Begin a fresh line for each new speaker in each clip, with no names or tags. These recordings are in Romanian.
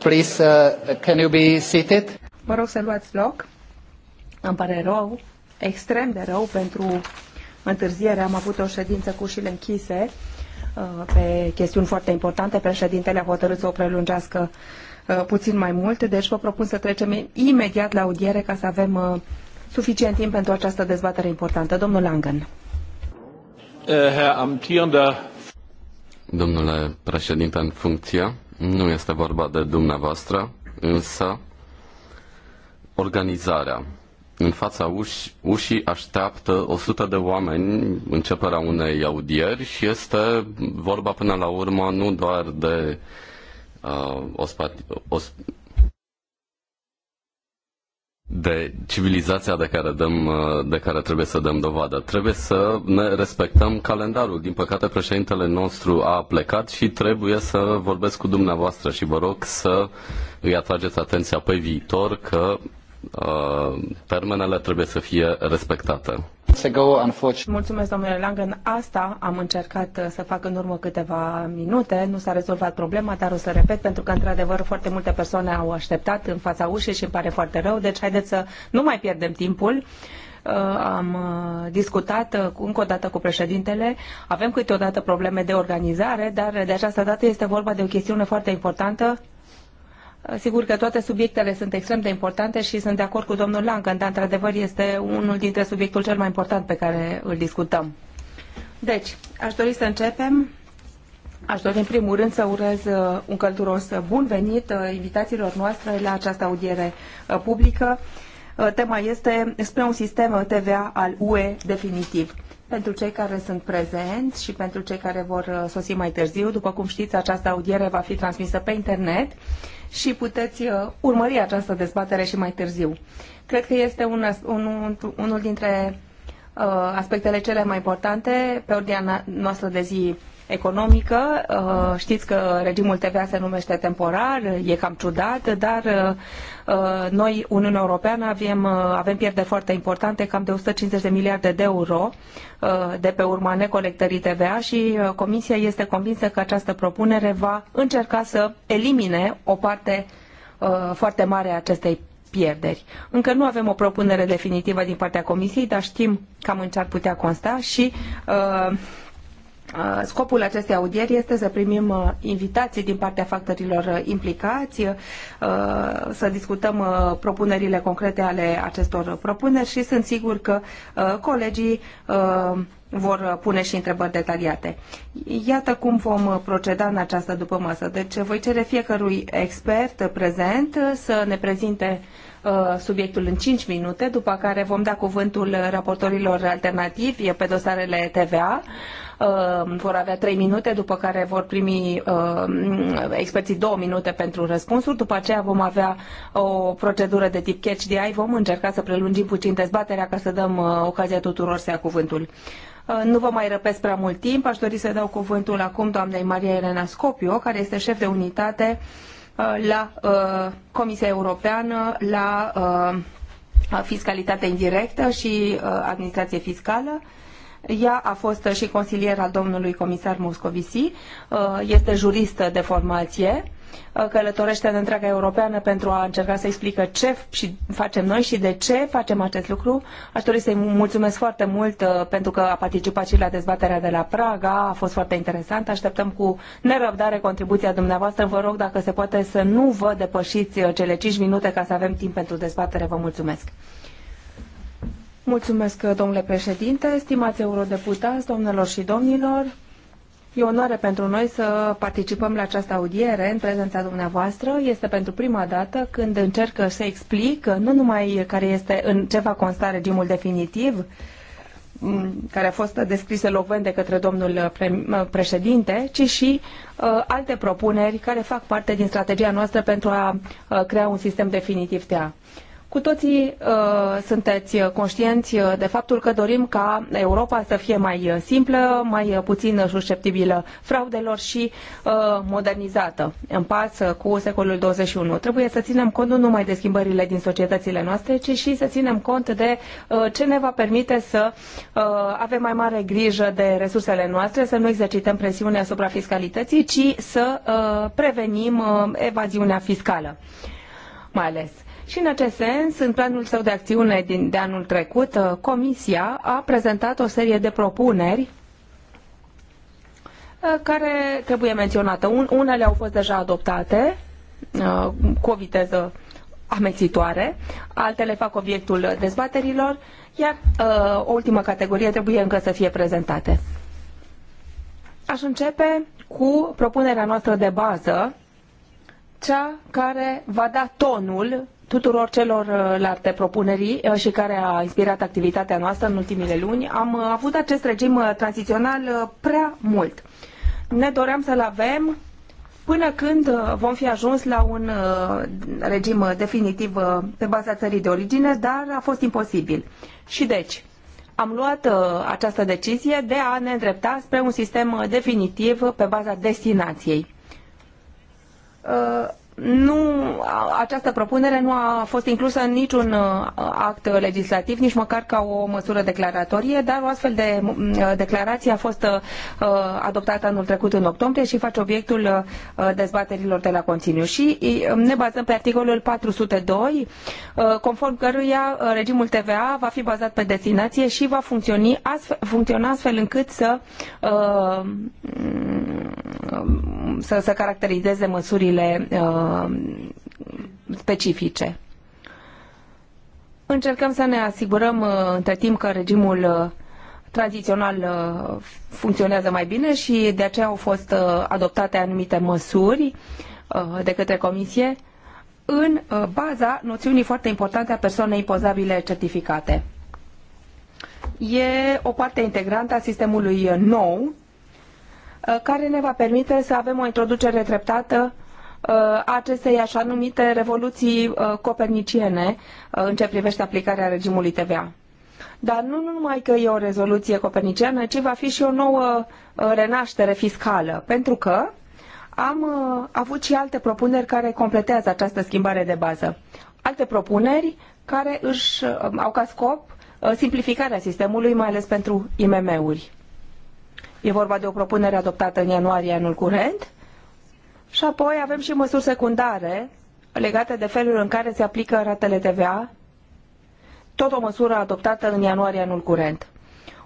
Please, uh, can you be seated? Vă rog să luați loc. Îmi
pare rău, extrem de rău pentru întârziere. Am avut o ședință cu ușile închise uh, pe chestiuni foarte importante. Președintele a hotărât să o prelungească uh, puțin mai mult, deci vă propun să trecem imediat la audiere ca să avem uh, suficient timp pentru această dezbatere importantă. Domnul Langen.
Herr
amtierender
Domnule președinte în funcție, nu este vorba de dumneavoastră, însă organizarea. În fața uși, ușii așteaptă 100 de oameni începerea unei audieri și este vorba până la urmă nu doar de uh, de civilizația de care, dăm, uh, de care trebuie să dăm dovadă. Trebuie să ne respectăm calendarul. Din păcate, președintele nostru a plecat și trebuie să vorbesc cu dumneavoastră și vă rog să îi atrageți atenția pe viitor că Uh, termenele trebuie să fie respectate.
Mulțumesc, domnule Langen. Asta am încercat uh, să fac în urmă câteva minute. Nu s-a rezolvat problema, dar o să repet, pentru că, într-adevăr, foarte multe persoane au așteptat în fața ușii și îmi pare foarte rău. Deci, haideți să nu mai pierdem timpul uh, am discutat încă o dată cu președintele. Avem câteodată probleme de organizare, dar de această dată este vorba de o chestiune foarte importantă Sigur că toate subiectele sunt extrem de importante și sunt de acord cu domnul Lang, dar într-adevăr este unul dintre subiectul cel mai important pe care îl discutăm. Deci, aș dori să începem. Aș dori în primul rând să urez uh, un călduros bun venit uh, invitațiilor noastre la această audiere uh, publică. Tema este spre un sistem TVA al UE definitiv pentru cei care sunt prezenți și pentru cei care vor uh, sosi mai târziu. După cum știți, această audiere va fi transmisă pe internet și puteți uh, urmări această dezbatere și mai târziu. Cred că este un, un, unul dintre uh, aspectele cele mai importante pe ordinea noastră de zi economică. Uh, știți că regimul TVA se numește temporar, e cam ciudat, dar uh, noi, Uniunea Europeană, avem, uh, avem pierderi foarte importante, cam de 150 de miliarde de euro de pe urma necolectării TVA și Comisia este convinsă că această propunere va încerca să elimine o parte foarte mare a acestei pierderi. Încă nu avem o propunere definitivă din partea Comisiei, dar știm cam în ce ar putea consta și uh, Uh, scopul acestei audieri este să primim uh, invitații din partea factorilor uh, implicați, să discutăm propunerile concrete ale acestor propuneri și sunt sigur că colegii vor pune și întrebări detaliate. Iată cum vom proceda în această după masă. Deci voi cere fiecărui expert prezent să ne prezinte subiectul în 5 minute, după care vom da cuvântul raportorilor alternativi pe dosarele TVA Uh, vor avea trei minute, după care vor primi uh, experții două minute pentru răspunsuri, după aceea vom avea o procedură de tip catch the eye, vom încerca să prelungim puțin dezbaterea ca să dăm uh, ocazia tuturor să ia cuvântul. Nu vă mai răpesc prea mult timp, aș dori să dau cuvântul acum doamnei Maria Elena Scopio, care este șef de unitate la Comisia Europeană, la fiscalitate indirectă și administrație fiscală. Ea a fost și consilier al domnului comisar Moscovici, uh, este juristă de formație, uh, călătorește în întreaga europeană pentru a încerca să explică ce și facem noi și de ce facem acest lucru. Aș dori să-i mulțumesc foarte mult uh, pentru că a participat și la dezbaterea de la Praga, a fost foarte interesant. Așteptăm cu nerăbdare contribuția dumneavoastră. Vă rog dacă se poate să nu vă depășiți cele 5 minute ca să avem timp pentru dezbatere. Vă mulțumesc. Mulțumesc, domnule președinte, stimați eurodeputați, domnilor și domnilor. E onoare pentru noi să participăm la această audiere în prezența dumneavoastră. Este pentru prima dată când încerc să explic nu numai care este, în ce va consta regimul definitiv, care a fost descris elocvent de către domnul președinte, ci și uh, alte propuneri care fac parte din strategia noastră pentru a uh, crea un sistem definitiv a. Uh, cu toții uh, sunteți conștienți uh, de faptul că dorim ca Europa să fie mai uh, simplă, mai uh, puțin susceptibilă fraudelor și uh, modernizată, în pas cu secolul 21. Trebuie să ținem cont nu numai de schimbările din societățile noastre, ci și să ținem cont de uh, ce ne va permite să uh, avem mai mare grijă de resursele noastre, să nu exercităm presiune asupra fiscalității, ci să uh, prevenim uh, evaziunea fiscală mai ales. Și în acest sens, în planul său de acțiune din, de anul trecut, uh, Comisia a prezentat o serie de propuneri uh, care trebuie menționată. Unele au fost deja adoptate uh, cu o viteză amețitoare, altele fac obiectul dezbaterilor, iar o ultimă categorie trebuie încă să fie prezentate. Aș începe cu propunerea noastră de bază, cea care va da tonul tuturor celorlalte uh, propuneri uh, și care a inspirat activitatea noastră în ultimile luni. Am uh, avut acest regim tranzițional prea mult. Ne doream să-l avem până când vom fi ajuns la un regim definitiv pe baza țării de origine, dar a fost imposibil. Și deci, am luat această decizie de a ne îndrepta spre un sistem definitiv pe baza destinației nu, această propunere nu a fost inclusă în niciun uh, act legislativ, nici măcar ca o măsură declaratorie, dar o astfel de uh, declarație a fost uh, adoptată anul trecut în octombrie și face obiectul dezbaterilor de la conținut. Și ne bazăm pe articolul 402, conform căruia regimul TVA va fi bazat pe destinație și va funcționi astfel, funcționa astfel încât să, mm, să, să caracterizeze măsurile Uh, specifice. Încercăm să ne asigurăm uh, între timp că regimul uh, tradițional funcționează mai bine și de aceea au fost adoptate anumite măsuri de către Comisie în baza noțiunii foarte importante a persoanei impozabile certificate. E o parte integrantă a sistemului nou care ne va permite să avem o introducere treptată Uh, acestei așa numite revoluții uh, coperniciene uh, în ce privește aplicarea regimului TVA. Dar nu numai că e o rezoluție coperniciană, ci va fi și o nouă renaștere fiscală, pentru că am avut și alte propuneri care completează această schimbare de bază. Alte propuneri care își au ca scop simplificarea sistemului, mai ales pentru IMM-uri. E vorba de o propunere adoptată în ianuarie anul curent, și apoi avem și măsuri secundare legate de felul în care se aplică ratele TVA, tot o măsură adoptată în ianuarie anul curent.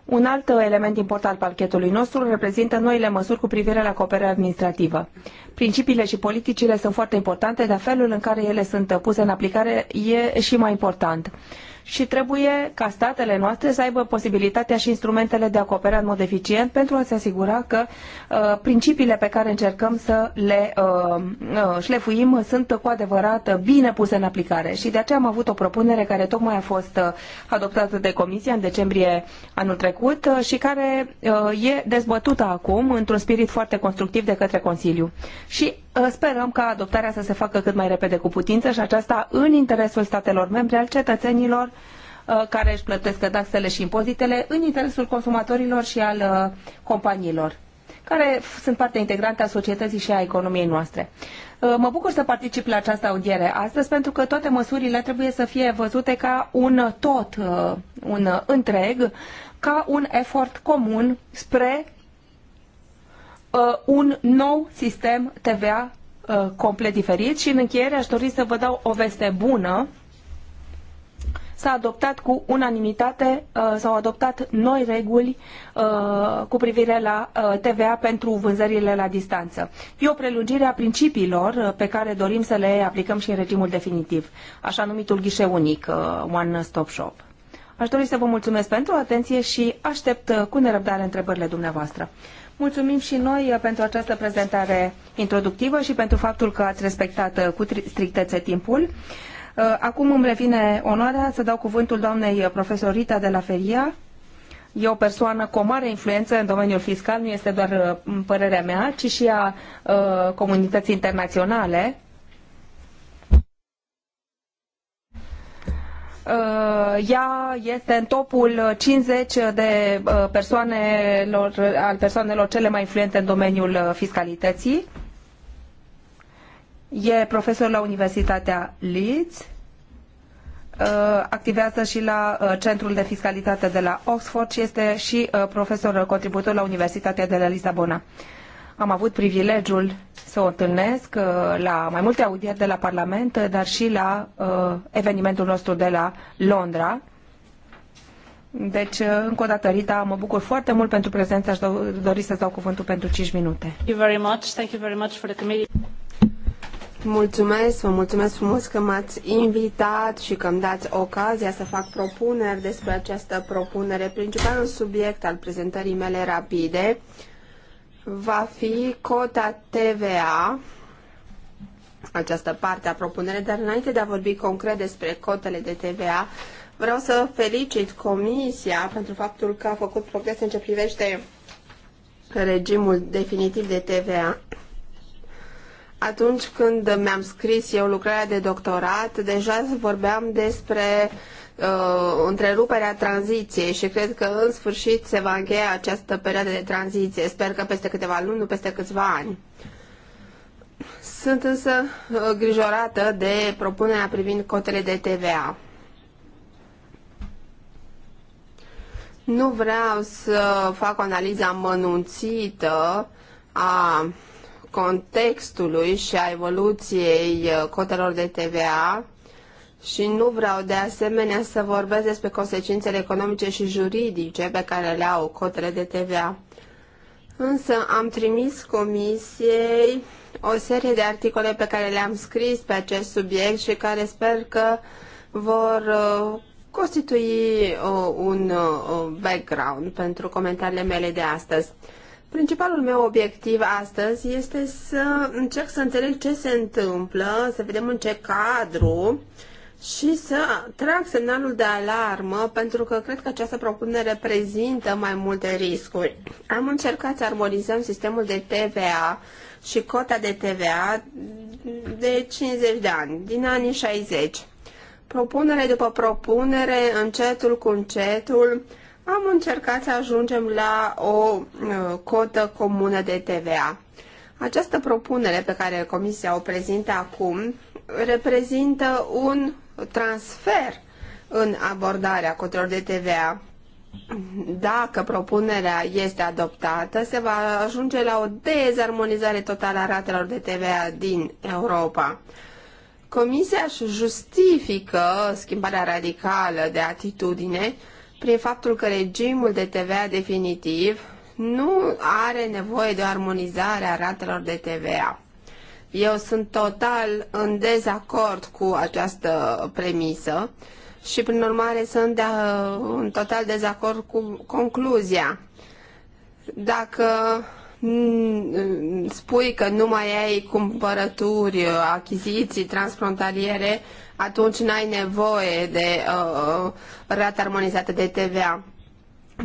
Un alt element important al parchetului nostru reprezintă noile măsuri cu privire la cooperarea administrativă. Principiile și politicile sunt foarte importante, dar felul în care ele sunt puse în aplicare e și mai important și trebuie ca statele noastre să aibă posibilitatea și instrumentele de a coopera în mod eficient pentru a se asigura că uh, principiile pe care încercăm să le uh, uh, șlefuim sunt cu adevărat bine puse în aplicare. Și de aceea am avut o propunere care tocmai a fost uh, adoptată de Comisia în decembrie anul trecut uh, și care uh, e dezbătută acum într-un spirit foarte constructiv de către Consiliu. Și Uh, sperăm ca adoptarea să se facă cât mai repede cu putință și aceasta în interesul statelor membre, al cetățenilor uh, care își plătesc taxele și impozitele, în interesul consumatorilor și al uh, companiilor care sunt parte integrantă a societății și a economiei noastre. Mă bucur să particip la această audiere astăzi pentru că toate măsurile trebuie să fie văzute ca un tot, un întreg, ca un efort comun spre Uh, un nou sistem TVA uh, complet diferit și în încheiere aș dori să vă dau o veste bună. S-a adoptat cu unanimitate, uh, s-au adoptat noi reguli cu privire la TVA pentru vânzările la distanță. E o prelungire a principiilor pe care dorim să le aplicăm și în regimul definitiv, așa numitul ghișe unic, One Stop Shop. Aș dori să vă mulțumesc pentru atenție și aștept cu nerăbdare întrebările dumneavoastră. Mulțumim și noi uh, pentru această prezentare introductivă și pentru faptul că ați respectat uh, cu strictețe timpul. Uh, acum îmi revine onoarea să dau cuvântul doamnei profesor Rita de la Feria. E o persoană cu o mare influență în domeniul fiscal, nu este doar părerea mea, ci și a comunității internaționale Uh, ea este în topul 50 de uh, persoanelor, al persoanelor cele mai influente în domeniul uh, fiscalității. E profesor la Universitatea Leeds, activează și la Centrul de Fiscalitate de la Oxford și este și profesor contributor la Universitatea de la Lisabona. Am avut privilegiul să o întâlnesc uh, la mai multe audieri de la Parlament, uh, dar și la uh, evenimentul nostru de la Londra. Deci, încă o dată, Rita, mă bucur foarte mult pentru prezența și dori să-ți dau cuvântul pentru 5 minute. Mulțumesc,
vă mulțumesc frumos că m-ați invitat și că îmi dați ocazia să fac propuneri despre această propunere. Principalul subiect al prezentării mele rapide va fi cota TVA, această parte a propunerei dar înainte de a vorbi concret despre cotele de TVA, vreau să felicit Comisia pentru faptul că a făcut progres în ce privește regimul definitiv de TVA. Atunci când mi-am scris eu lucrarea de doctorat, deja vorbeam despre uh, întreruperea tranziției și cred că în sfârșit se va încheia această perioadă de tranziție. Sper că peste câteva luni, nu peste câțiva ani. Sunt însă uh, grijorată de propunerea privind cotele de TVA. Nu vreau să fac o analiză amănunțită a contextului și a evoluției uh, cotelor de TVA, și nu vreau de asemenea să vorbesc despre consecințele economice și juridice pe care le au cotele de TVA. Însă am trimis comisiei o serie de articole pe care le-am scris pe acest subiect și care sper că vor uh, constitui uh, uh, un background pentru comentariile mele de astăzi. Principalul meu obiectiv astăzi este să încerc să înțeleg ce se întâmplă, să vedem în ce cadru uh, și să trag semnalul de alarmă pentru că cred că această propunere prezintă mai multe riscuri. Am încercat să armonizăm sistemul de TVA și cota de TVA de 50 de ani, din anii 60. Propunere după propunere, încetul cu încetul, am încercat să ajungem la o uh, cotă comună de TVA. Această propunere pe care Comisia o prezintă acum reprezintă un transfer în abordarea cotelor de TVA. Dacă propunerea este adoptată, se va ajunge la o dezarmonizare totală a ratelor de TVA din Europa. Comisia își justifică schimbarea radicală de atitudine prin faptul că regimul de TVA definitiv nu are nevoie de o armonizare a ratelor de TVA. Eu sunt total în dezacord cu această premisă și, prin urmare, sunt de, în total dezacord cu concluzia. Dacă spui că nu mai ai cumpărături, achiziții transfrontaliere, atunci n-ai nevoie de uh, uh rate armonizată de TVA.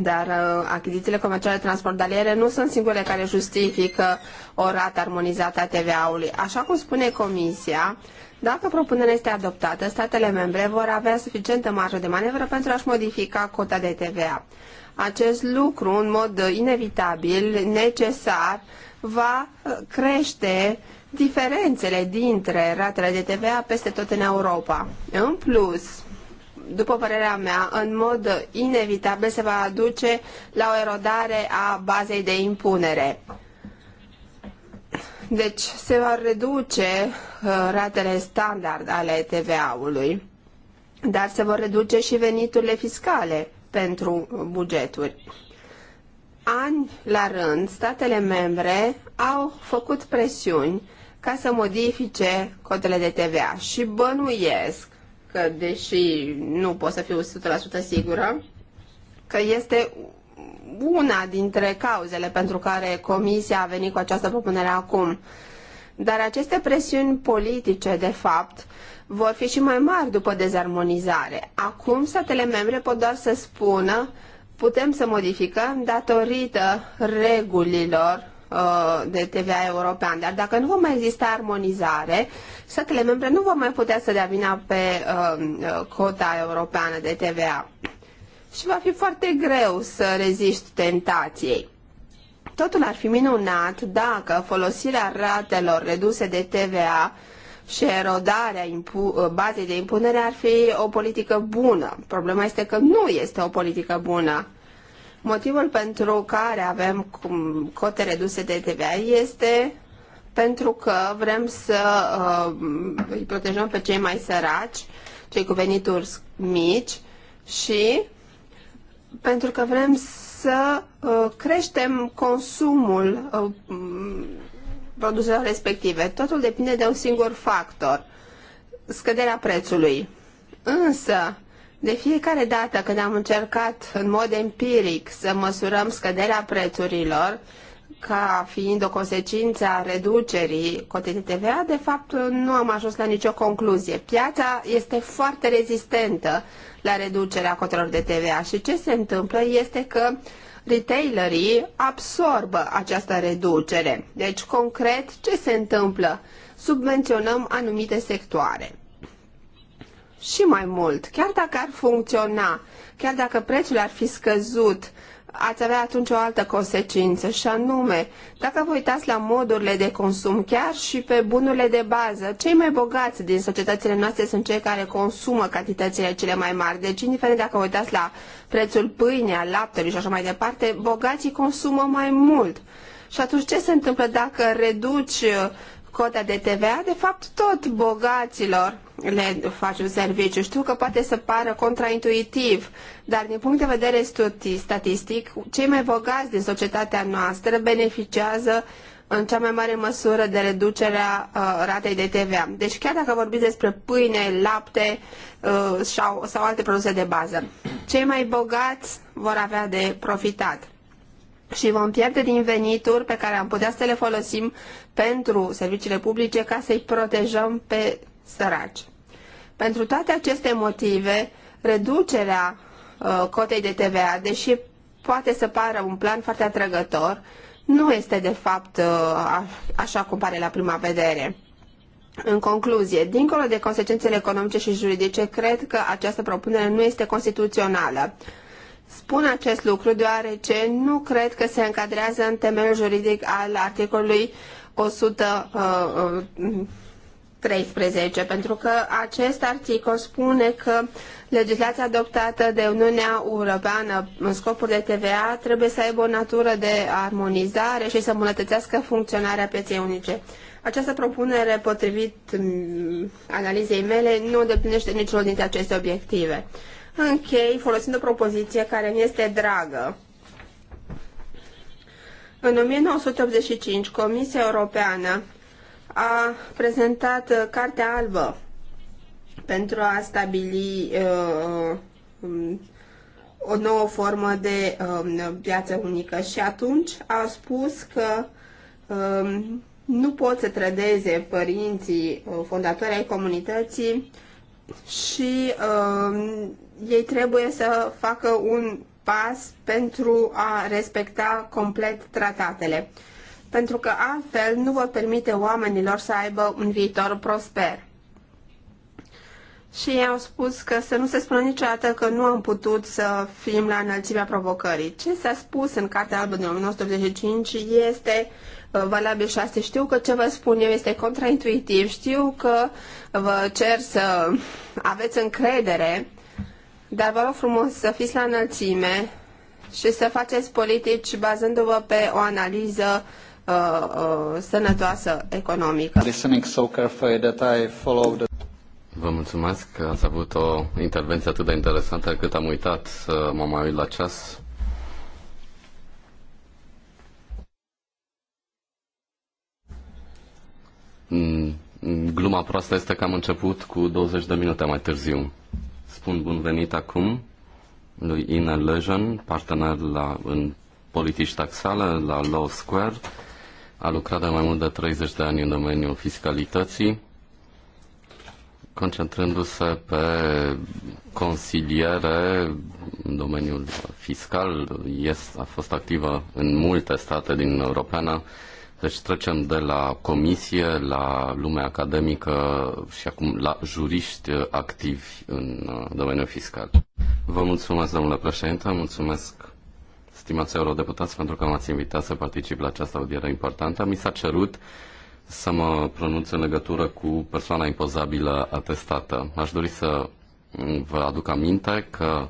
Dar uh, achizițiile comerciale transfrontaliere nu sunt singurele care justifică o rată armonizată a TVA-ului. Așa cum spune Comisia, dacă propunerea este adoptată, statele membre vor avea suficientă marjă de manevră pentru a-și modifica cota de TVA. Acest lucru, în mod inevitabil, necesar, va uh, crește diferențele dintre ratele de TVA peste tot în Europa. În plus, după părerea mea, în mod inevitabil se va aduce la o erodare a bazei de impunere. Deci se va reduce uh, ratele standard ale TVA-ului, dar se vor reduce și veniturile fiscale pentru bugeturi. Ani la rând, statele membre au făcut presiuni ca să modifice codele de TVA și bănuiesc că, deși nu pot să fiu 100% sigură, că este una dintre cauzele pentru care Comisia a venit cu această propunere acum. Dar aceste presiuni politice, de fapt, vor fi și mai mari după dezarmonizare. Acum statele membre pot doar să spună putem să modificăm datorită regulilor Uh, de TVA european. Dar dacă nu va mai exista armonizare, statele membre nu vor mai putea să dea vina pe uh, uh, cota europeană de TVA. Și va fi foarte greu să reziști tentației. Totul ar fi minunat dacă folosirea ratelor reduse de TVA și erodarea bazei de impunere ar fi o politică bună. Problema este că nu este o politică bună. Motivul pentru care avem cote reduse de TVA este pentru că vrem să uh, îi protejăm pe cei mai săraci, cei cu venituri mici și pentru că vrem să uh, creștem consumul uh, produselor respective. Totul depinde de un singur factor, scăderea prețului. Însă, de fiecare dată când am încercat în mod empiric să măsurăm scăderea prețurilor, ca fiind o consecință a reducerii cotei TVA, de fapt nu am ajuns la nicio concluzie. Piața este foarte rezistentă la reducerea cotelor de TVA și ce se întâmplă este că retailerii absorbă această reducere. Deci, concret, ce se întâmplă? Subvenționăm anumite sectoare și mai mult. Chiar dacă ar funcționa, chiar dacă prețul ar fi scăzut, ați avea atunci o altă consecință și anume, dacă vă uitați la modurile de consum, chiar și pe bunurile de bază, cei mai bogați din societățile noastre sunt cei care consumă cantitățile cele mai mari. Deci, indiferent dacă vă uitați la prețul pâinii, al laptelui și așa mai departe, bogații consumă mai mult. Și atunci ce se întâmplă dacă reduci cota de TVA? De fapt, tot bogaților le faci un serviciu. Știu că poate să pară contraintuitiv, dar din punct de vedere statistic, cei mai bogați din societatea noastră beneficiază în cea mai mare măsură de reducerea uh, ratei de TVA. Deci chiar dacă vorbiți despre pâine, lapte uh, sau, sau alte produse de bază, cei mai bogați vor avea de profitat și vom pierde din venituri pe care am putea să le folosim pentru serviciile publice ca să-i protejăm pe săraci. Pentru toate aceste motive, reducerea uh, cotei de TVA, deși poate să pară un plan foarte atrăgător, nu este de fapt uh, așa cum pare la prima vedere. În concluzie, dincolo de consecințele economice și juridice, cred că această propunere nu este constituțională. Spun acest lucru deoarece nu cred că se încadrează în temeiul juridic al articolului 100. Uh, uh, 13, pentru că acest articol spune că legislația adoptată de Uniunea Europeană în scopul de TVA trebuie să aibă o natură de armonizare și să îmbunătățească funcționarea pieței unice. Această propunere, potrivit mm, analizei mele, nu îndeplinește niciunul dintre aceste obiective. Închei folosind o propoziție care mi este dragă. În 1985, Comisia Europeană a prezentat uh, Cartea Albă pentru a stabili uh, um, o nouă formă de uh, um, piață unică și atunci a spus că uh, nu pot să trădeze părinții uh, fondatori ai comunității și uh, ei trebuie să facă un pas pentru a respecta complet tratatele. Uh, pentru că altfel nu vor permite oamenilor să aibă un viitor prosper. Și i-au spus că să nu se spună niciodată că nu am putut să fim la înălțimea provocării. Ce s-a spus în Cartea Albă din 1985 este uh, valabil și astăzi. Știu că ce vă spun eu este contraintuitiv, știu că vă cer să aveți încredere, dar vă rog frumos să fiți la înălțime și să faceți politici bazându-vă pe o analiză Uh, uh, sănătoasă economică.
Vă mulțumesc că ați avut o intervenție atât de interesantă cât am uitat să mă mai uit la ceas. Mm, mm, gluma proastă este că am început cu 20 de minute mai târziu. Spun bun venit acum lui Ina Lejan, partener la, în politici taxale la Law Square a lucrat de mai mult de 30 de ani în domeniul fiscalității, concentrându-se pe consiliere în domeniul fiscal. Yes, a fost activă în multe state din Europeană, deci trecem de la comisie, la lumea academică și acum la juriști activi în uh, domeniul fiscal. Vă mulțumesc, domnule președinte, mulțumesc stimați eurodeputați, pentru că m-ați invitat să particip la această audiere importantă. Mi s-a cerut să mă pronunț în legătură cu persoana impozabilă atestată. Aș dori să vă aduc aminte că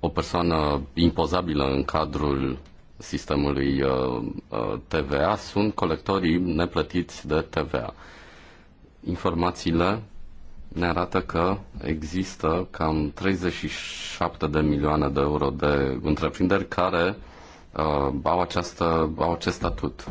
o persoană impozabilă în cadrul sistemului uh, uh, TVA sunt colectorii neplătiți de TVA. Informațiile ne arată că există cam 37 de milioane de euro de întreprinderi care uh, au, această, au acest statut.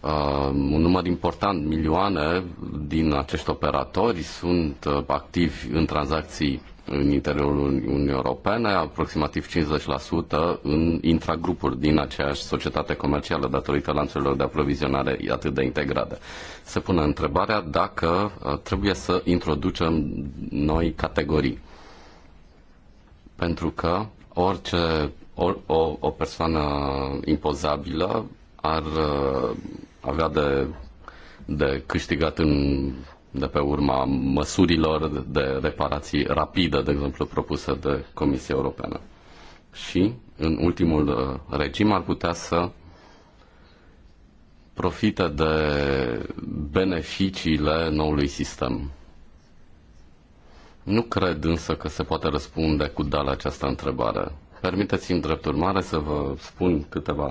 Uh, un număr important, milioane din acești operatori sunt uh, activi în tranzacții în interiorul Uniunii Europene, aproximativ 50% în intragrupuri din aceeași societate comercială datorită lanțurilor de aprovizionare atât de integrate. Se pune întrebarea dacă uh, trebuie să introducem noi categorii. Pentru că orice or, o, o persoană impozabilă ar uh, avea de, de câștigat în de pe urma măsurilor de reparații rapidă, de exemplu, propusă de Comisia Europeană. Și, în ultimul uh, regim, ar putea să profită de beneficiile noului sistem. Nu cred însă că se poate răspunde cu da la această întrebare. Permiteți-mi drept urmare să vă spun câteva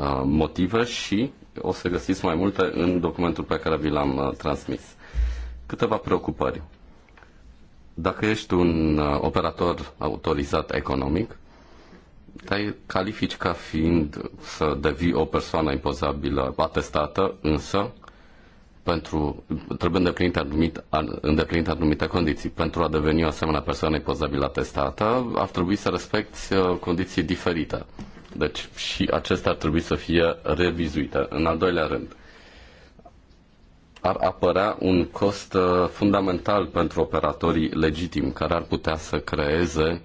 uh, motive și o să găsiți mai multe în documentul pe care vi l-am uh, transmis câteva preocupări. Dacă ești un uh, operator autorizat economic, te califici ca fiind să devii o persoană impozabilă atestată, însă pentru, trebuie îndeplinite anumite, îndeplinite anumite condiții. Pentru a deveni o asemenea persoană impozabilă atestată, ar trebui să respecti uh, condiții diferite. Deci și acestea ar trebui să fie revizuite. În al doilea rând, ar apărea un cost uh, fundamental pentru operatorii legitimi care ar putea să creeze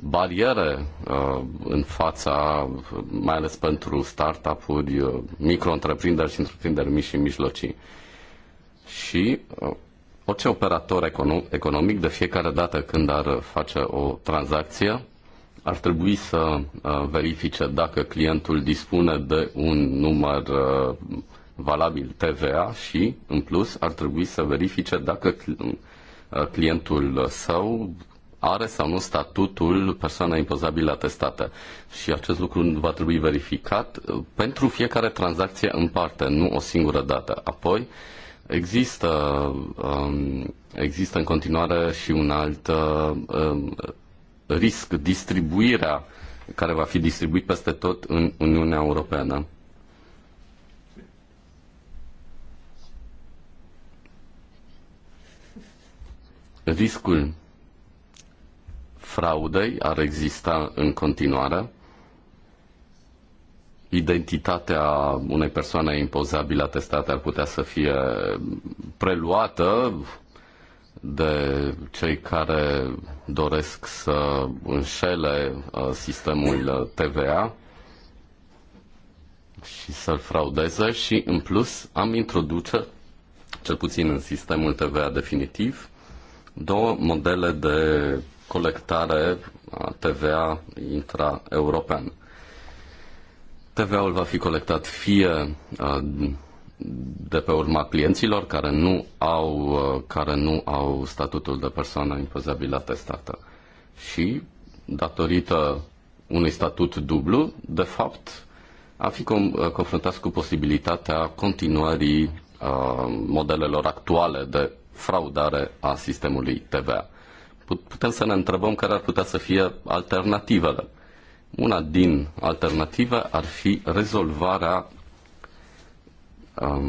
bariere uh, în fața, mai ales pentru startup-uri, uh, micro-întreprinderi și întreprinderi mici și mijlocii. Și orice operator economic, de fiecare dată când ar face o tranzacție, ar trebui să verifice dacă clientul dispune de un număr valabil TVA și, în plus, ar trebui să verifice dacă uh, clientul său are sau nu statutul persoana impozabilă atestată. Și acest lucru va trebui verificat uh, pentru fiecare tranzacție în parte, nu o singură dată. Apoi, există, um, există în continuare și un alt uh, um, risc, distribuirea care va fi distribuit peste tot în Uniunea Europeană. riscul fraudei ar exista în continuare, identitatea unei persoane impozabile atestate ar putea să fie preluată de cei care doresc să înșele uh, sistemul TVA și să-l fraudeze și în plus am introduce, cel puțin în sistemul TVA definitiv, două modele de colectare a TVA intra-european. TVA-ul va fi colectat fie de pe urma clienților care nu au, care nu au statutul de persoană impozabilă atestată și datorită unui statut dublu, de fapt, a fi confruntați cu posibilitatea continuării modelelor actuale de fraudare a sistemului TVA. Putem să ne întrebăm care ar putea să fie alternativele. Una din alternative ar fi rezolvarea um,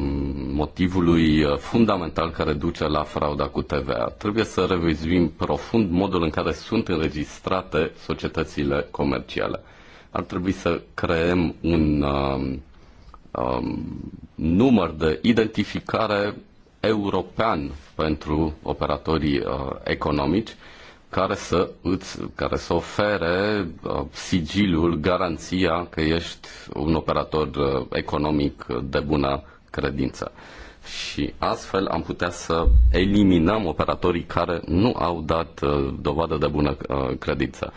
motivului uh, fundamental care duce la frauda cu TVA. Trebuie să revizuim profund modul în care sunt înregistrate societățile comerciale. Ar trebui să creăm un um, um, număr de identificare european pentru operatorii uh, economici care să îți, care să ofere uh, sigiliul, garanția că ești un operator uh, economic de bună credință. Și astfel am putea să eliminăm operatorii care nu au dat uh, dovadă de bună uh, credință. Uh,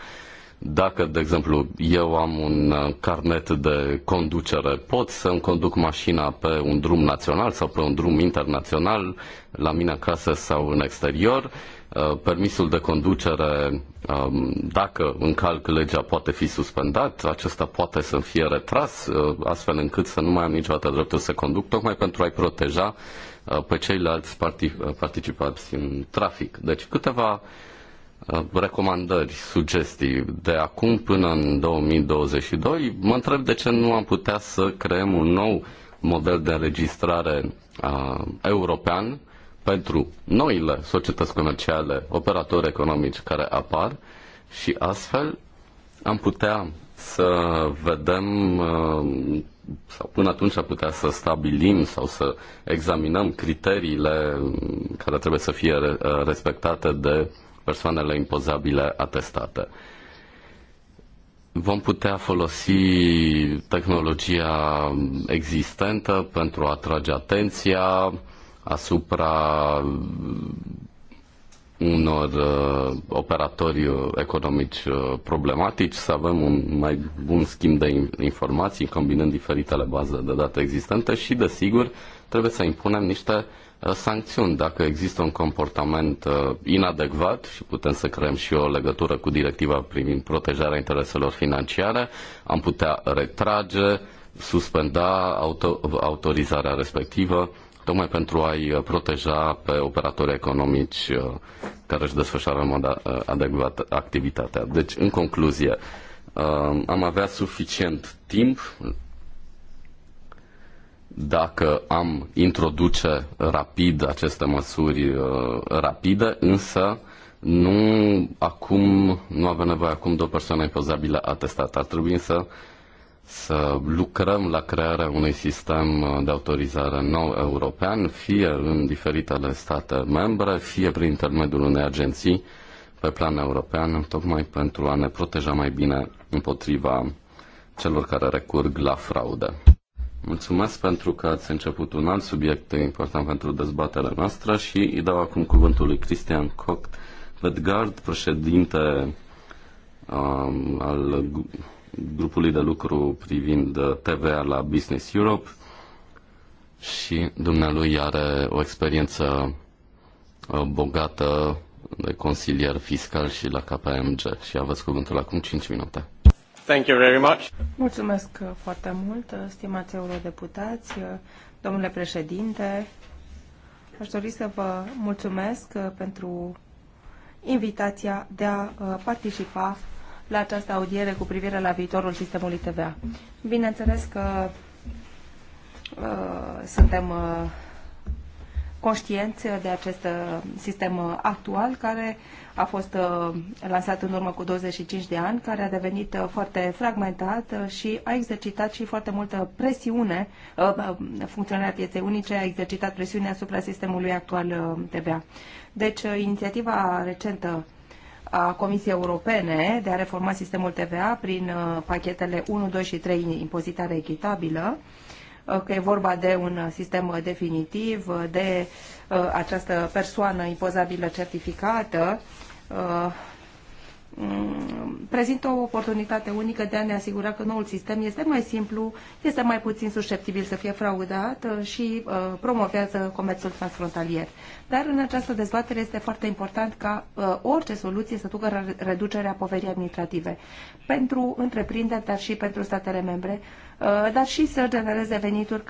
dacă, de exemplu, eu am un uh, carnet de conducere, pot să-mi conduc mașina pe un drum național sau pe un drum internațional, la mine acasă sau în exterior. Uh, permisul de conducere, um, dacă încalc legea, poate fi suspendat, acesta poate să fie retras, uh, astfel încât să nu mai am niciodată dreptul să conduc, tocmai pentru a-i proteja pe ceilalți participați în trafic. Deci câteva Uh, recomandări, sugestii de acum până în 2022, mă întreb de ce nu am putea să creăm un nou model de înregistrare uh, european pentru noile societăți comerciale, operatori economici care apar și astfel am putea să vedem uh, sau până atunci am putea să stabilim sau să examinăm criteriile care trebuie să fie uh, respectate de persoanele impozabile atestate. Vom putea folosi tehnologia existentă pentru a atrage atenția asupra unor uh, operatori uh, economici uh, problematici, să avem un mai bun schimb de informații combinând diferitele baze de date existente și, desigur, trebuie să impunem niște Eh, sancțiuni dacă există un comportament eh, inadecvat și putem să creăm și o legătură cu directiva privind protejarea intereselor financiare, am putea retrage, suspenda auto- autorizarea respectivă tocmai pentru a-i eh, proteja pe operatorii economici care își desfășoară în mod adecvat activitatea. Deci, în concluzie, am avea suficient timp dacă am introduce rapid aceste măsuri uh, rapide, însă nu acum, nu avem nevoie acum de o persoană impozabilă atestată. Ar trebui însă, să lucrăm la crearea unui sistem de autorizare nou european, fie în diferitele state membre, fie prin intermediul unei agenții pe plan european, tocmai pentru a ne proteja mai bine împotriva celor care recurg la fraudă. Mulțumesc pentru că ați început un alt subiect important pentru dezbaterea noastră și îi dau acum cuvântul lui Cristian Koch vedgard, președinte um, al grupului de lucru privind TVA la Business Europe și dumnealui are o experiență uh, bogată de consilier fiscal și la KPMG și aveți cuvântul acum 5
minute. Thank you very much.
Mulțumesc uh, foarte mult, uh, stimați eurodeputați, uh, domnule președinte. Aș dori să vă mulțumesc pentru invitația de a participa la această audiere cu privire la viitorul sistemului TVA. Bineînțeles că uh, suntem uh, conștienți de acest uh, sistem actual care uh, a fost uh, lansat în urmă cu 25 de ani, care a devenit uh, foarte fragmentat uh, și a exercitat și foarte multă presiune, funcționarea pieței unice a exercitat presiune asupra sistemului actual TBA. Deci, inițiativa recentă a Comisiei Europene de a reforma sistemul TVA prin pachetele 1, 2 și 3 impozitare echitabilă, că e vorba de un sistem definitiv, de Uh, această persoană impozabilă certificată uh, mm, prezintă o oportunitate unică de a ne asigura că noul sistem este mai simplu, este mai puțin susceptibil să fie fraudat uh, și promovează comerțul transfrontalier. Dar în această dezbatere este foarte important ca orice soluție să ducă reducerea poverii administrative pentru întreprinderi, dar și pentru statele membre, Uh, dar și să genereze venituri,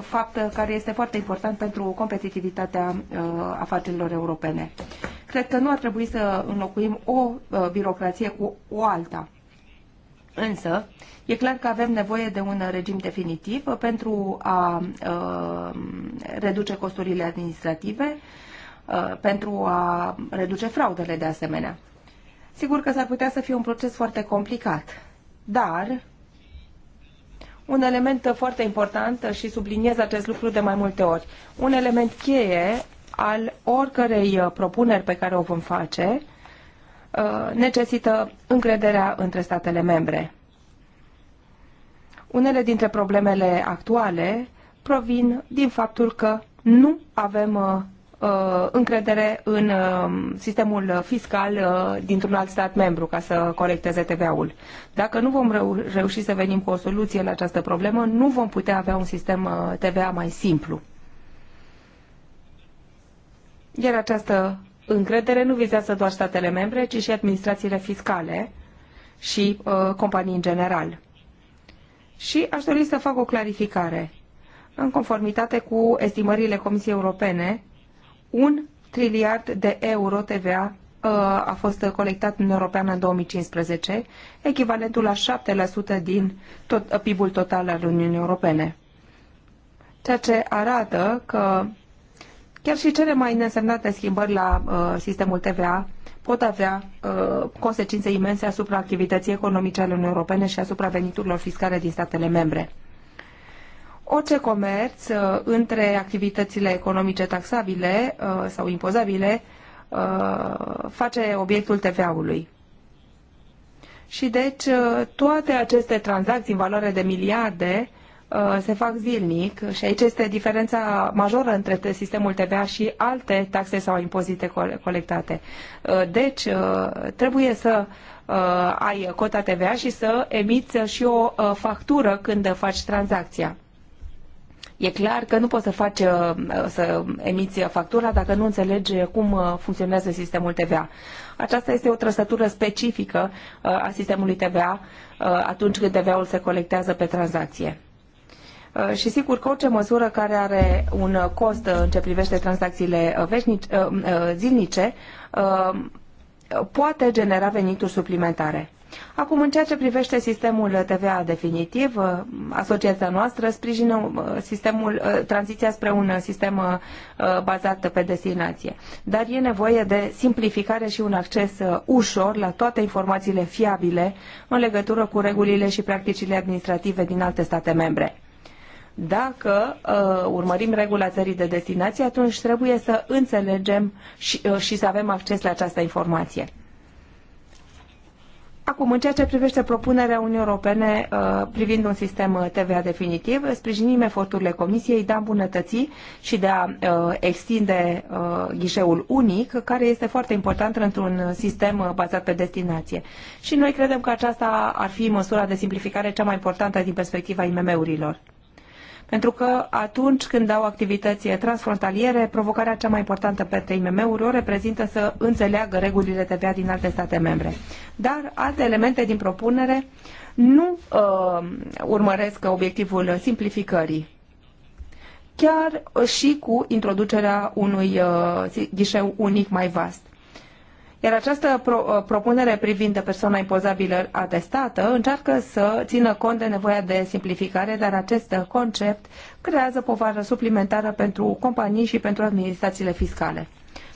fapt care este foarte important pentru competitivitatea uh, afacerilor europene. Cred că nu ar trebui să înlocuim o uh, birocrație cu o alta. Însă, e clar că avem nevoie de un regim definitiv pentru a reduce costurile administrative, pentru a reduce fraudele de asemenea. Sigur că s-ar putea să fie un proces foarte complicat, dar un element foarte important și subliniez acest lucru de mai multe ori. Un element cheie al oricărei uh, propuneri pe care o vom face uh, necesită încrederea între statele membre. Unele dintre problemele actuale provin din faptul că nu avem uh, Uh, încredere în uh, sistemul fiscal uh, dintr-un alt stat membru ca să colecteze TVA-ul. Dacă nu vom reu reuși să venim cu o soluție la această problemă, nu vom putea avea un sistem TVA mai simplu. Iar această încredere nu vizează doar statele membre, ci și administrațiile fiscale și uh, companii în general. Și aș dori să fac o clarificare. În conformitate cu estimările Comisiei Europene, un triliard de euro TVA uh, a fost colectat în European în 2015, echivalentul la 7% din tot, uh, PIB-ul total al Uniunii Europene. Ceea ce arată că chiar și cele mai nesemnate schimbări la uh, sistemul TVA pot avea uh, consecințe imense asupra activității economice ale Uniunii Europene și asupra veniturilor fiscale din statele membre orice comerț uh, între activitățile economice taxabile uh, sau impozabile uh, face obiectul TVA-ului. Și deci toate aceste tranzacții în valoare de miliarde se fac zilnic și aici este diferența majoră între sistemul TVA și alte taxe sau impozite colectate. Deci trebuie să ai cota TVA și să emiți și o factură când faci tranzacția. E clar că nu poți să faci, uh, să emiți factura dacă nu înțelegi cum uh, funcționează sistemul TVA. Aceasta este o trăsătură specifică uh, a sistemului TVA atunci când TVA-ul se colectează pe tranzacție. Și sigur că orice măsură care are un cost în ce privește tranzacțiile zilnice poate genera venituri suplimentare. Acum, în ceea ce privește sistemul TVA definitiv, uh, asociația noastră sprijină uh, sistemul, uh, tranziția spre un sistem bazat pe destinație. Dar e nevoie de simplificare și un acces ușor la toate informațiile fiabile în legătură cu regulile și practicile administrative din alte state membre. Dacă uh, urmărim regula țării de destinație, atunci trebuie să înțelegem și, uh, și să avem acces la această informație. Acum, în ceea ce privește propunerea Uniunii Europene uh, privind un sistem uh, TVA definitiv, sprijinim eforturile Comisiei de a îmbunătăți și de a uh, extinde ghișeul unic, care este foarte important într-un sistem bazat pe destinație. Și noi credem că aceasta ar fi măsura de simplificare cea mai importantă din perspectiva IMM-urilor pentru că atunci când au activități transfrontaliere, provocarea cea mai importantă pentru IMM-uri o reprezintă să înțeleagă regulile TVA din alte state membre. Dar alte elemente din propunere nu uh, urmăresc obiectivul simplificării chiar și cu introducerea unui uh, ghișeu unic mai vast. Iar această pro, uh, propunere privind persoana impozabilă atestată încearcă să țină cont de nevoia de simplificare, dar acest concept creează povară suplimentară pentru companii și pentru administrațiile fiscale.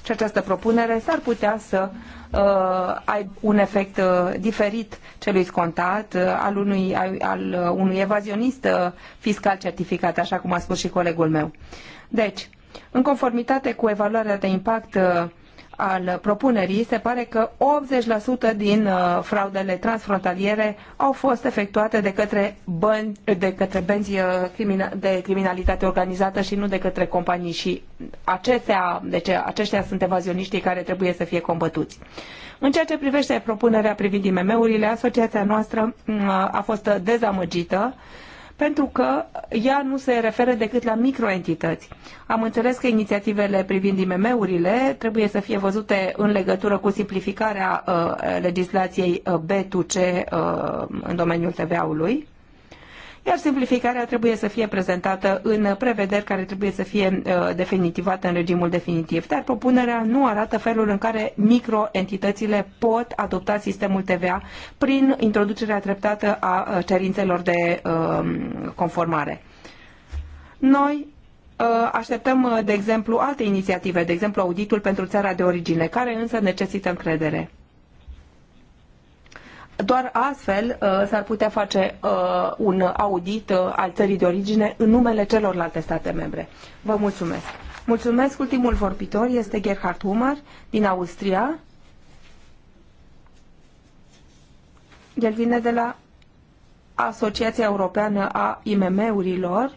Și această propunere s-ar putea să uh, ai un efect uh, diferit celui scontat, uh, al, unui, al uh, unui evazionist uh, fiscal certificat, așa cum a spus și colegul meu. Deci, în conformitate cu evaluarea de impact uh, al propunerii, se pare că 80% din uh, fraudele transfrontaliere au fost efectuate de către, bani, de către benzi uh, crimina, de criminalitate organizată și nu de către companii și acestea, deci aceștia sunt evazioniștii care trebuie să fie combătuți. În ceea ce privește propunerea privind IMM-urile, asociația noastră uh, a fost dezamăgită uh, pentru că ea nu se referă decât la microentități. Am înțeles că inițiativele privind IMM-urile trebuie să fie văzute în legătură cu simplificarea uh, legislației uh, B2C uh, în domeniul TVA-ului iar simplificarea trebuie să fie prezentată în prevederi care trebuie să fie uh, definitivată în regimul definitiv. Dar propunerea nu arată felul în care microentitățile pot adopta sistemul TVA prin introducerea treptată a uh, cerințelor de um, conformare. Noi uh, așteptăm, de exemplu, alte inițiative, de exemplu auditul pentru țara de origine, care însă necesită încredere. Doar astfel uh, s-ar putea face uh, un audit uh, al țării de origine în numele celorlalte state membre. Vă mulțumesc! Mulțumesc! Ultimul vorbitor este Gerhard Humar din Austria. El vine de la Asociația Europeană a IMM-urilor,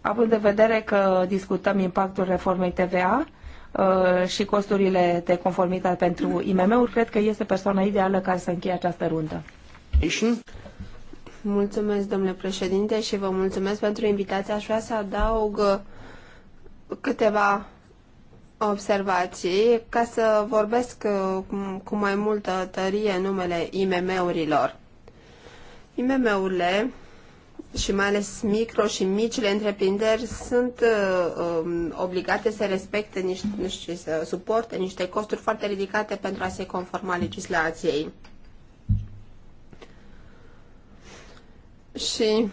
având în vedere că discutăm impactul reformei TVA, Uh, și costurile de conformitate pentru IMM-uri, cred că este persoana ideală ca să încheie această rundă. Mulțumesc, domnule
președinte, și vă mulțumesc pentru invitație. Aș vrea să adaug uh, câteva observații ca să vorbesc uh, cu mai multă tărie numele IMM-urilor. IMM-urile și mai ales micro și micile întreprinderi sunt uh, um, obligate să respecte niște, nu știu, să suporte niște costuri foarte ridicate pentru a se conforma legislației. Și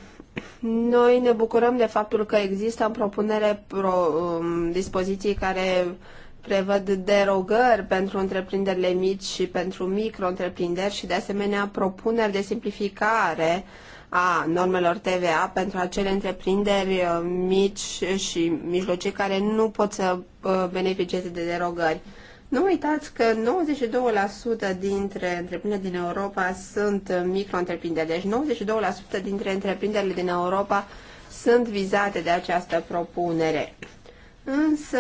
noi ne bucurăm de faptul că există în propunere pro, um, dispoziții care prevăd derogări pentru întreprinderile mici și pentru micro-întreprinderi și de asemenea propuneri de simplificare uh, a normelor TVA pentru acele întreprinderi uh, mici și mijlocii care nu pot să uh, beneficieze de derogări. Nu uitați că 92% dintre întreprinderile din Europa sunt uh, micro-întreprinderi, deci 92% dintre întreprinderile din Europa sunt vizate de această propunere. Însă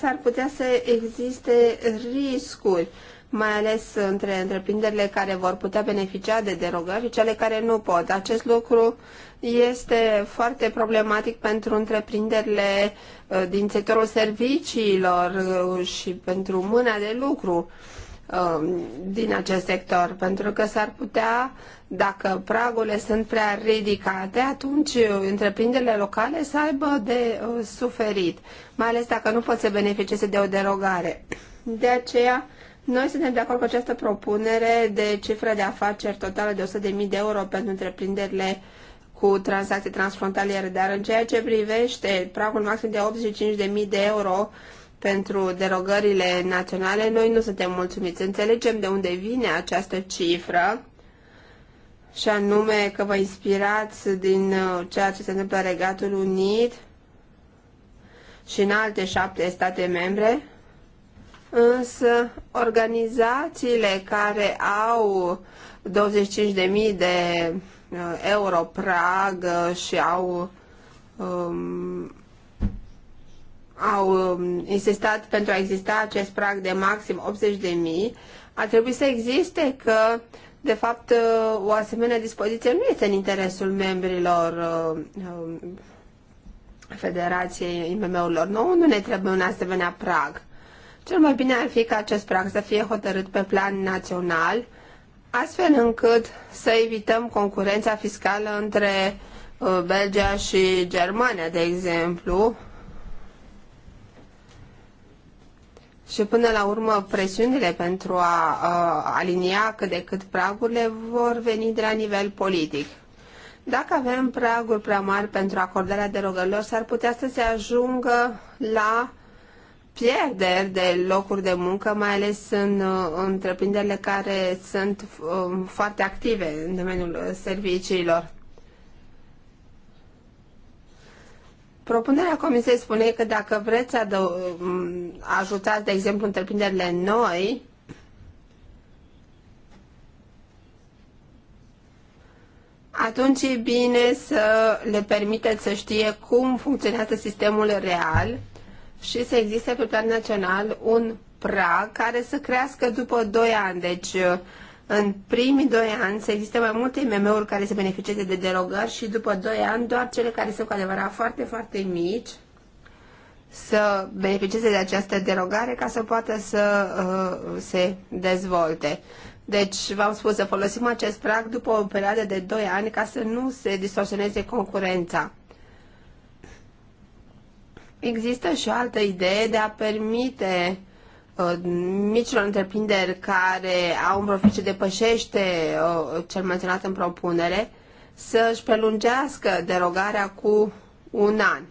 s-ar putea să existe riscuri mai ales între întreprinderile care vor putea beneficia de derogări și cele care nu pot. Acest lucru este foarte problematic pentru întreprinderile uh, din sectorul serviciilor uh, și pentru mâna de lucru um, din acest sector, pentru că s-ar putea, dacă pragurile sunt prea ridicate, atunci uh, întreprinderile locale să aibă de suferit, mai ales dacă nu pot să beneficieze de o derogare. De aceea, noi suntem de acord cu această propunere de cifră de afaceri totală de 100.000 de euro pentru întreprinderile cu tranzacții transfrontaliere, dar în ceea ce privește pragul maxim de 85.000 de euro pentru derogările naționale, noi nu suntem mulțumiți. Înțelegem de unde vine această cifră și anume că vă inspirați din uh, ceea ce se întâmplă în Regatul Unit și în alte șapte state membre, însă organizațiile care au 25.000 de uh, euro prag uh, și au um, au um, insistat pentru a exista acest prag de maxim 80.000, a trebui să existe că, de fapt, uh, o asemenea dispoziție nu este în interesul membrilor um, Federației IMM-urilor. Nu, nu ne trebuie un asemenea prag. Cel mai bine ar fi ca acest prag să fie hotărât pe plan național, astfel încât să evităm concurența fiscală între uh, Belgia și Germania, de exemplu. Și până la urmă, presiunile pentru a, a uh, alinia cât de cât pragurile vor veni de la nivel politic. Dacă avem praguri prea mari pentru acordarea derogărilor, s-ar putea să se ajungă la pierderi de locuri de muncă, mai ales în uh, întreprinderile care sunt um, foarte active în domeniul uh, serviciilor. Propunerea Comisiei spune că dacă vreți să um, ajutați, de exemplu, întreprinderile noi, atunci e bine să le permiteți să știe cum funcționează sistemul real și să existe pe plan național un prag care să crească după 2 ani. Deci, uh, în primii 2 ani să existe mai multe IMM-uri care se beneficieze de derogări și după 2 ani doar cele care sunt cu adevărat foarte, foarte mici să beneficieze de această derogare ca să poată să uh, se dezvolte. Deci, v-am spus să folosim acest prag după o perioadă de 2 ani ca să nu se distorsioneze concurența. Există și o altă idee de a permite uh, micilor întreprinderi care au un profit ce depășește uh, cel menționat în propunere să-și prelungească derogarea cu un an.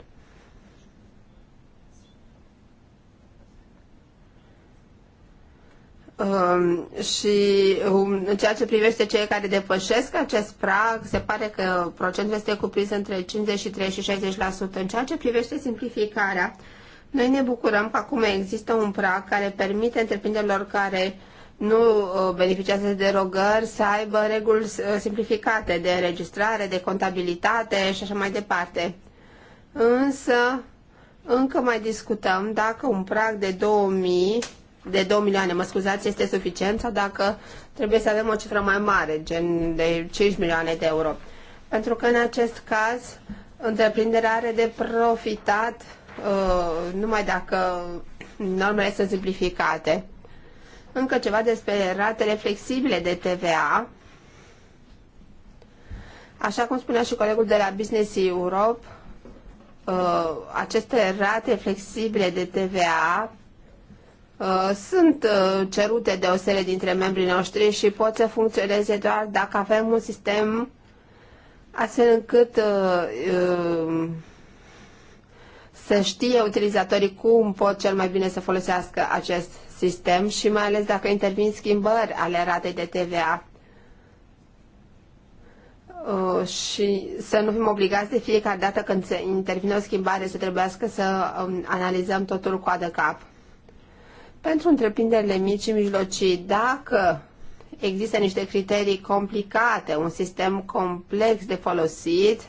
Um, și um, în ceea ce privește cei care depășesc acest prag, se pare că procentul este cuprins între 53 și 60%. În ceea ce privește simplificarea, noi ne bucurăm că acum există un prag care permite întreprinderilor care nu uh, beneficiază de derogări să aibă reguli uh, simplificate de înregistrare, de contabilitate și așa mai departe. Însă, încă mai discutăm dacă un prag de 2000 de 2 milioane, mă scuzați, este suficient sau dacă trebuie să avem o cifră mai mare, gen de 5 milioane de euro. Pentru că în acest caz întreprinderea are de profitat uh, numai dacă normele sunt simplificate. Încă ceva despre ratele flexibile de TVA. Așa cum spunea și colegul de la Business Europe, uh, aceste rate flexibile de TVA Uh, sunt uh, cerute de o serie dintre membrii noștri și pot să funcționeze doar dacă avem un sistem astfel încât uh, să știe utilizatorii cum pot cel mai bine să folosească acest sistem și mai ales dacă intervin schimbări ale ratei de TVA și să nu fim obligați de fiecare dată când se intervine o schimbare să trebuiască să um, analizăm totul cu adăcap. cap. Pentru întreprinderile mici și mijlocii, dacă există niște criterii complicate, un sistem complex de folosit,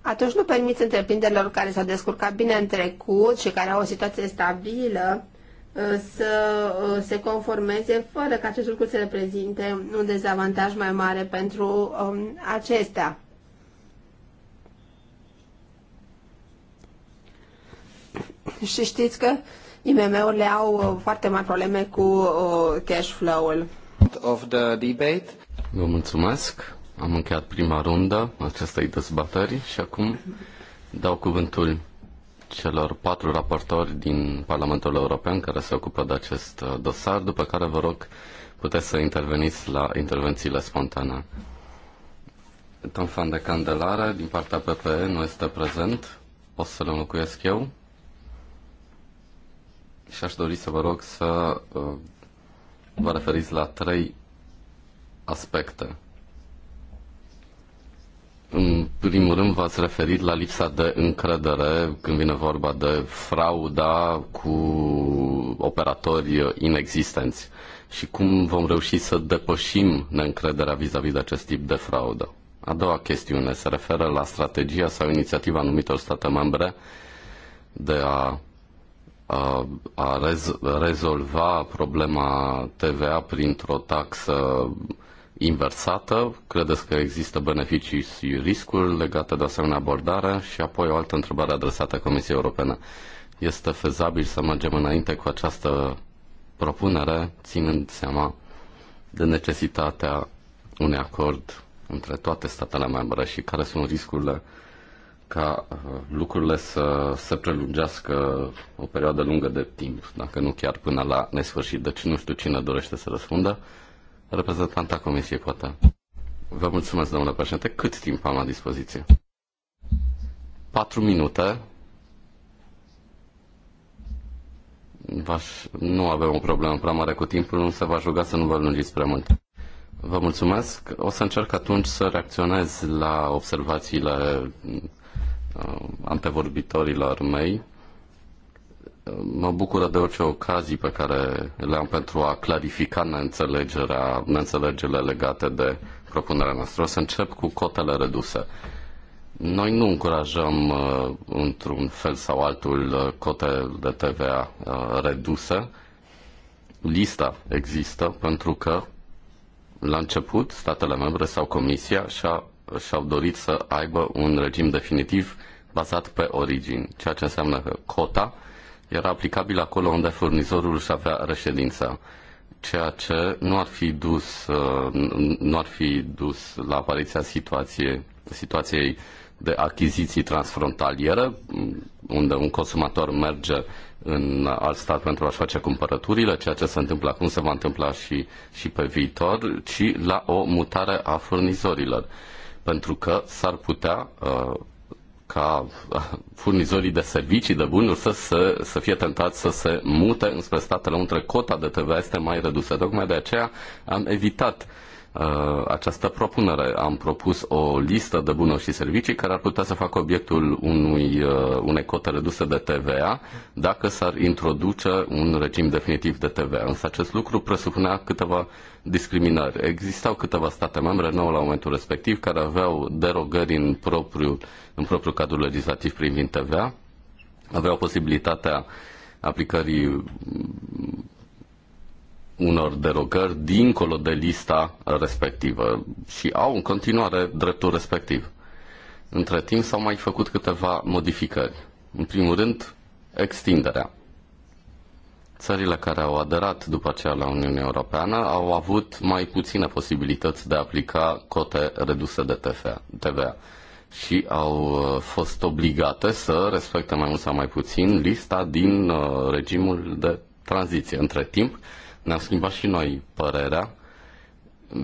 atunci nu permiți întreprinderilor care s-au descurcat bine în trecut și care au o situație stabilă uh, să uh, se conformeze fără ca acest lucru să reprezinte un dezavantaj mai mare pentru um, acestea. Și știți că IMM-urile au uh, foarte mari probleme cu uh, cash flow-ul.
Of the debate.
Vă mulțumesc. Am încheiat prima rundă acestei dezbateri și acum dau cuvântul celor patru raportori din Parlamentul European care se ocupă de acest uh, dosar, după care vă rog puteți să interveniți la intervențiile spontane. Tom Fan de Candelare, din partea PPE, nu este prezent. O să-l înlocuiesc eu și aș dori să vă rog să uh, vă referiți la trei aspecte. În primul rând v-ați referit la lipsa de încredere când vine vorba de frauda cu operatori inexistenți și cum vom reuși să depășim neîncrederea vis-a-vis -vis de acest tip de fraudă. A doua chestiune se referă la strategia sau inițiativa anumitor state membre de a a rez- rezolva problema TVA printr-o taxă inversată? Credeți că există beneficii și riscuri legate de asemenea abordare? Și apoi o altă întrebare adresată Comisiei Europene. Este fezabil să mergem înainte cu această propunere, ținând seama de necesitatea unui acord între toate statele membre și care sunt riscurile ca uh, lucrurile să se prelungească o perioadă lungă de timp, dacă nu chiar până la nesfârșit. Deci nu știu cine dorește să răspundă. Reprezentanta Comisiei poate. Vă mulțumesc, domnule președinte. Cât timp am la dispoziție? Patru minute. V-aș... Nu avem o problemă prea mare cu timpul, nu se va juga să nu vă lungiți prea mult. Vă mulțumesc. O să încerc atunci să reacționez la observațiile Uh, antevorbitorilor mei. Uh, mă bucură de orice ocazii pe care le am pentru a clarifica neînțelegerea, neînțelegerile legate de propunerea noastră. O să încep cu cotele reduse. Noi nu încurajăm uh, într-un fel sau altul cote de TVA reduse. Lista există pentru că la început statele membre sau Comisia și-a și-au dorit să aibă un regim definitiv bazat pe origini, ceea ce înseamnă că cota era aplicabilă acolo unde furnizorul își avea reședința, ceea ce nu ar fi dus, uh, nu ar fi dus la apariția situației, situației de achiziții transfrontaliere, unde un consumator merge în alt stat pentru a-și face cumpărăturile, ceea ce se întâmplă acum se va întâmpla și, și pe viitor, ci la o mutare a furnizorilor pentru că s-ar putea uh, ca furnizorii de servicii, de bunuri să, să, să fie tentați să se mute înspre statele unde cota de TVA este mai redusă. Tocmai de aceea am evitat uh, Uh, această propunere. Am propus o listă de bunuri și servicii care ar putea să facă obiectul unui, uh, unei cote reduse de TVA dacă s-ar introduce un regim definitiv de TVA. Însă acest lucru presupunea câteva discriminări. Existau câteva state membre nouă la momentul respectiv care aveau derogări în propriul, în propriu cadru legislativ privind TVA, aveau posibilitatea aplicării unor derogări dincolo de lista respectivă și au în continuare dreptul respectiv. Între timp s-au mai făcut câteva modificări. În primul rând, extinderea. Țările care au aderat după aceea la Uniunea Europeană au avut mai puține posibilități de a aplica cote reduse de TVA și au uh, fost obligate să respecte mai mult sau mai puțin lista din uh, regimul de tranziție. Între timp, ne-am schimbat și noi părerea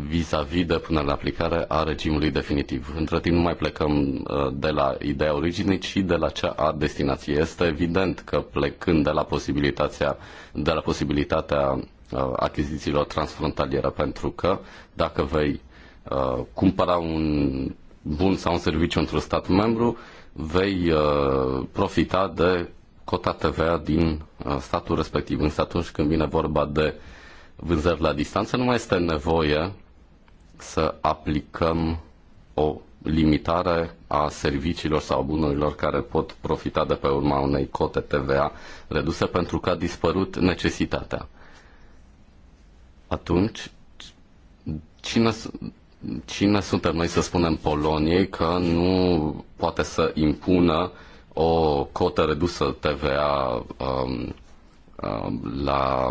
vis-a-vis -vis de până la aplicare a regimului definitiv. Între timp nu mai plecăm uh, de la ideea originii, ci de la cea a destinației. Este evident că plecând de la posibilitatea, de la posibilitatea uh, achizițiilor transfrontaliere, pentru că dacă vei uh, cumpăra un bun sau un serviciu într-un stat membru, vei profita de cota TVA din uh, statul respectiv. Însă atunci când vine vorba de vânzări la distanță, nu mai este nevoie să aplicăm o limitare a serviciilor sau bunurilor care pot profita de pe urma unei cote TVA reduse pentru că a dispărut necesitatea. Atunci, cine, cine suntem noi să spunem Poloniei că nu poate să impună uh, o cotă redusă TVA um, um, la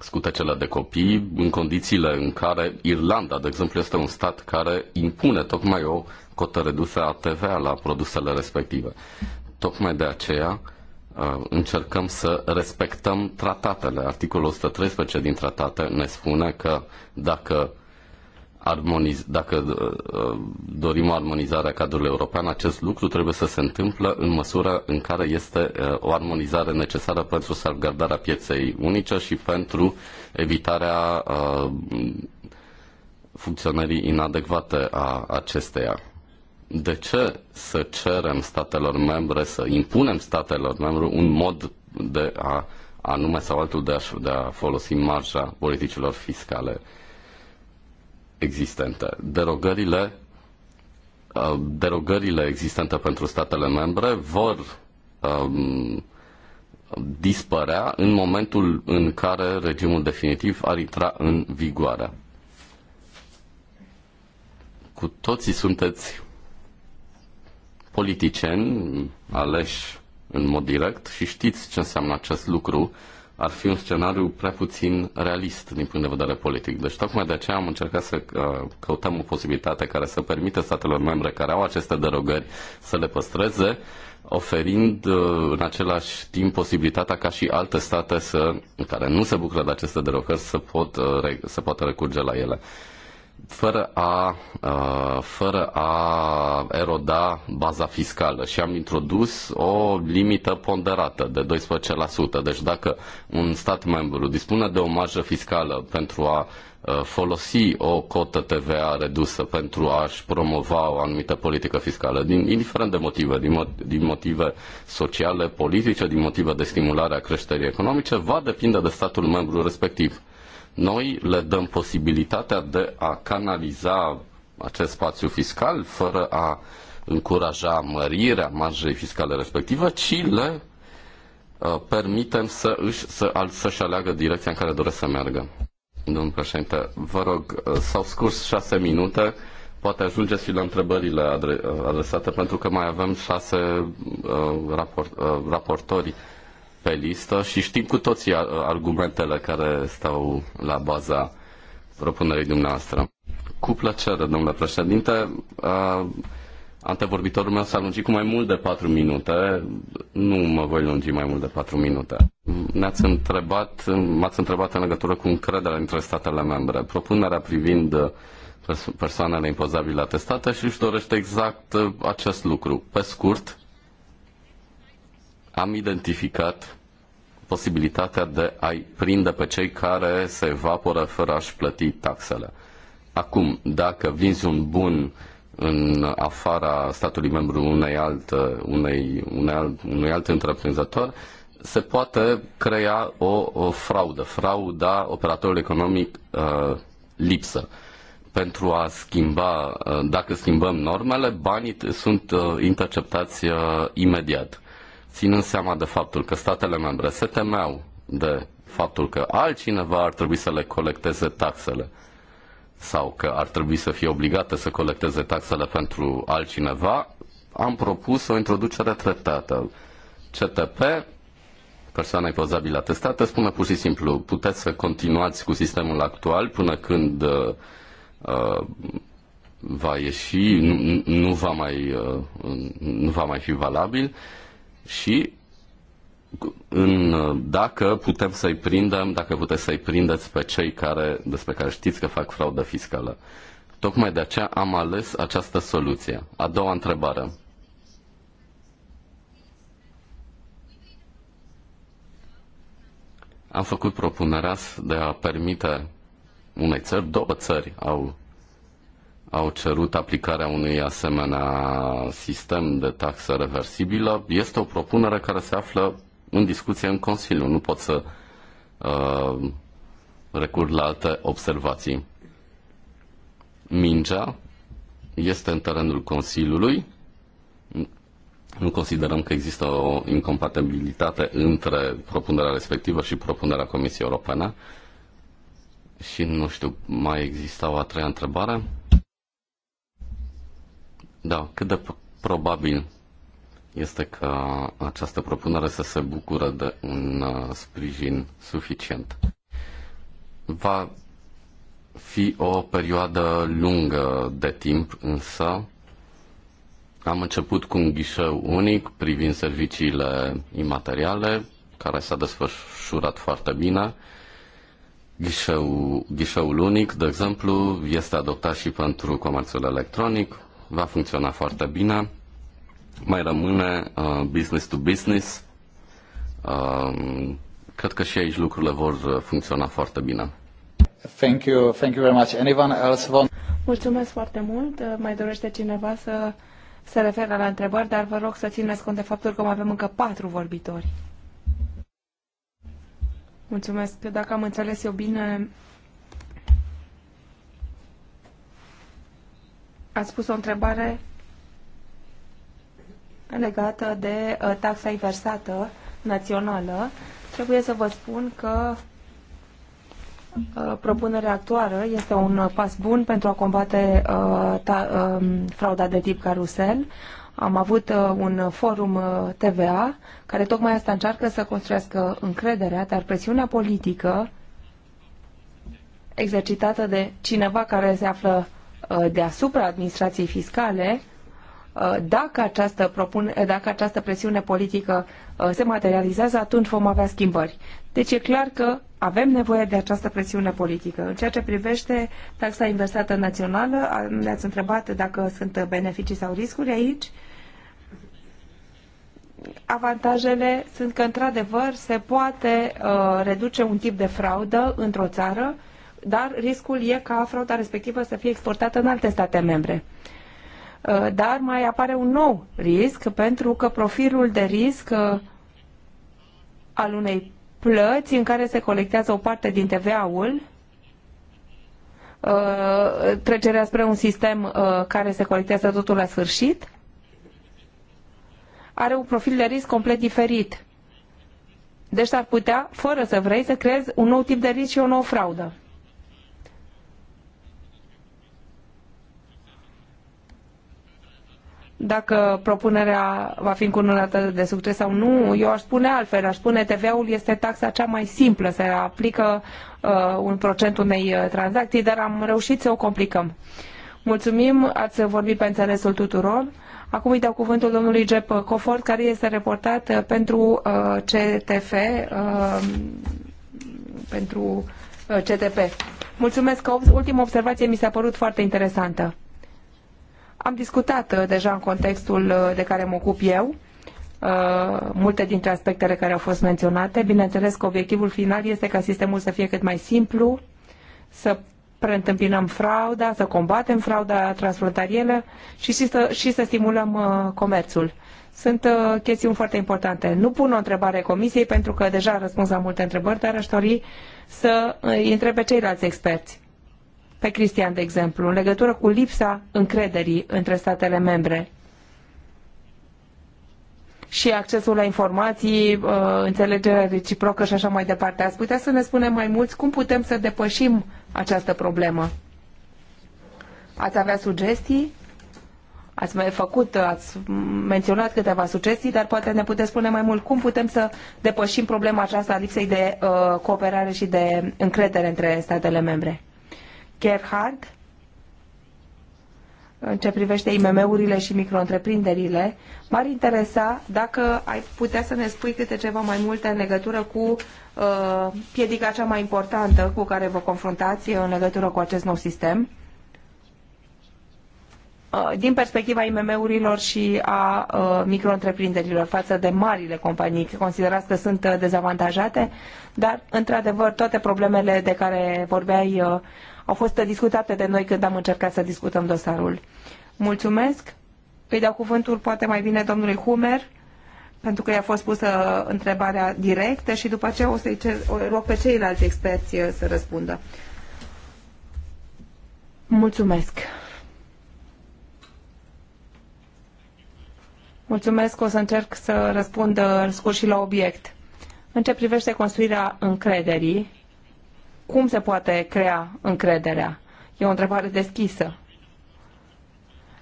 scutecele de copii, în condițiile în care Irlanda, de exemplu, este un stat care impune tocmai o cotă redusă a TVA la produsele respective. Tocmai de aceea uh, încercăm să respectăm tratatele. Articolul 113 din tratate ne spune că dacă uh, armoniz- dacă uh, uh, dorim o armonizare a cadrului european, acest lucru trebuie să se întâmple în măsura în care este uh, o armonizare necesară pentru salvgardarea pieței unice și pentru evitarea funcționării inadecvate a acesteia. De ce să cerem statelor membre, să impunem statelor membre un mod de a anume sau altul de a, de a folosi marja politicilor fiscale existente. Derogările, uh, derogările existente pentru statele membre vor um, dispărea în momentul în care regimul definitiv ar intra în vigoare. Cu toții sunteți politicieni aleși în mod direct și știți ce înseamnă acest lucru ar fi un scenariu prea puțin realist din punct de vedere politic. Deci tocmai de aceea am încercat să uh, căutăm o posibilitate care să permită statelor membre care au aceste derogări să le păstreze, oferind uh, în același timp posibilitatea ca și alte state să, care nu se bucură de aceste derogări să, pot, uh, să poată recurge la ele fără a, fără a eroda baza fiscală și am introdus o limită ponderată de 12%. Deci dacă un stat membru dispune de o marjă fiscală pentru a folosi o cotă TVA redusă pentru a-și promova o anumită politică fiscală, din, indiferent de motive, din, din motive sociale, politice, din motive de stimulare a creșterii economice, va depinde de statul membru respectiv. Noi le dăm posibilitatea de a canaliza acest spațiu fiscal fără a încuraja mărirea marjei fiscale respectivă, ci le uh, permitem să își, să, să-și aleagă direcția în care doresc să meargă. Domnul președinte, vă rog, uh, s-au scurs șase minute, poate ajungeți și la întrebările uh, adresate, pentru că mai avem șase uh, raport, uh, raportori pe listă și știm cu toții argumentele care stau la baza propunerii dumneavoastră. Cu plăcere, domnule președinte. Antevorbitorul meu s-a lungit cu mai mult de 4 minute. Nu mă voi lungi mai mult de 4 minute. Ne-ați întrebat, m-ați întrebat în legătură cu încrederea între statele membre. Propunerea privind persoanele impozabile atestate și își dorește exact acest lucru. Pe scurt, am identificat posibilitatea de a-i prinde pe cei care se evaporă fără a-și plăti taxele. Acum, dacă vinzi un bun în afara statului membru unei alte, unei, unei alt, unui alt întreprinzător, se poate crea o, o fraudă, frauda operatorului economic uh, lipsă. Pentru a schimba, uh, dacă schimbăm normele, banii sunt uh, interceptați uh, imediat ținând seama de faptul că statele membre se temeau de faptul că altcineva ar trebui să le colecteze taxele sau că ar trebui să fie obligate să colecteze taxele pentru altcineva, am propus o introducere treptată. CTP, persoana pozabilă atestată, spune pur și simplu, puteți să continuați cu sistemul actual până când uh, uh va ieși, nu, nu, va mai, uh, nu va mai fi valabil și în, dacă putem să-i prindem, dacă puteți să-i prindeți pe cei care, despre care știți că fac fraudă fiscală. Tocmai de aceea am ales această soluție. A doua întrebare. Am făcut propunerea de a permite unei țări, două țări au au cerut aplicarea unui asemenea sistem de taxă reversibilă. Este o propunere care se află în discuție în Consiliu. Nu pot să uh, recurg la alte observații. Mingea este în terenul Consiliului. Nu considerăm că există o incompatibilitate între propunerea respectivă și propunerea Comisiei Europene. Și nu știu, mai exista o a treia întrebare? Da, cât de probabil este ca această propunere să se bucură de un uh, sprijin suficient. Va fi o perioadă lungă de timp, însă am început cu un ghișeu unic privind serviciile imateriale, care s-a desfășurat foarte bine. Ghișeul, ghișeul unic, de exemplu, este adoptat și pentru comerțul electronic, va funcționa foarte bine. Mai rămâne uh, business to business. Uh, cred că și aici lucrurile vor uh, funcționa foarte bine.
Thank you, thank you very much. Anyone else want...
Mulțumesc foarte mult. Uh, mai dorește cineva să se referă la întrebări, dar vă rog să țineți cont de faptul că mai avem încă patru vorbitori. Mulțumesc. Dacă am înțeles eu bine, Ați spus o întrebare legată de uh, taxa inversată națională. Trebuie să vă spun că uh, propunerea actuală este un pas bun pentru a combate uh, um, frauda de tip carusel. Am avut un forum TVA care tocmai asta încearcă să construiască încrederea, dar presiunea politică exercitată de cineva care se află Uh, deasupra administrației fiscale, uh, dacă această, propun, dacă această presiune politică uh, se materializează, atunci vom avea schimbări. Deci e clar că avem nevoie de această presiune politică. În ceea ce privește taxa inversată națională, ne-ați întrebat dacă sunt beneficii sau riscuri aici. Avantajele sunt că, într-adevăr, se poate uh, reduce un tip de fraudă într-o țară uh, dar riscul e ca frauda respectivă să fie exportată în alte state membre. Uh, dar mai apare un nou risc, pentru că profilul de risc uh, al unei plăți în care se colectează o parte din TVA-ul, uh, trecerea spre un sistem care se colectează totul la sfârșit, are un profil de risc complet diferit. Deci ar putea, fără să vrei, să creezi un nou tip de risc și o nouă fraudă. dacă propunerea va fi încununată de succes sau nu, eu aș spune altfel. Aș spune TVA-ul este taxa cea mai simplă, se aplică uh, un procent unei uh, tranzacții, dar am reușit să o complicăm. Mulțumim, ați vorbit pe înțelesul tuturor. Acum îi dau cuvântul domnului Jep Cofort, care este reportat pentru uh, CTF, uh, pentru uh, CTP. Uh, uh, Mulțumesc că ultima observație mi s-a părut foarte interesantă am discutat uh, deja în contextul uh, de care mă ocup eu uh, multe dintre aspectele care au fost menționate. Bineînțeles că obiectivul final este ca sistemul să fie cât mai simplu, să preîntâmpinăm frauda, să combatem frauda transfrontalieră și, și, să, și să stimulăm comerțul. Sunt chestiuni foarte importante. Nu pun o întrebare comisiei pentru că deja răspuns la multe întrebări, dar aș dori să îi întreb pe ceilalți experți pe Cristian, de exemplu, în legătură cu lipsa încrederii între statele membre și accesul la informații, uh, înțelegerea reciprocă și așa mai departe. Ați putea să ne spunem mai mulți cum putem să depășim această problemă? Ați avea sugestii? Ați mai făcut, ați menționat câteva sugestii, dar poate ne puteți spune mai mult cum putem să depășim problema aceasta a lipsei de uh, cooperare și de încredere între statele membre. Gerhard în ce privește IMM-urile și micro-întreprinderile. M-ar interesa dacă ai putea să ne spui câte ceva mai multe în legătură cu uh, piedica cea mai importantă cu care vă confruntați în legătură cu acest nou sistem uh, din perspectiva IMM-urilor și a uh, micro-întreprinderilor față de marile companii, considerați că sunt uh, dezavantajate, dar, într-adevăr, toate problemele de care vorbeai uh, au fost discutate de noi când am încercat să discutăm dosarul. Mulțumesc. Îi dau cuvântul poate mai bine domnului Humer, pentru că i-a fost pusă întrebarea directă și după aceea o să-i rog pe ceilalți experți uh, să răspundă. Mulțumesc. Mulțumesc, o să încerc să răspund uh, scurt și la obiect. În ce privește construirea încrederii, cum se poate crea încrederea? E o întrebare deschisă.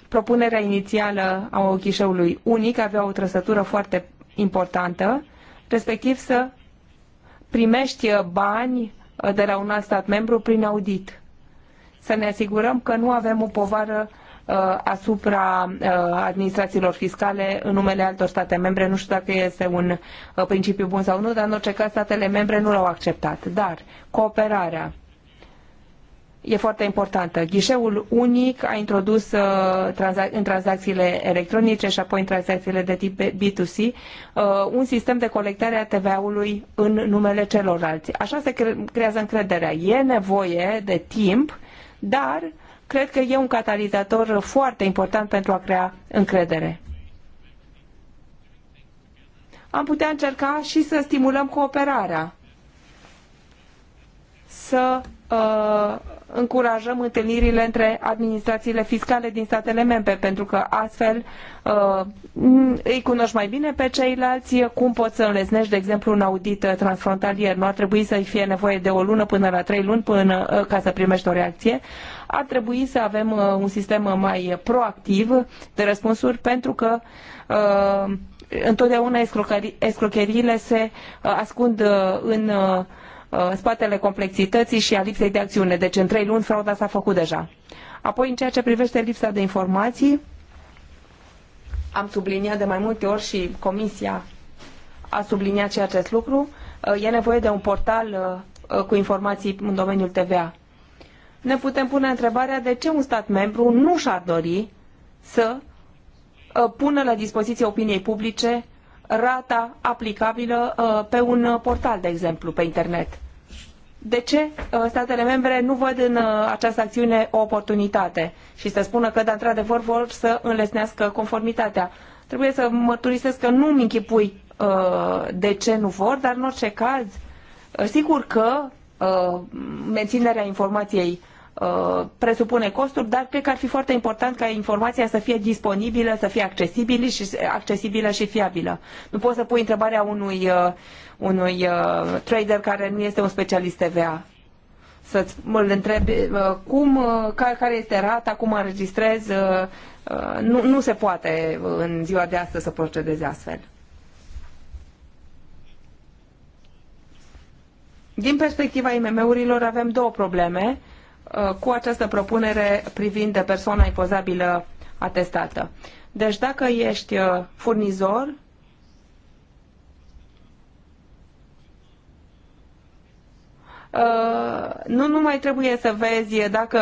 Propunerea inițială a ochișeului unic avea o trăsătură foarte importantă, respectiv să primești bani de la un alt stat membru prin audit. Să ne asigurăm că nu avem o povară Uh, asupra uh, administrațiilor fiscale în numele altor state membre. Nu știu dacă este un uh, principiu bun sau nu, dar în orice caz statele membre nu l-au acceptat. Dar cooperarea e foarte importantă. Ghișeul unic a introdus în tranzacțiile electronice și apoi în tranzacțiile de tip B2C un sistem de colectare a TVA-ului în numele celorlalți. Așa se creează încrederea. E nevoie de timp, dar cred că e un catalizator foarte important pentru a crea încredere. Am putea încerca și să stimulăm cooperarea, să uh, încurajăm întâlnirile între administrațiile fiscale din statele membre, pentru că astfel uh, îi cunoști mai bine pe ceilalți, cum poți să înleznești, de exemplu, un audit transfrontalier. Nu ar trebui să-i fie nevoie de o lună până la trei luni până, uh, ca să primești o reacție ar trebui să avem uh, un sistem uh, mai proactiv de răspunsuri pentru că uh, întotdeauna escrocheriile se ascund în spatele complexității și a lipsei de acțiune. Deci în trei luni frauda s-a făcut deja. Apoi, în ceea ce privește lipsa de informații, am subliniat de mai multe ori și Comisia a subliniat și acest lucru, e nevoie de un portal cu informații în domeniul TVA ne putem pune întrebarea de ce un stat membru nu și-ar dori să uh, pună la dispoziție opiniei publice rata aplicabilă uh, pe un uh, portal, de exemplu, pe internet. De ce statele membre nu văd în această acțiune o oportunitate și să spună că, de da, într-adevăr, vor să înlesnească conformitatea? Trebuie să mărturisesc că nu-mi închipui de ce nu vor, dar în orice caz, sigur că menținerea informației Uh, presupune costuri, dar cred că ar fi foarte important ca informația să fie disponibilă, să fie accesibilă și, accesibilă și fiabilă. Nu poți să pui întrebarea unui, uh, unui uh, trader care nu este un specialist TVA. Să îl întrebi cum, care este rata, cum înregistrez. Nu, nu se poate în ziua de astăzi să procedeze astfel. Din perspectiva IMM-urilor avem două probleme Uh, cu această propunere privind persoana impozabilă atestată. Deci dacă ești uh, furnizor Uh, nu numai trebuie să vezi dacă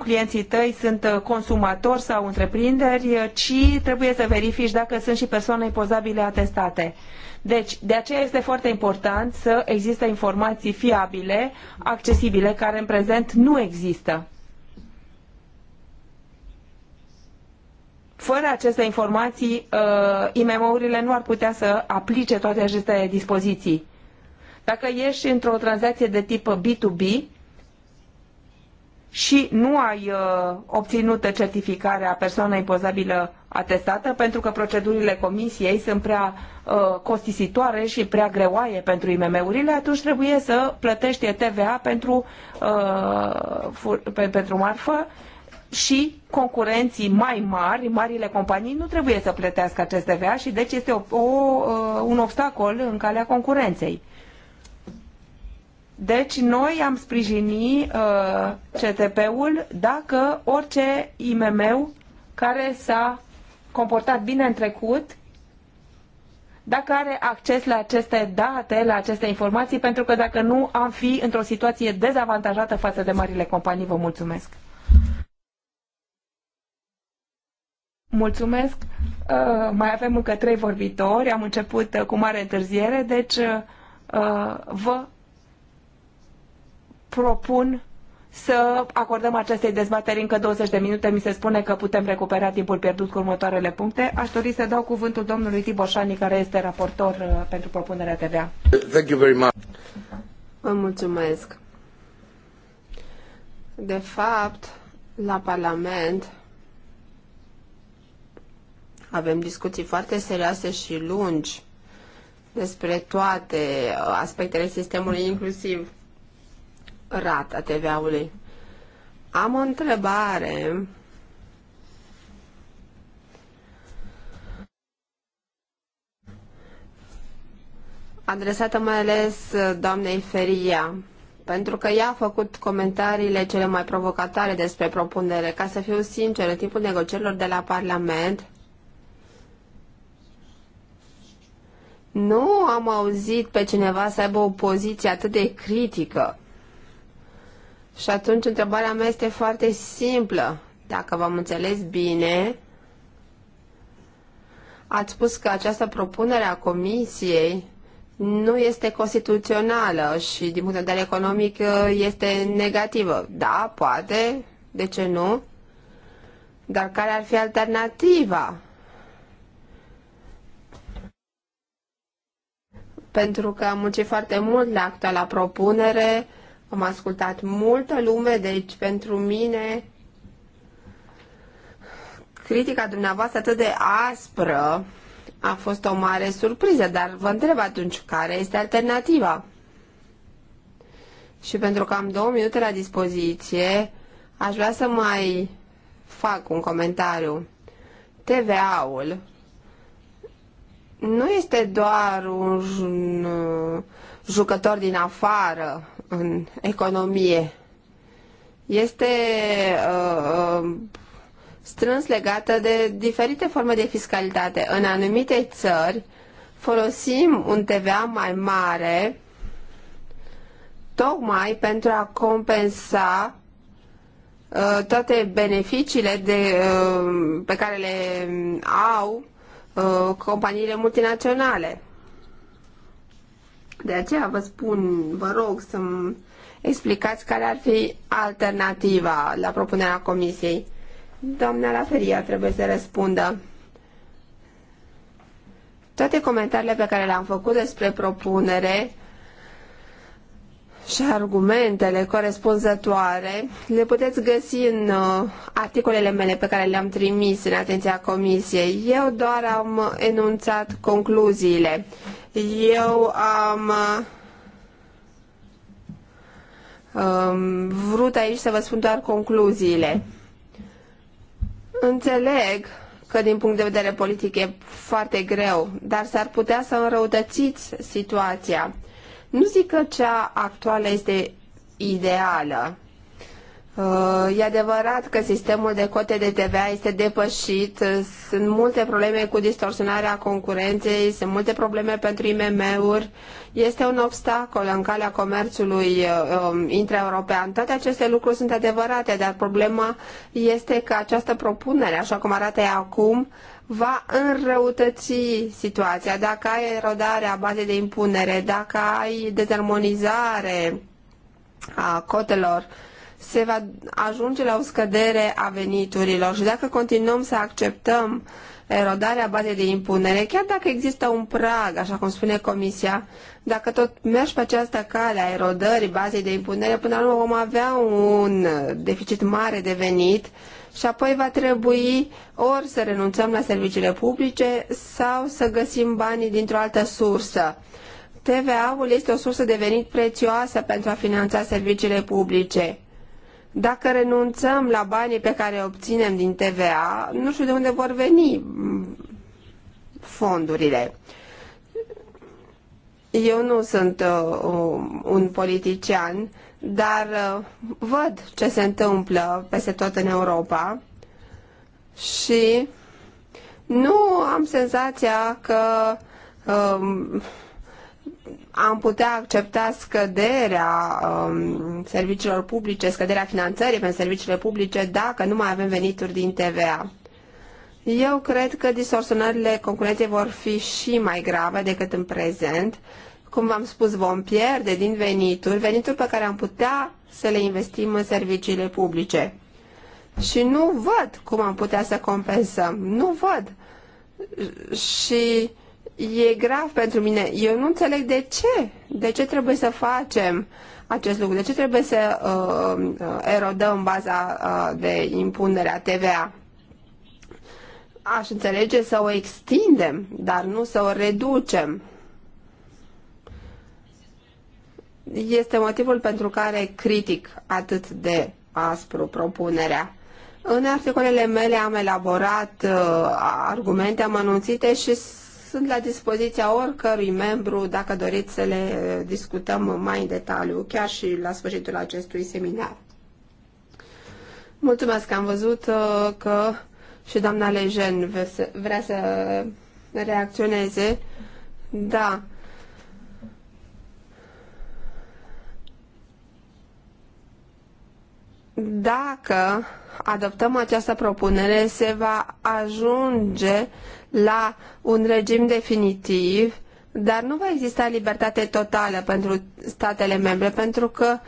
clienții tăi sunt consumatori sau întreprinderi, ci trebuie să verifici dacă sunt și persoane impozabile atestate. Deci, de aceea este foarte important să existe informații fiabile, accesibile, care în prezent nu există. Fără aceste informații, uh, IMM-urile nu ar putea să aplice toate aceste dispoziții dacă ești într-o tranzacție de tip B2B, și nu ai uh, obținut certificarea persoanei pozabilă atestată pentru că procedurile comisiei sunt prea uh, costisitoare și prea greoaie pentru IMM-urile, atunci trebuie să plătești TVA pentru, uh, pe, pentru marfă și concurenții mai mari, marile companii, nu trebuie să plătească acest TVA și deci este o, o, uh, un obstacol în calea concurenței. Deci noi am sprijini uh, CTP-ul dacă orice IMM care s-a comportat bine în trecut, dacă are acces la aceste date, la aceste informații, pentru că dacă nu am fi într-o situație dezavantajată față de marile companii. Vă mulțumesc! Mulțumesc! Uh, mai avem încă trei vorbitori, am început uh, cu mare întârziere, deci uh, uh vă propun să acordăm acestei dezbateri încă 20 de minute. Mi se spune că putem recupera timpul pierdut cu următoarele puncte. Aș dori să dau cuvântul domnului Tiboșani, care este raportor uh, pentru propunerea TVA.
Thank you very much.
Vă mulțumesc.
De fapt, la Parlament avem discuții foarte serioase și lungi despre toate uh, aspectele sistemului, inclusiv rata TVA-ului. Am o întrebare. adresată mai ales doamnei Feria, pentru că ea a făcut comentariile cele mai provocatoare despre propunere. Ca să fiu sincer, în timpul negocierilor de la Parlament, nu am auzit pe cineva să aibă o poziție atât de critică și atunci întrebarea mea este foarte simplă. Dacă v-am înțeles bine, ați spus că această propunere a Comisiei nu este constituțională și din punct de vedere economic uh, este negativă. Da, poate, de ce nu? Dar care ar fi alternativa? Pentru că am muncit foarte mult la actuala propunere, am ascultat multă lume, deci pentru mine critica dumneavoastră atât de aspră a fost o mare surpriză, dar vă întreb atunci, care este alternativa? Și pentru că am două minute la dispoziție, aș vrea să mai fac un comentariu. TVA-ul nu este doar un jucător din afară în economie este uh, uh, strâns legată de diferite forme de fiscalitate. În anumite țări folosim un TVA mai mare tocmai pentru a compensa uh, toate beneficiile de, uh, pe care le au companiile multinaționale. De aceea vă spun, vă rog să-mi explicați care ar fi alternativa la propunerea comisiei. Doamna Laferia trebuie să răspundă. Toate comentariile pe care le-am făcut despre propunere și argumentele corespunzătoare le puteți găsi în uh, articolele mele pe care le-am trimis în atenția comisiei. Eu doar am enunțat concluziile. Eu am um, vrut aici să vă spun doar concluziile. Înțeleg că din punct de vedere politic e foarte greu, dar s-ar putea să înrăutățiți situația nu zic că cea actuală este ideală. Uh, e adevărat că sistemul de cote de TVA este depășit, uh, sunt multe probleme cu distorsionarea concurenței, sunt multe probleme pentru IMM-uri, este un obstacol în calea comerțului uh, um, intraeuropean. Toate aceste lucruri sunt adevărate, dar problema este că această propunere, așa cum arată ea acum, uh, va înrăutăți situația. Dacă ai erodare a bazei de impunere, dacă ai dezarmonizare a cotelor, se va ajunge la o scădere a veniturilor și dacă continuăm să acceptăm erodarea bazei de impunere, chiar dacă există un prag, așa cum spune Comisia, dacă tot mergi pe această cale a erodării bazei de impunere, până la urmă vom avea un deficit mare de venit și apoi va trebui ori să renunțăm la serviciile publice sau să găsim banii dintr-o altă sursă. TVA-ul este o sursă de venit prețioasă pentru a finanța serviciile publice. Dacă renunțăm la banii pe care îi obținem din TVA, nu știu de unde vor veni fondurile. Eu nu sunt uh, un politician, dar uh, văd ce se întâmplă peste tot în Europa și nu am senzația că um, am putea accepta scăderea um, serviciilor publice, scăderea finanțării pentru serviciile publice dacă nu mai avem venituri din TVA. Eu cred că distorsionările concurenței vor fi și mai grave decât în prezent cum v-am spus, vom pierde din venituri, venituri pe care am putea să le investim în serviciile publice. Și nu văd cum am putea să compensăm. Nu văd. Și e grav pentru mine. Eu nu înțeleg de ce. De ce trebuie să facem acest lucru? De ce trebuie să uh, uh erodăm baza uh, de impunere a TVA? Aș înțelege să o extindem, dar nu să o reducem. este motivul pentru care critic atât de aspru propunerea. În articolele mele am elaborat uh, argumente amănunțite și sunt la dispoziția oricărui membru dacă doriți să le discutăm mai în detaliu, chiar și la sfârșitul acestui seminar. Mulțumesc, am văzut uh, că și doamna Lejen vrea să reacționeze. Da, dacă adoptăm această propunere, se va ajunge la un regim definitiv, dar nu va exista libertate totală pentru statele membre, pentru că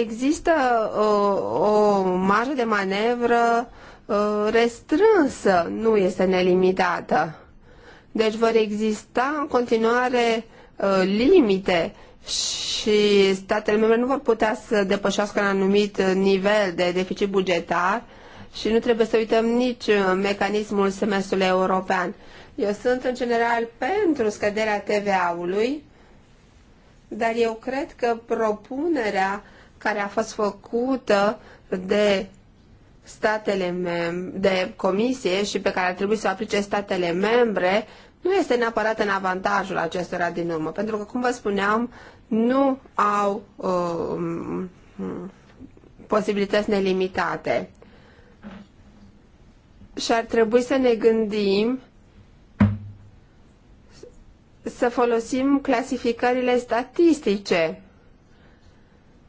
există o, uh, o marjă de manevră uh, restrânsă, nu este nelimitată. Deci vor exista în continuare uh, limite și statele membre nu vor putea să depășească un anumit nivel de deficit bugetar și nu trebuie să uităm nici mecanismul semestrului european. Eu sunt în general pentru scăderea TVA-ului, dar eu cred că propunerea care a fost făcută de statele mem- de comisie și pe care ar trebui să o aplice statele membre nu este neapărat în avantajul acestora din urmă, pentru că, cum vă spuneam, nu au uh, posibilități nelimitate. Și ar trebui să ne gândim să folosim clasificările statistice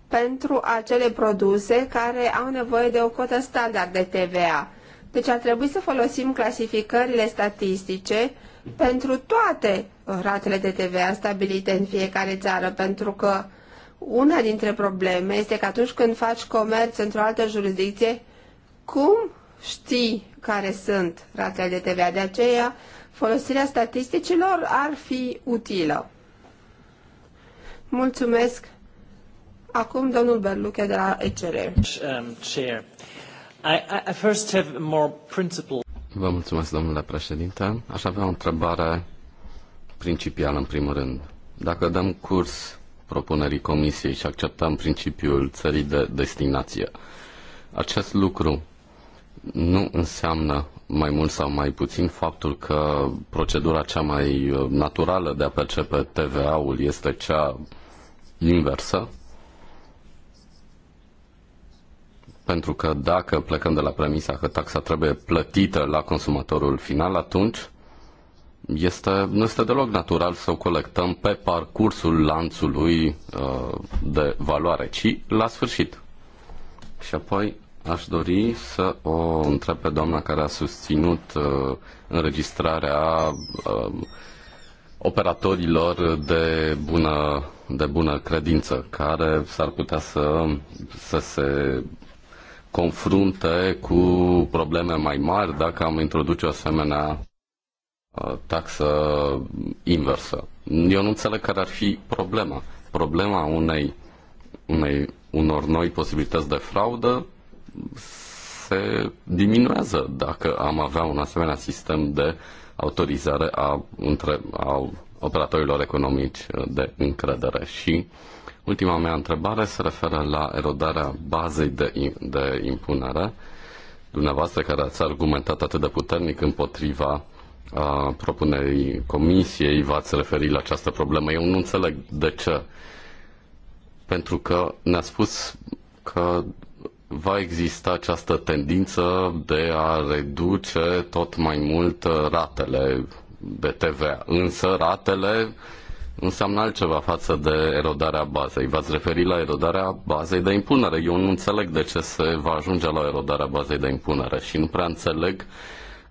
pentru acele produse care au nevoie de o cotă standard de TVA. Deci ar trebui să folosim clasificările statistice pentru toate uh, ratele de TVA stabilite în fiecare țară, pentru că una dintre probleme este că atunci când faci comerț într-o altă jurisdicție, cum știi care sunt ratele de TVA? De aceea, folosirea statisticilor ar fi utilă. Mulțumesc. Acum domnul Berluche de la ECR.
Um, chair. I, I first have more principle.
Vă mulțumesc, domnule președinte. Aș avea o întrebare principială, în primul rând. Dacă dăm curs propunerii Comisiei și acceptăm principiul țării de destinație, acest lucru nu înseamnă mai mult sau mai puțin faptul că procedura cea mai naturală de a percepe TVA-ul este cea inversă, Pentru că dacă plecăm de la premisa că taxa trebuie plătită la consumatorul final, atunci este, nu este deloc natural să o colectăm pe parcursul lanțului uh, de valoare, ci la sfârșit. Și apoi aș dori să o întreb pe doamna care a susținut uh, înregistrarea uh, operatorilor de bună, de bună credință, care s-ar putea să, să se confrunte cu probleme mai mari dacă am introduce o asemenea uh, taxă inversă. Eu nu înțeleg care ar fi problema. Problema unei, unei, unor noi posibilități de fraudă se diminuează dacă am avea un asemenea sistem de autorizare a, între, a operatorilor economici de încredere și uh, Ultima mea întrebare se referă la erodarea bazei de, de impunere. Dumneavoastră care ați argumentat atât de puternic împotriva a propunerii comisiei, v-ați referit la această problemă. Eu nu înțeleg de ce. Pentru că ne-a spus că va exista această tendință de a reduce tot mai mult uh, ratele de TVA. Însă ratele înseamnă altceva față de erodarea bazei. V-ați referit la erodarea bazei de impunere. Eu nu înțeleg de ce se va ajunge la erodarea bazei de impunere și nu prea înțeleg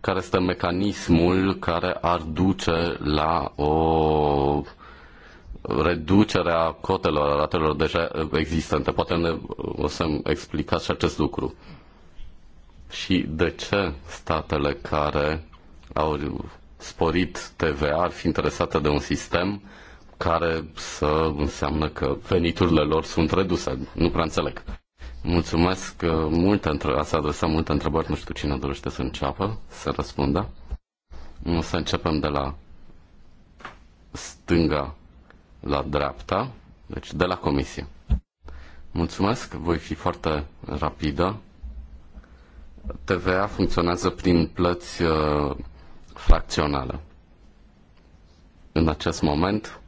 care este mecanismul care ar duce la o reducere a cotelor, a ratelor deja existente. Poate ne o să-mi explicați și acest lucru. Și de ce statele care au sporit TVA ar fi interesate de un sistem uh, care să înseamnă că veniturile lor sunt reduse. Nu prea înțeleg. Mulțumesc uh, mult, ați adresat multe întrebări, nu știu cine dorește să înceapă, să răspundă. O să începem de la stânga la dreapta, deci de la comisie. Mulțumesc, voi fi foarte rapidă. TVA funcționează prin plăți uh, fracționale. În acest moment,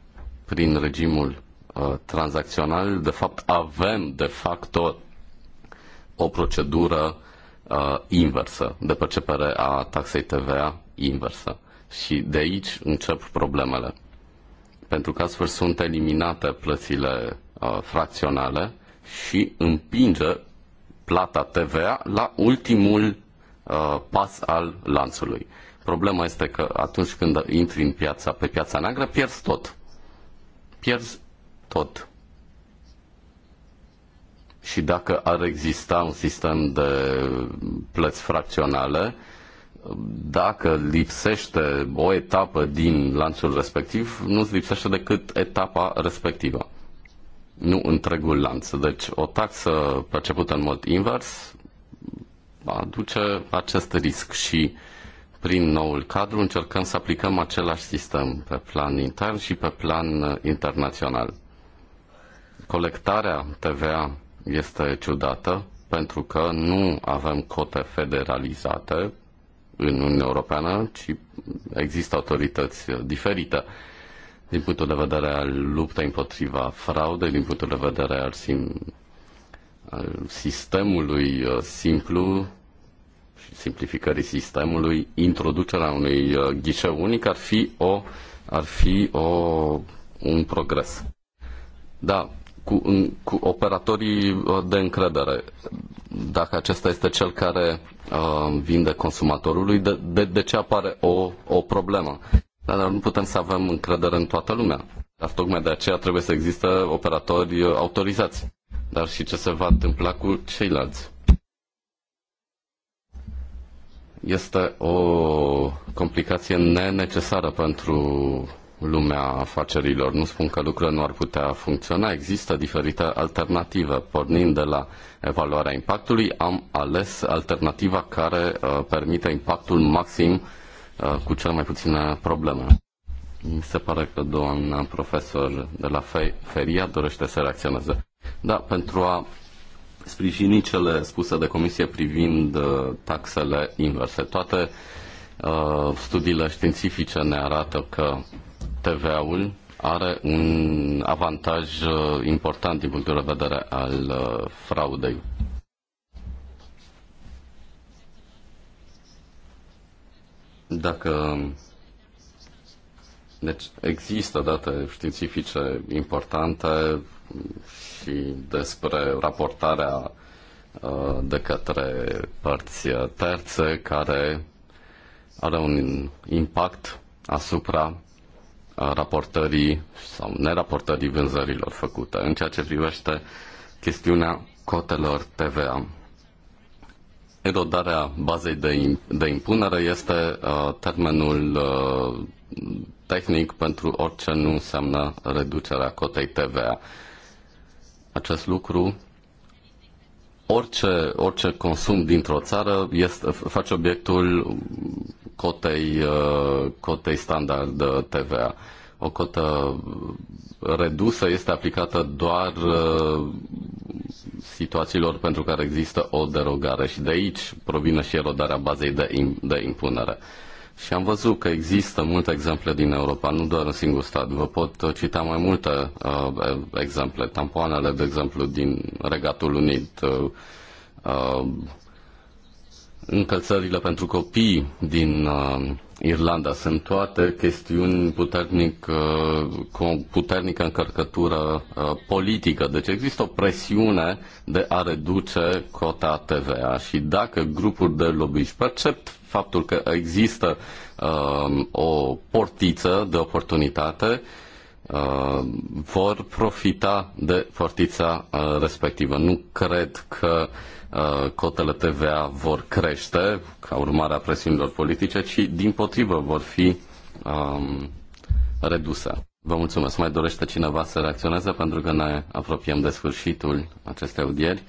prin regimul uh, tranzacțional, de fapt avem de fapt o procedură uh, inversă, de percepere a taxei TVA inversă. Și de aici încep problemele. Pentru că astfel sunt eliminate plățile uh, fracționale și împinge plata TVA la ultimul uh, pas al lanțului. Problema este că atunci când intri în piața, pe piața neagră, pierzi tot pierzi tot. Și dacă ar exista un sistem de plăți fracționale, dacă lipsește o etapă din lanțul respectiv, nu îți lipsește decât etapa respectivă, nu întregul lanț. Deci o taxă percepută în mod invers aduce acest risc și prin noul cadru încercăm să aplicăm același sistem pe plan intern și pe plan uh, internațional. Colectarea TVA este ciudată pentru că nu avem cote federalizate în Uniunea Europeană, ci există autorități uh, diferite din punctul de vedere al luptei împotriva fraudei, din punctul de vedere al, sim- al sistemului uh, simplu, simplificării sistemului, introducerea unui uh, ghișeu unic ar fi, o, ar fi o, un progres. Da, cu, în, cu operatorii uh, de încredere, dacă acesta este cel care uh, vinde consumatorului, de, de, de ce apare o, o problemă? Da, dar nu putem să avem încredere în toată lumea. Dar tocmai de aceea trebuie să existe operatori uh, autorizați. Dar și ce se va întâmpla cu ceilalți? este o complicație nenecesară pentru lumea afacerilor. Nu spun că lucrurile nu ar putea funcționa, există diferite alternative. Pornind de la evaluarea impactului, am ales alternativa care uh, permite impactul maxim uh, cu cel mai puține probleme. Mi se pare că doamna profesor de la Feria dorește să reacționeze. Da, pentru a sprijini cele spuse de comisie privind uh, taxele inverse. Toate uh, studiile științifice ne arată că TVA-ul are un avantaj uh, important din punctul de vedere al uh, fraudei. Dacă deci există date științifice importante și despre raportarea uh, de către părți terțe care are un impact asupra uh, raportării sau neraportării vânzărilor făcute. În ceea ce privește chestiunea cotelor TVA, erodarea bazei de, de impunere este uh, termenul uh, tehnic pentru orice nu înseamnă reducerea cotei TVA acest lucru, orice, orice consum dintr-o țară este, face obiectul cotei, uh, cotei standard TVA. O cotă redusă este aplicată doar uh, situațiilor pentru care există o derogare și de aici provine și erodarea bazei de, de impunere. Și am văzut că există multe exemple din Europa, nu doar un singur stat. Vă pot uh, cita mai multe uh, exemple. Tampoanele, de exemplu, din Regatul Unit, uh, uh, încălțările pentru copii din uh, Irlanda sunt toate chestiuni puternic, uh, cu puternică încărcătură uh, politică. Deci există o presiune de a reduce cota TVA și dacă grupuri de lobbyiști percep faptul că există uh, o portiță de oportunitate, uh, vor profita de portița uh, respectivă. Nu cred că uh, Uh, cotele TVA vor crește ca urmare a presiunilor politice, ci din potrivă vor fi um, reduse. Vă mulțumesc. Mai dorește cineva să reacționeze pentru că ne apropiem de sfârșitul acestei audieri.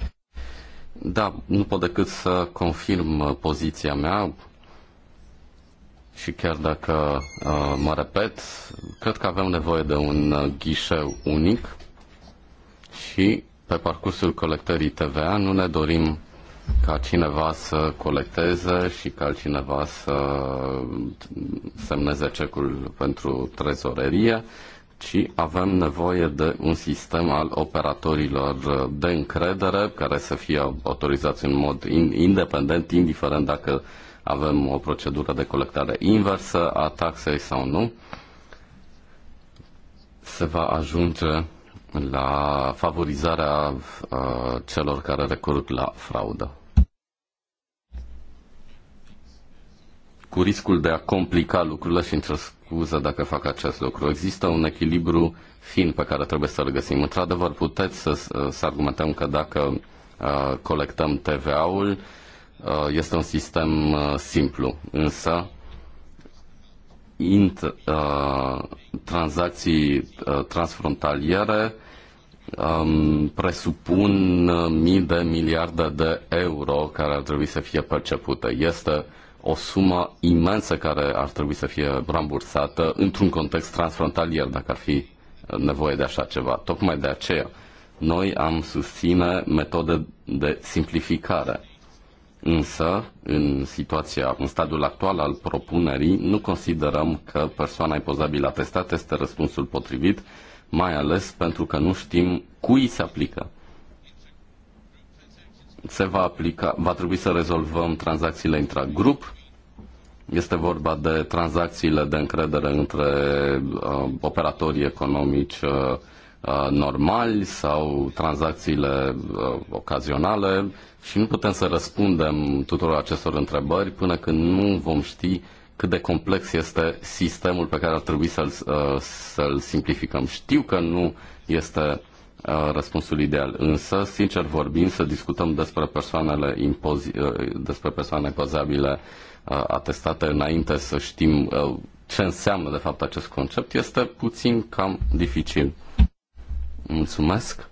Da, nu pot decât să confirm uh, poziția mea și chiar dacă uh, mă repet, cred că avem nevoie de un uh, ghișeu unic și pe parcursul colectării TVA nu ne dorim ca cineva să colecteze și ca cineva să semneze cecul pentru trezorerie, ci avem nevoie de un sistem al operatorilor de încredere care să fie autorizați în mod independent, indiferent dacă avem o procedură de colectare inversă a taxei sau nu. Se va ajunge la favorizarea uh, celor care recurg la fraudă. Cu riscul de a complica lucrurile și într-o scuză dacă fac acest lucru. Există un echilibru fin pe care trebuie să-l găsim. Într-adevăr, puteți să, să argumentăm că dacă uh, colectăm TVA-ul, uh, este un sistem uh, simplu, însă int, uh, tranzacții uh, transfrontaliere um, presupun uh, mii de miliarde de euro care ar trebui să fie percepute. Este o sumă imensă care ar trebui să fie rambursată într-un context transfrontalier, dacă ar fi uh, nevoie de așa ceva. Tocmai de aceea noi am susține metode de simplificare Însă, în situația, în stadiul actual al propunerii, nu considerăm că persoana impozabilă atestată este răspunsul potrivit, mai ales pentru că nu știm cui se aplică. Se va aplica, va trebui să rezolvăm tranzacțiile grup. este vorba de tranzacțiile de încredere între uh, operatorii economici uh, Uh, normali sau tranzacțiile uh, ocazionale și nu putem să răspundem tuturor acestor întrebări până când nu vom ști cât de complex este sistemul pe care ar trebui să-l, uh, să-l simplificăm. Știu că nu este răspunsul ideal. Însă, sincer vorbim, să discutăm despre persoanele impozi- despre persoane pozabile atestate înainte să știm ce înseamnă de fapt acest concept este puțin cam dificil. Mulțumesc.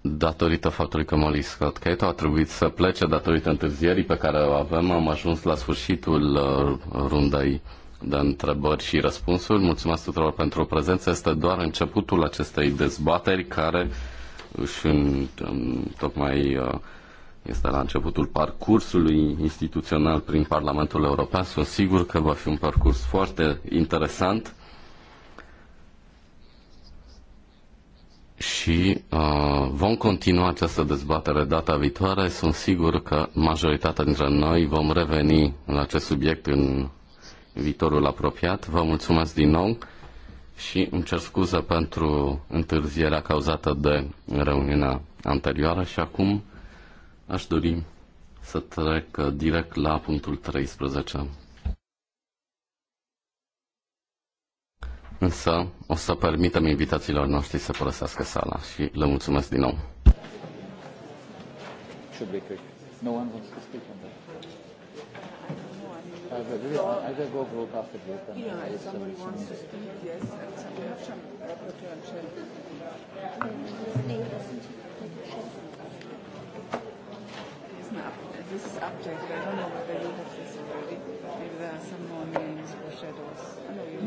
Datorită faptului că Molly Scott Cato a trebuit să plece datorită întârzierii pe care o avem, am ajuns la sfârșitul uh, rundei de întrebări și răspunsuri. Mulțumesc tuturor pentru prezență. Este doar începutul acestei dezbateri care își în, în, tocmai uh, este la începutul parcursului instituțional prin Parlamentul European. Sunt sigur că va fi un parcurs foarte interesant și uh, vom continua această dezbatere data viitoare. Sunt sigur că majoritatea dintre noi vom reveni la acest subiect în viitorul apropiat. Vă mulțumesc din nou și îmi cer scuze pentru întârzierea cauzată de reuniunea anterioară și acum aș dori să trec direct la punctul 13. Însă o să permitem invitațiilor noștri să părăsească sala și le mulțumesc din nou.
This is updated. I don't know whether you have this already. Maybe there are some more names for shadows.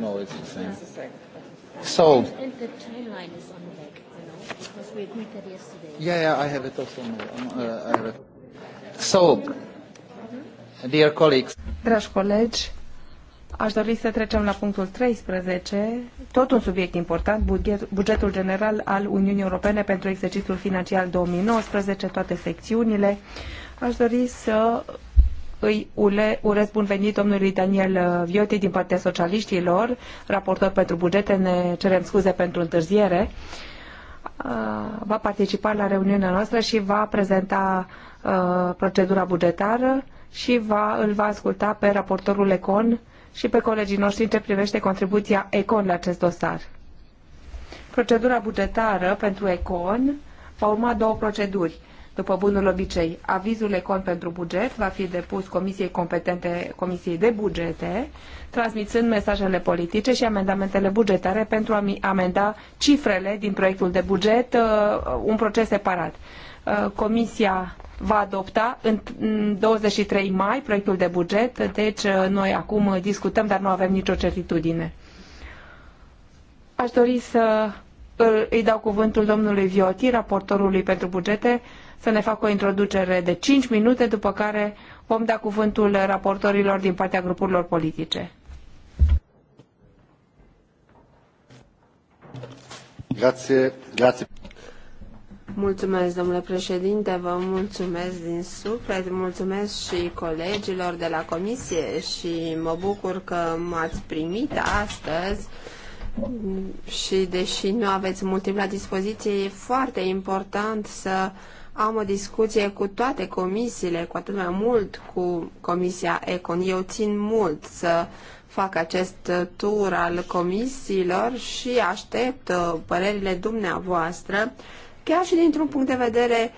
No, it's the same. It's the same. Sold. And the timeline is on the back, you know, because we agreed that yesterday.
Yeah, yeah, I have it also. Uh, I have it. Sold. Mm-hmm. Dear colleagues.
Dragi colegi, aș dori să trecem la punctul 13, tot un subiect important, buget, bugetul general al Uniunii Europene pentru exercițiul financiar 2019, toate secțiunile. Aș dori să îi ule, urez bun venit domnului Daniel uh, Vioti din partea socialiștilor, raportor pentru bugete, ne cerem scuze pentru întârziere. Uh, va participa la reuniunea noastră și va prezenta uh, procedura bugetară și va, îl va asculta pe raportorul Econ și pe colegii noștri în ce privește contribuția Econ la acest dosar. Procedura bugetară pentru Econ va urma două proceduri după bunul obicei. Avizul Econ pentru buget va fi depus Comisiei competente, Comisiei de bugete, transmițând mesajele politice și amendamentele bugetare pentru a amenda cifrele din proiectul de buget, uh, un proces separat. Uh, comisia va adopta în 23 mai proiectul de buget, deci uh, noi acum discutăm, dar nu avem nicio certitudine. Aș dori să îi dau cuvântul domnului Vioti, raportorului pentru bugete, să ne facă o introducere de 5 minute, după care vom da cuvântul raportorilor din partea grupurilor politice.
Grazie, grazie.
Mulțumesc, domnule președinte, vă mulțumesc din suflet, mulțumesc și colegilor de la comisie și mă bucur că m-ați primit astăzi și deși nu aveți mult timp la dispoziție, e foarte important să uh, am o discuție cu toate comisiile, cu atât mai mult cu Comisia Econ. Eu țin mult să fac acest tur al comisiilor și aștept uh, părerile dumneavoastră, chiar și dintr-un punct de vedere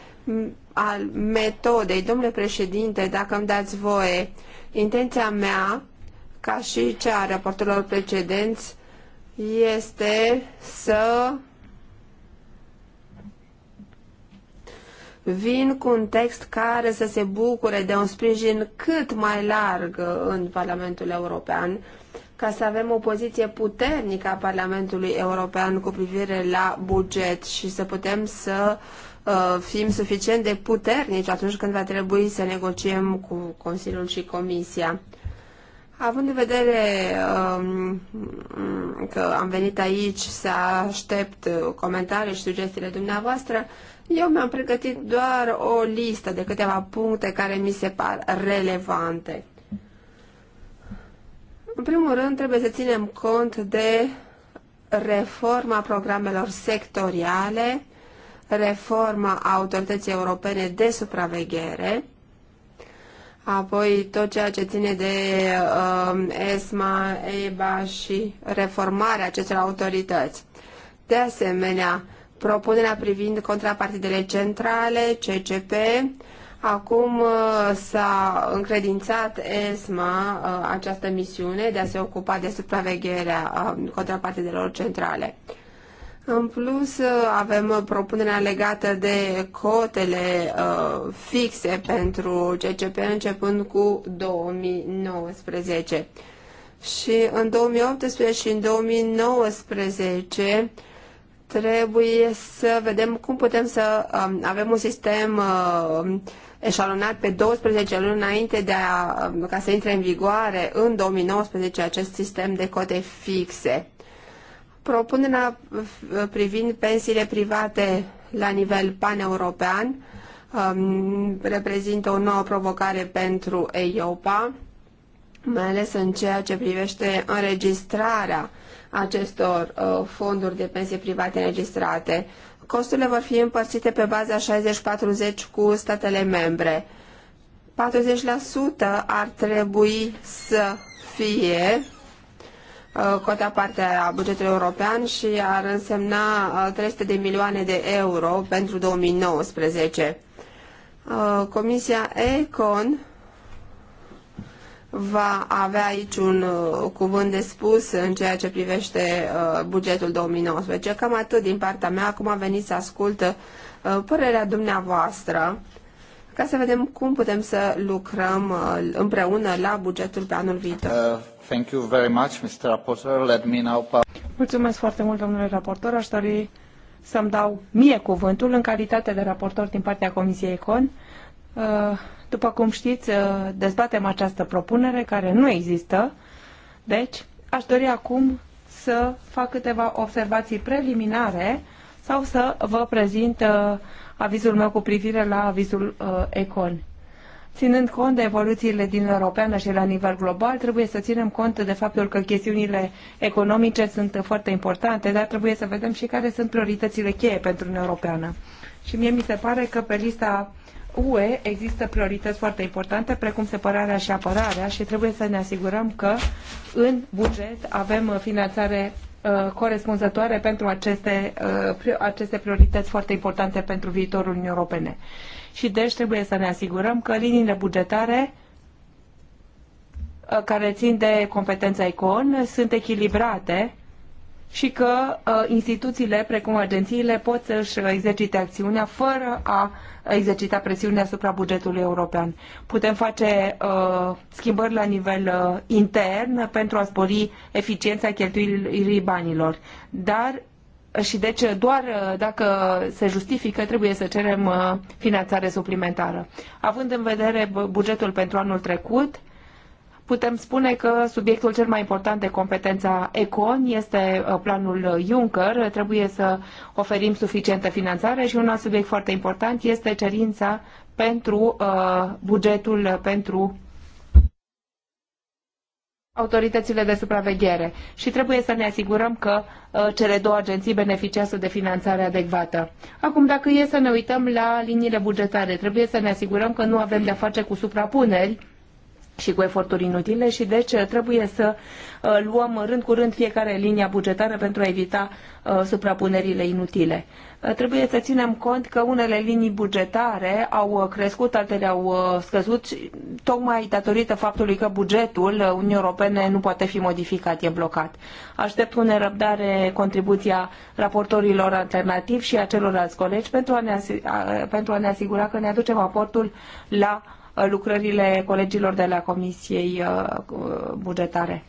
al metodei. Domnule președinte, dacă îmi dați voie, intenția mea, ca și cea a raportelor precedenți, este să vin cu un text care să se bucure de un sprijin cât mai larg uh, în Parlamentul European, ca să avem o poziție puternică a Parlamentului European cu privire la buget și să putem să uh, fim suficient de puternici atunci când va trebui să negociem cu Consiliul și Comisia. Având în vedere um, că am venit aici să aștept comentarii și sugestiile dumneavoastră, eu mi-am pregătit doar o listă de câteva puncte care mi se par relevante. În primul rând, trebuie să ținem cont de reforma programelor sectoriale, reforma Autorității Europene de Supraveghere, apoi tot ceea ce ține de uh, ESMA, EBA și reformarea acestor autorități. De asemenea, uh, propunerea privind contrapartidele centrale, CCP. Acum uh, s-a încredințat ESMA uh, această misiune de a se ocupa de supravegherea uh, contrapartidelor centrale. În plus, avem propunerea legată de cotele uh, fixe pentru CCP începând cu 2019. Și în 2018 și în 2019 trebuie să vedem cum putem să um, avem un sistem uh, eșalonat pe 12 luni înainte de a, um, ca să intre în vigoare în 2019 acest sistem de cote fixe. Propunerea uh, privind pensiile private la nivel paneuropean um, reprezintă o nouă provocare pentru EIOPA, mai ales în ceea ce privește înregistrarea acestor uh, fonduri de pensii private înregistrate. Costurile vor fi împărțite pe baza 60-40 cu statele membre. 40% ar trebui să fie uh, cota parte a bugetului european și ar însemna 300 uh, de milioane de euro pentru 2019. Comisia ECON va avea aici un uh, cuvânt de spus în ceea ce privește uh, bugetul 2019. Cam atât din partea mea. Acum a venit să ascult uh, părerea dumneavoastră ca să vedem cum putem să lucrăm
împreună la bugetul pe anul viitor.
Uh, thank you very much, Mr. Raportor. Let me now...
Mulțumesc foarte mult, domnule raportor. Aș dori să-mi dau mie cuvântul în calitate de raportor din partea Comisiei Econ. Uh, după cum știți, uh, dezbatem această propunere care nu există. Deci, aș dori acum să fac câteva observații preliminare sau să vă prezint uh, avizul meu cu privire la avizul uh, Econ. Ținând cont de evoluțiile din Europeană și la nivel global, trebuie să ținem cont de faptul că chestiunile economice sunt foarte importante, dar trebuie să vedem și care sunt prioritățile cheie pentru Uniunea Europeană. Și mie mi se pare că pe lista UE există priorități foarte importante, precum separarea și apărarea și trebuie să ne asigurăm că în buget avem uh, finanțare uh, corespunzătoare pentru aceste, uh, aceste priorități foarte importante pentru viitorul Uniunii Europene. Și deci trebuie să ne asigurăm că liniile bugetare care țin de competența ICON sunt echilibrate și că uh, instituțiile, precum agențiile, pot să-și exercite acțiunea fără a exercita presiunea asupra bugetului european. Putem face uh, schimbări la nivel uh, intern pentru a spori eficiența cheltuirii banilor. Dar și deci doar uh, dacă se justifică trebuie să cerem uh, finanțare suplimentară. Având în vedere bugetul pentru anul trecut, putem spune că subiectul cel mai important de competența ECON este uh, planul Juncker. Trebuie să oferim suficientă finanțare și un alt subiect foarte important este cerința pentru uh, bugetul pentru autoritățile de supraveghere și trebuie să ne asigurăm că uh, cele două agenții beneficiază de finanțare adecvată. Acum, dacă e să ne uităm la liniile bugetare, trebuie să ne asigurăm că nu avem de-a face cu suprapuneri și cu eforturi inutile și deci trebuie să uh, luăm rând cu rând fiecare linia bugetară pentru a evita uh, suprapunerile inutile. Uh, trebuie să ținem cont că unele linii bugetare au crescut, altele au scăzut, tocmai datorită faptului că bugetul Uniunii Europene nu poate fi modificat, e blocat. Aștept cu nerăbdare contribuția raportorilor alternativi și a celorlalți colegi pentru a ne, asigura, pentru a ne asigura că ne aducem aportul la Uh, lucrările colegilor de la Comisiei uh, Bugetare.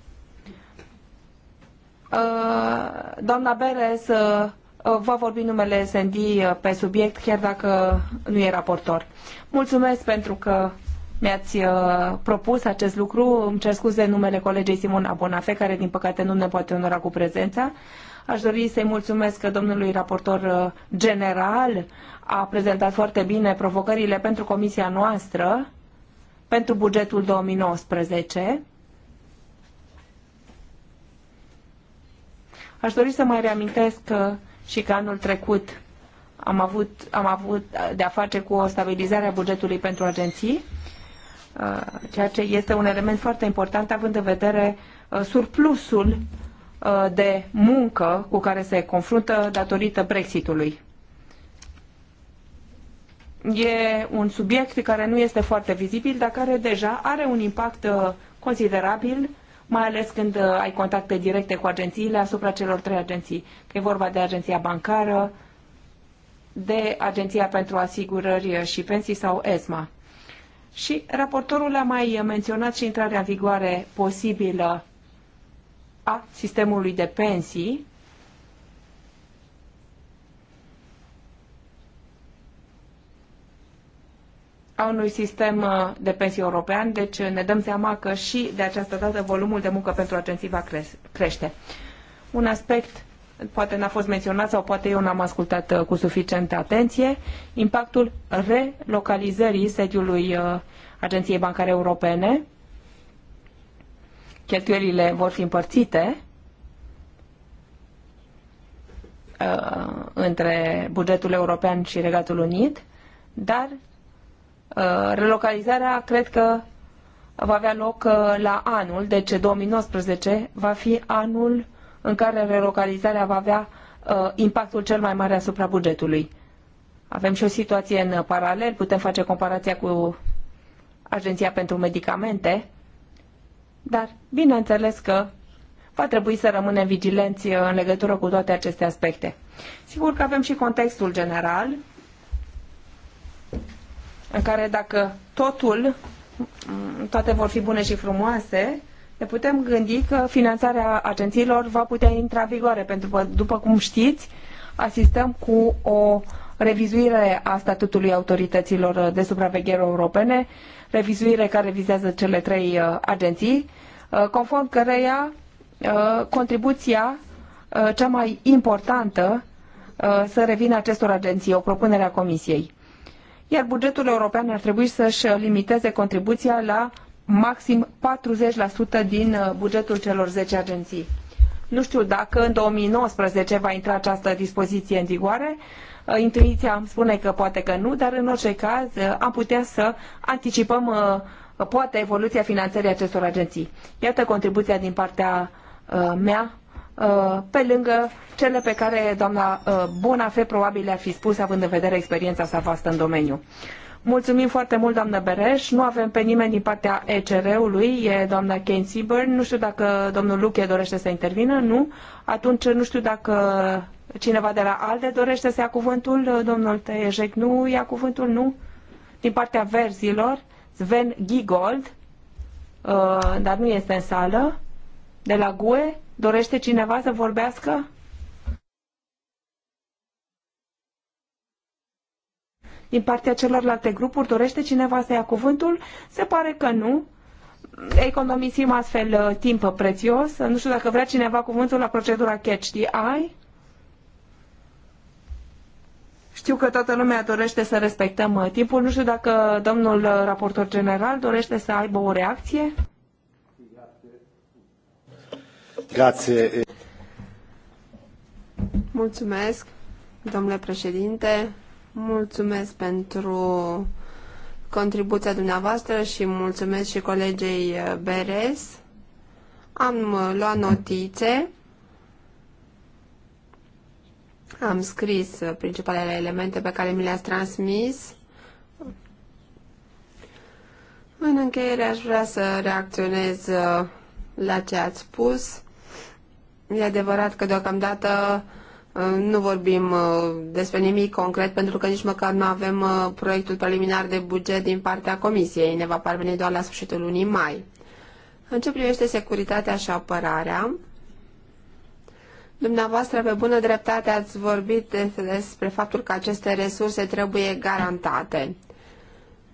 Uh, doamna Beres va vorbi numele SND pe subiect, chiar dacă nu e raportor. Mulțumesc pentru că mi-ați propus acest lucru. Îmi cer scuze numele colegei Simona Bonafe, care din păcate nu ne poate onora cu prezența. Aș dori să-i mulțumesc domnului raportor uh, general. A prezentat foarte bine provocările pentru comisia noastră, pentru bugetul 2019. Aș dori să mai reamintesc că uh, și că anul trecut am avut, am avut de-a face cu o stabilizare a bugetului pentru agenții, uh, ceea ce este un element foarte important având în vedere surplusul Uh, de muncă cu care se confruntă datorită Brexitului. E un subiect care nu este foarte vizibil, dar care deja are un impact uh, considerabil, mai ales când uh, ai contacte directe cu agențiile asupra celor trei agenții. Că e vorba de agenția bancară, de Agenția pentru Asigurări și Pensii sau ESMA. Și raportorul a mai menționat și intrarea în vigoare posibilă a sistemului de pensii a unui sistem uh, de pensii european, deci uh, ne dăm seama că și de această dată volumul de muncă pentru agenții va crește. Un aspect poate n-a fost menționat sau poate eu n-am ascultat uh, cu suficientă atenție, impactul relocalizării sediului Agenției Bancare Europene cheltuielile vor fi împărțite uh, între bugetul european și Regatul Unit, dar uh, relocalizarea cred că va avea loc uh, la anul, deci 2019 va fi anul în care relocalizarea va avea impactul cel mai mare asupra bugetului. Avem și o situație în paralel, putem face comparația cu Agenția pentru Medicamente, dar, bineînțeles că va trebui să rămânem vigilenți în legătură cu toate aceste aspecte. Sigur că avem și contextul general, în care dacă totul, toate vor fi bune și frumoase, ne putem gândi că finanțarea agențiilor va putea intra în vigoare, pentru că, după cum știți, asistăm cu o revizuire a statutului autorităților de supraveghere europene, revizuire care vizează cele trei uh, agenții, uh, conform căreia uh, contribuția cea mai importantă să revină acestor agenții, o propunere a Comisiei. Iar bugetul european ar trebui să-și limiteze contribuția la maxim 40% din bugetul celor zece agenții. Nu știu dacă în 2019 va intra această dispoziție în vigoare, Uh, intuiția îmi spune că poate că nu, dar în orice caz uh, am putea să anticipăm uh, poate evoluția finanțării acestor agenții. Iată contribuția din partea mea pe lângă cele pe care doamna Bonafe probabil le-ar fi spus, având în vedere experiența sa vastă în domeniu. Mulțumim foarte mult, doamnă Bereș. Nu avem pe nimeni din partea ECR-ului, e doamna Kane Seaburn. Nu știu dacă domnul Luche dorește să intervină, nu? Atunci nu știu dacă cineva de la ALDE dorește să ia cuvântul. Domnul Tejec nu ia cuvântul, nu? Din partea verzilor, Sven Gigold, uh, dar nu este în sală, de la GUE. Dorește cineva să vorbească? Din partea celorlalte grupuri, dorește cineva să ia cuvântul? Se pare că nu. Economisim astfel uh, timp prețios. Nu știu dacă vrea cineva cuvântul la procedura Catch the Eye. Știu că toată lumea dorește să respectăm uh, timpul. Nu știu dacă domnul uh, raportor general dorește să aibă o reacție.
Grație.
Mulțumesc, domnule președinte. Mulțumesc pentru contribuția dumneavoastră și mulțumesc și colegei eh, Beres. Am eh, luat notițe, am scris eh, principalele elemente pe care mi le-ați transmis. În încheiere aș vrea să reacționez la ce ați spus. E adevărat că deocamdată Uh, nu vorbim uh, despre nimic concret pentru că nici măcar nu avem uh, proiectul preliminar de buget din partea Comisiei. Ne va parveni doar la sfârșitul lunii mai. În ce privește securitatea și apărarea, dumneavoastră pe bună dreptate ați vorbit despre faptul că aceste resurse trebuie garantate.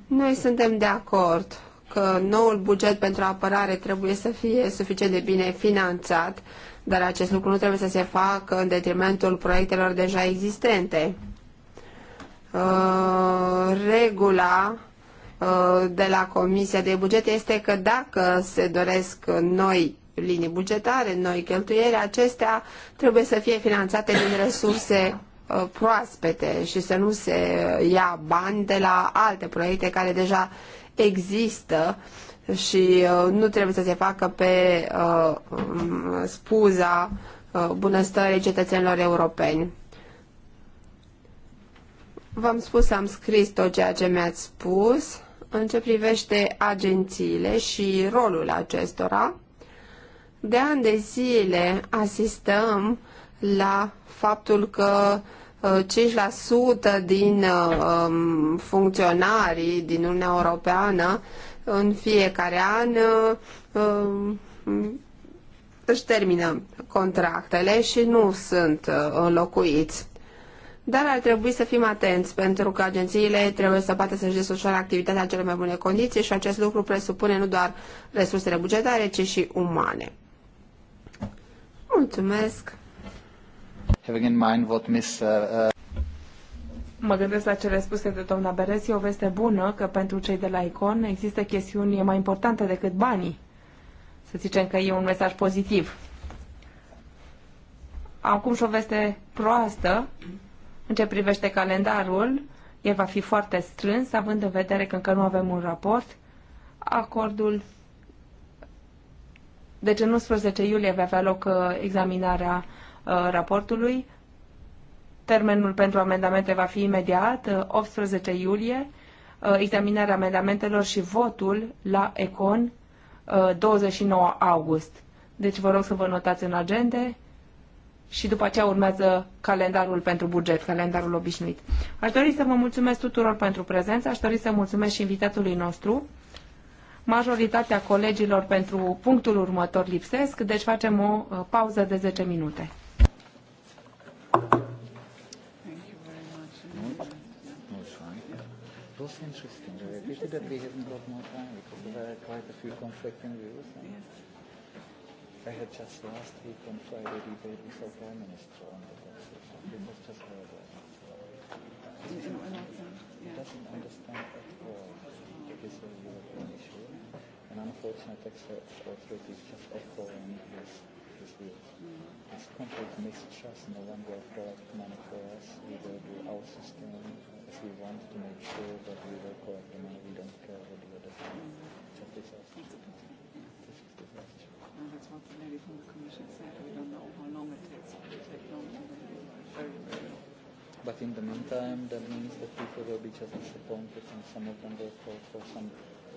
Noi suntem de acord că noul buget pentru apărare trebuie să fie suficient de bine finanțat, dar acest lucru nu trebuie să se facă în detrimentul proiectelor deja existente. Uh, regula uh, de la Comisia de Buget este că dacă se doresc noi linii bugetare, noi cheltuieli, acestea trebuie să fie finanțate din resurse uh, proaspete și să nu se ia bani de la alte proiecte care deja există și uh, nu trebuie să se facă pe uh, spuza uh, bunăstării cetățenilor europeni. V-am spus, am scris tot ceea ce mi-ați spus în ce privește agențiile și rolul acestora. De ani de zile asistăm la faptul că 5% uh, din uh, um, funcționarii din Uniunea Europeană în fiecare an uh, își termină contractele și nu sunt uh, înlocuiți. Dar ar trebui să fim atenți, pentru că agențiile trebuie să poată să-și desfășoare activitatea în cele mai bune condiții și acest lucru presupune nu doar resursele bugetare, ci și umane. Mulțumesc!
Having in mind what Miss, uh, uh...
Mă gândesc la cele spuse de doamna Beres, e o veste bună că pentru cei de la ICON există chestiuni mai importante decât banii. Să zicem că e un mesaj pozitiv. Acum și o veste proastă în ce privește calendarul. El va fi foarte strâns, având în vedere că încă nu avem un raport. Acordul deci în 11 iulie va avea loc uh, examinarea uh, raportului. Termenul pentru amendamente va fi imediat, 18 uh, iulie, uh, examinarea amendamentelor și votul la ECON 29 uh, august. Deci vă rog să vă notați în agende și după aceea urmează calendarul pentru buget, calendarul obișnuit. Aș dori să vă mulțumesc tuturor pentru prezență, aș dori să mulțumesc și invitatului nostru. Majoritatea colegilor pentru punctul următor lipsesc, deci facem o pauză de 10 minute.
was interesting. It's pity that we haven't got more time because there are quite a few conflicting views. And Yes. I had just last week on Friday debate with our Prime Minister on the Brexit. It was just horrible.
He
doesn't understand at all that this is a European issue. And unfortunately, authority is just echoing his Mm-hmm. It's complete mistrust, no longer of product money for us. We will do our system because we want to make sure that we work coordinate. We don't care what the other side mm. It's a disaster. It's a disaster.
that's what the lady from the commission said. We don't know how long it takes. It will take long.
But in the meantime, that means that people will be just disappointed and some of them will fall for some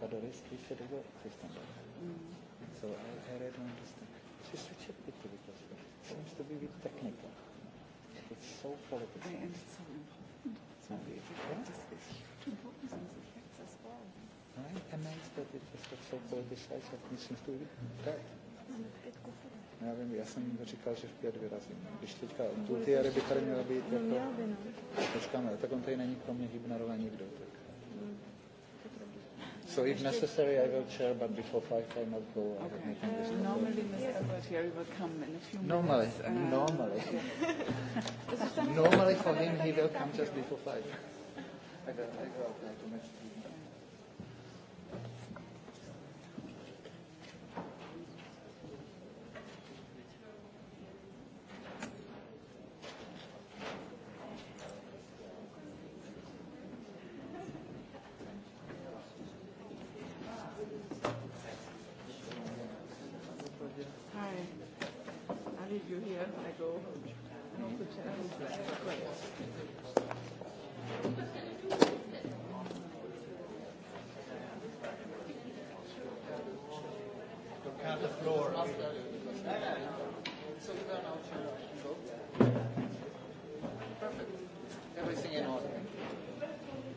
but the rest we should go system. Mm. So I, I really don't understand. She switched it with because it seems to be a bit technical. It's so political. I, and it's so important. So the Yeah. It's is huge importance in the effects as well. I'm amazed that it was so politicized, that nic nic tu tak. Já vím, já jsem říkal, že v pět vyrazím. Když teďka tu ty ryby tady měla být, jako, počkáme, tak on tady není kromě Hybnerové nikdo. Tak. So if necessary, I will chair, but before five, I must go. okay. Uh, normally, Mr.
Gualtieri will come in a few minutes. Normally, uh, normally. normally for him, he will come just before
five. I got, I got to mention.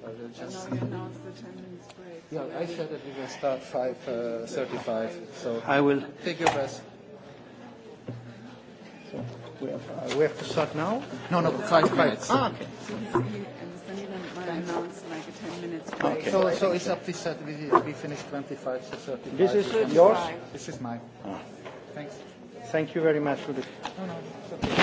I will Yeah, I said that we can start 5:35. Uh, so I will take your best. So we have, uh, we have to start now. No, no, five minutes. Ah, okay.
Okay. So, so it's up
to set. We, we finished 25 to 35. This is yours. This is mine. Ah. Thanks. Thank you very much for this.
No, no, it's okay.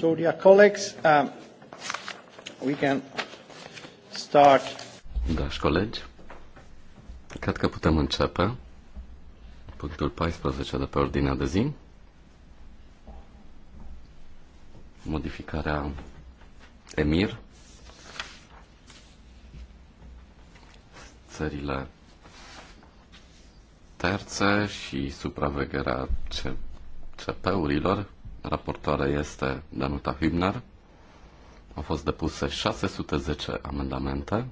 So, dear colleagues, um, we can start.
Dragi colegi, cred că putem începe punctul 14 de pe ordinea de zi. Modificarea EMIR. Țările terțe și supravegherea CP-urilor Raportoarea este Danuta Hübner. Au fost depuse 610 amendamente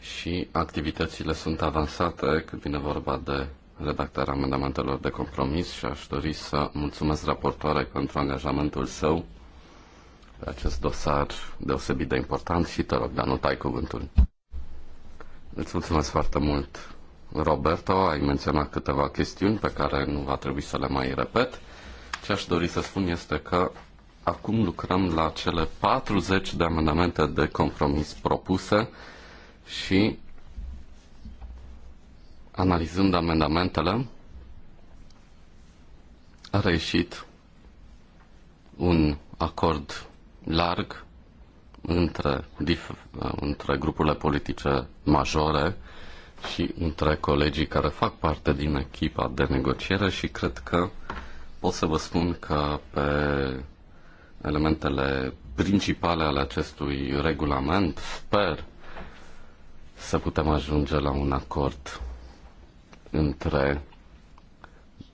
și activitățile sunt avansate când vine vorba de redactarea amendamentelor de compromis și aș dori să mulțumesc raportoare pentru angajamentul său pe acest dosar deosebit de important și te rog, Danuta, ai cuvântul. Îți mulțumesc foarte mult, Roberto, ai menționat câteva chestiuni pe care nu va trebui să le mai repet. Ce aș dori să spun este că acum lucrăm la cele 40 de amendamente de compromis propuse și analizând amendamentele, a reieșit un acord larg între, între grupurile politice majore și între colegii care fac parte din echipa de negociere și cred că pot să vă spun că pe elementele principale ale acestui regulament sper să putem ajunge la un acord între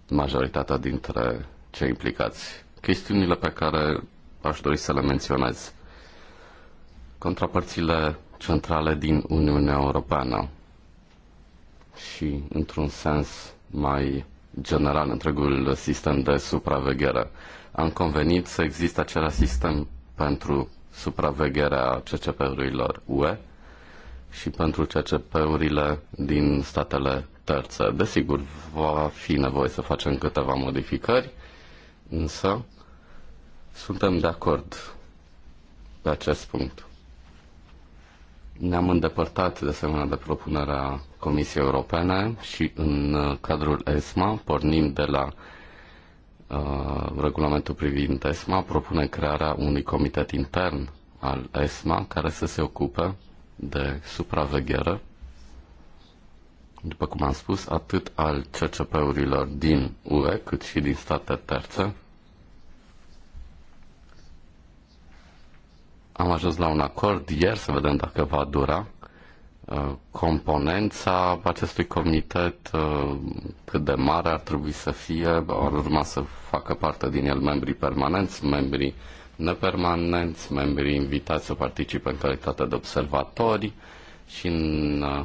majoritatea dintre cei implicați. Chestiunile pe care aș dori să le menționez. Contrapărțile centrale din Uniunea Europeană și, într-un sens mai general, întregul sistem de supraveghere. Am convenit să există același sistem pentru supravegherea CCP-urilor UE și pentru CCP-urile din statele terțe. Desigur, va fi nevoie să facem câteva modificări, însă suntem de acord pe acest punct. Ne-am îndepărtat de asemenea de propunerea Comisiei Europene și în uh, cadrul ESMA, pornim de la uh, regulamentul privind ESMA, propune crearea unui comitet intern al ESMA care să se ocupe de supraveghere, după cum am spus, atât al CCP-urilor din UE cât și din state terțe, am ajuns la un acord ieri, să vedem dacă va dura. Uh, componența acestui comitet, uh, cât de mare ar trebui să fie, ar urma să facă parte din el membrii permanenți, membrii nepermanenți, membrii invitați să participe în calitate de observatori și în uh,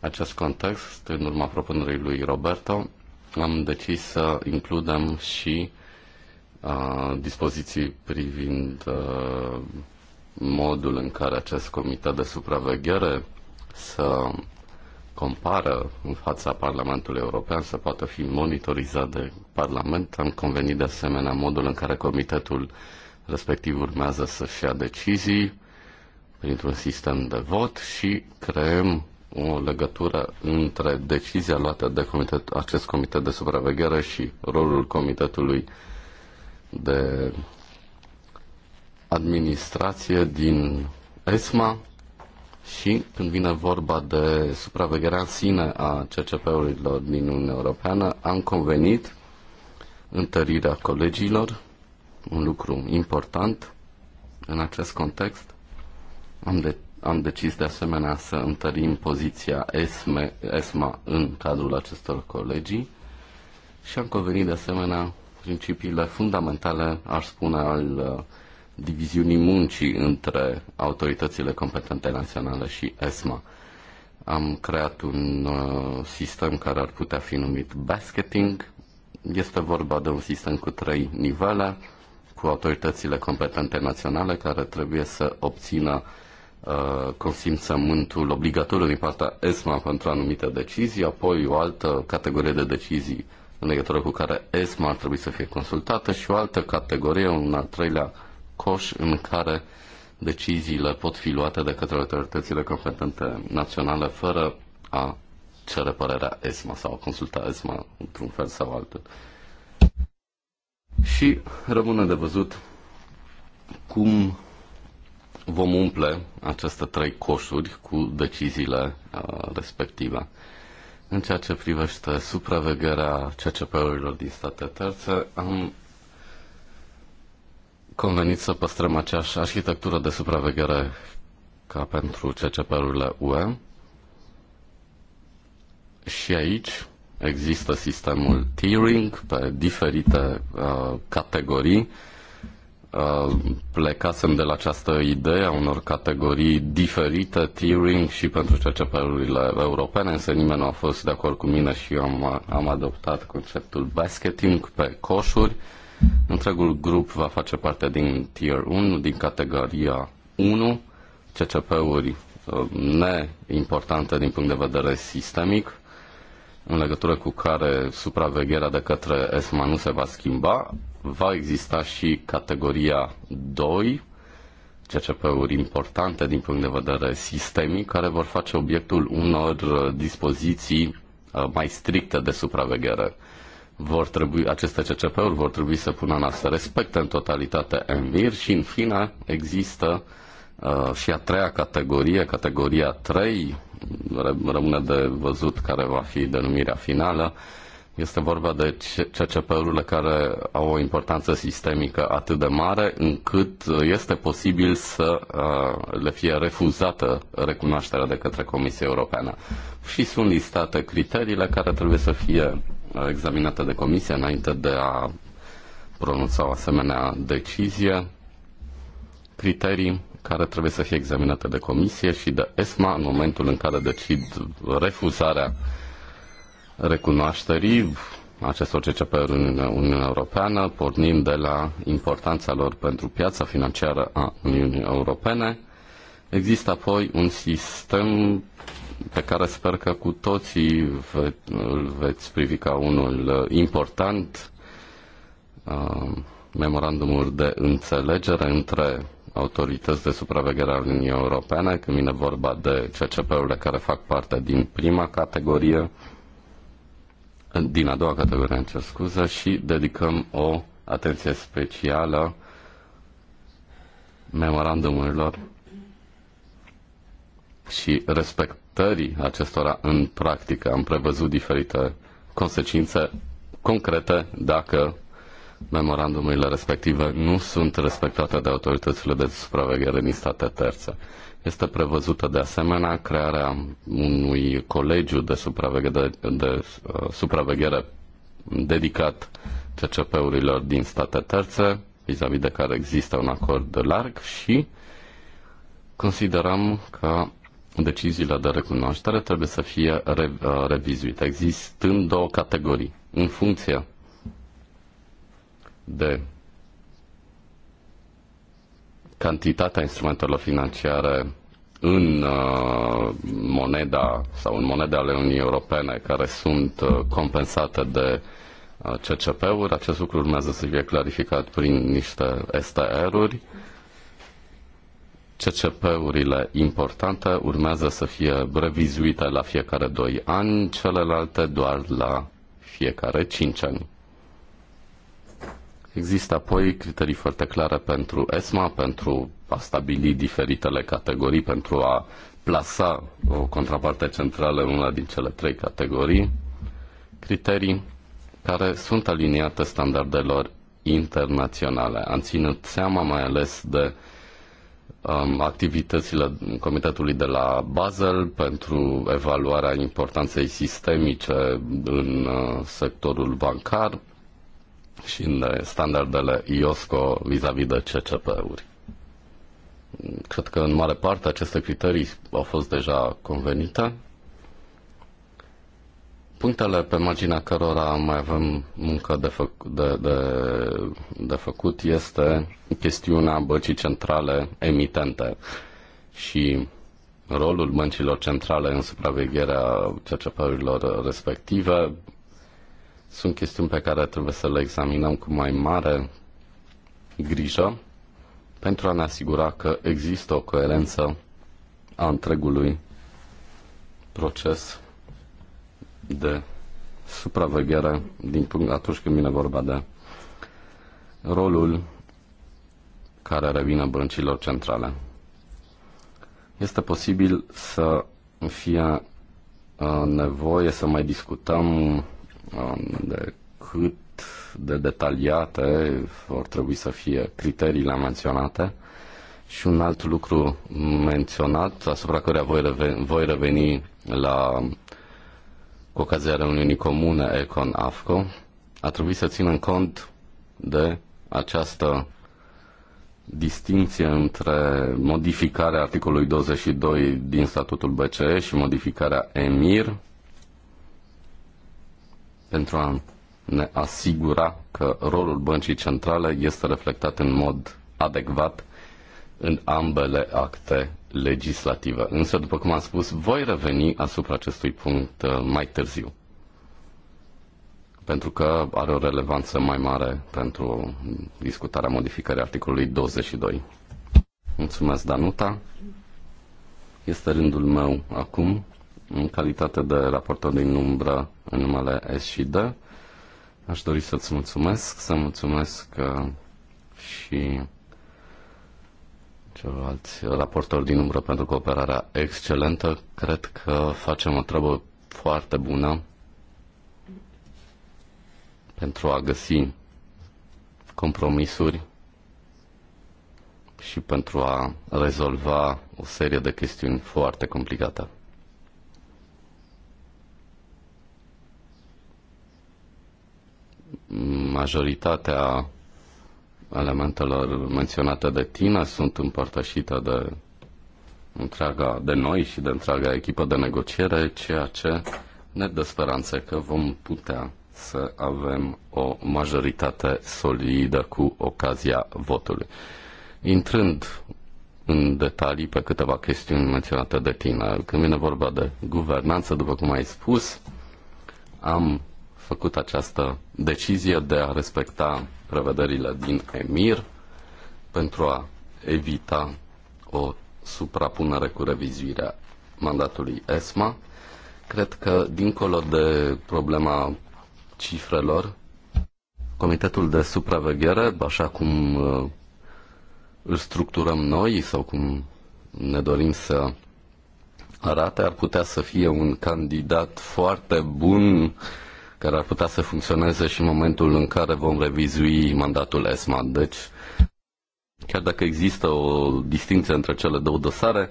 acest context, în urma propunerii lui Roberto, am decis să includem și uh, dispoziții privind uh, modul în care acest comitet de supraveghere să compară în fața Parlamentului European să poată fi monitorizat de Parlament. Am convenit de asemenea modul în care comitetul respectiv urmează să-și ia decizii printr-un sistem de vot și creăm o legătură între decizia luată de comitet, acest comitet de supraveghere și rolul comitetului de administrație din ESMA și când vine vorba de supravegherea în sine a CCP-urilor din Uniunea Europeană, am convenit întărirea colegilor, un lucru important în acest context. Am, de, am decis de asemenea să întărim poziția ESME, ESMA în cadrul acestor colegii și am convenit de asemenea principiile fundamentale, aș spune, al uh, diviziunii muncii între autoritățile competente naționale și ESMA. Am creat un uh, sistem care ar putea fi numit basketing. Este vorba de un sistem cu trei nivele, cu autoritățile competente naționale care trebuie să obțină uh, consimțământul obligatoriu din partea ESMA pentru anumite decizii, apoi o altă categorie de decizii în legătură cu care ESMA ar trebui să fie consultată și o altă categorie, un al treilea coș în care deciziile pot fi luate de către autoritățile competente naționale fără a cere părerea ESMA sau a consulta ESMA într-un fel sau altul. Și rămâne de văzut cum vom umple aceste trei coșuri cu deciziile uh, respective. În ceea ce privește supravegherea CCP-urilor din state terțe, am convenit să păstrăm aceeași arhitectură de supraveghere ca pentru CCP-urile UE. Și aici există sistemul tiering pe diferite uh, categorii. Uh, plecasem de la această idee a unor categorii diferite, tiering și pentru CCP-urile europene, însă nimeni nu a fost de acord cu mine și eu am, am adoptat conceptul basketing pe coșuri. Uh, Întregul grup va face parte din Tier 1, din categoria 1, CCP-uri uh, neimportante din punct de vedere sistemic, în legătură cu care supravegherea de către ESMA nu se va schimba. Va exista și categoria 2, CCP-uri importante din punct de vedere sistemic, care vor face obiectul unor uh, dispoziții uh, mai stricte de supraveghere vor trebui, aceste CCP-uri vor trebui să pună în să respecte în totalitate Envir și în fine există uh, și a treia categorie, categoria 3, rămâne de văzut care va fi denumirea finală, este vorba de CCP-urile care au o importanță sistemică atât de mare încât uh, este posibil să uh, le fie refuzată recunoașterea de către Comisia Europeană. Și sunt listate criteriile care trebuie să fie examinată de comisie înainte de a pronunța o asemenea decizie, criterii care trebuie să fie examinate de comisie și de ESMA în momentul în care decid refuzarea recunoașterii acestor CCP în Uniunea Europeană, pornind de la importanța lor pentru piața financiară a Uniunii Europene. Există apoi un sistem pe care sper că cu toții ve- îl veți privi ca unul uh, important, uh, memorandumul de înțelegere între autorități de supraveghere al Uniunii Europene, când vine vorba de CCP-urile care fac parte din prima categorie, din a doua categorie, îmi cer scuze, și dedicăm o atenție specială memorandumurilor și respect, implementării acestora în practică. Am prevăzut diferite consecințe concrete dacă memorandumurile respective nu sunt respectate de autoritățile de supraveghere din state terțe. Este prevăzută de asemenea crearea unui colegiu de supraveghere, de, de uh, supraveghere dedicat CCP-urilor din state terțe, vis-a-vis -vis de care există un acord larg și considerăm că deciziile de recunoaștere trebuie să fie re, uh, revizuite, existând două categorii, în funcție de cantitatea instrumentelor financiare în uh, moneda sau în moneda ale Uniunii Europene care sunt uh, compensate de uh, CCP-uri. Acest lucru urmează să fie clarificat prin niște STR-uri. Uh, CCP-urile importante urmează să fie revizuite la fiecare 2 ani, celelalte doar la fiecare 5 ani. Există apoi criterii foarte clare pentru ESMA, pentru a stabili diferitele categorii, pentru a plasa o contraparte centrală în una din cele trei categorii, criterii care sunt aliniate standardelor internaționale, am ținut seama mai ales de uh, um, activitățile Comitetului de la Basel pentru evaluarea importanței sistemice în uh, sectorul bancar și în standardele IOSCO vis-a-vis -vis de CCP-uri. Cred că în mare parte aceste criterii au fost deja convenite Punctele pe marginea cărora mai avem muncă de, fă- de, de, de făcut este chestiunea băcii centrale emitente și rolul băncilor centrale în supravegherea cercetărilor respective. Sunt chestiuni pe care trebuie să le examinăm cu mai mare grijă pentru a ne asigura că există o coerență a întregului proces de supraveghere din punct atunci când vine vorba de rolul care revine băncilor centrale. Este posibil să fie uh, nevoie să mai discutăm um, de cât de detaliate vor trebui să fie criteriile menționate și un alt lucru menționat asupra căreia voi, reveni, voi reveni la cu ocazia reuniunii comune Econ-AFCO, a trebuit să în cont de această distinție între modificarea articolului 22 din statutul BCE și modificarea EMIR pentru a ne asigura că rolul băncii centrale este reflectat în mod adecvat în ambele acte legislative. Însă, după cum am spus, voi reveni asupra acestui punct uh, mai târziu. Pentru că are o relevanță mai mare pentru discutarea modificării articolului 22. Mulțumesc, Danuta. Este rândul meu acum, în calitate de raportor din umbră în numele S și D. Aș dori să-ți mulțumesc, să mulțumesc uh, și celorlalți raportori din umbră pentru cooperarea excelentă. Cred că facem o treabă foarte bună pentru a găsi compromisuri și pentru a rezolva o serie de chestiuni foarte complicate. Majoritatea elementelor menționate de tine sunt împărtășite de întreaga, de noi și de întreaga echipă de negociere, ceea ce ne dă speranțe că vom putea să avem o majoritate solidă cu ocazia votului. Intrând în detalii pe câteva chestiuni menționate de tine, când vine vorba de guvernanță, după cum ai spus, am făcut această decizie de a respecta prevederile din EMIR pentru a evita o suprapunere cu revizuirea mandatului ESMA. Cred că, dincolo de problema cifrelor, Comitetul de supraveghere, așa cum uh, îl structurăm noi sau cum ne dorim să arate, ar putea să fie un candidat foarte bun uh, care ar putea să funcționeze și în momentul în care vom revizui mandatul ESMA. Deci, chiar dacă există o distinție între cele două dosare,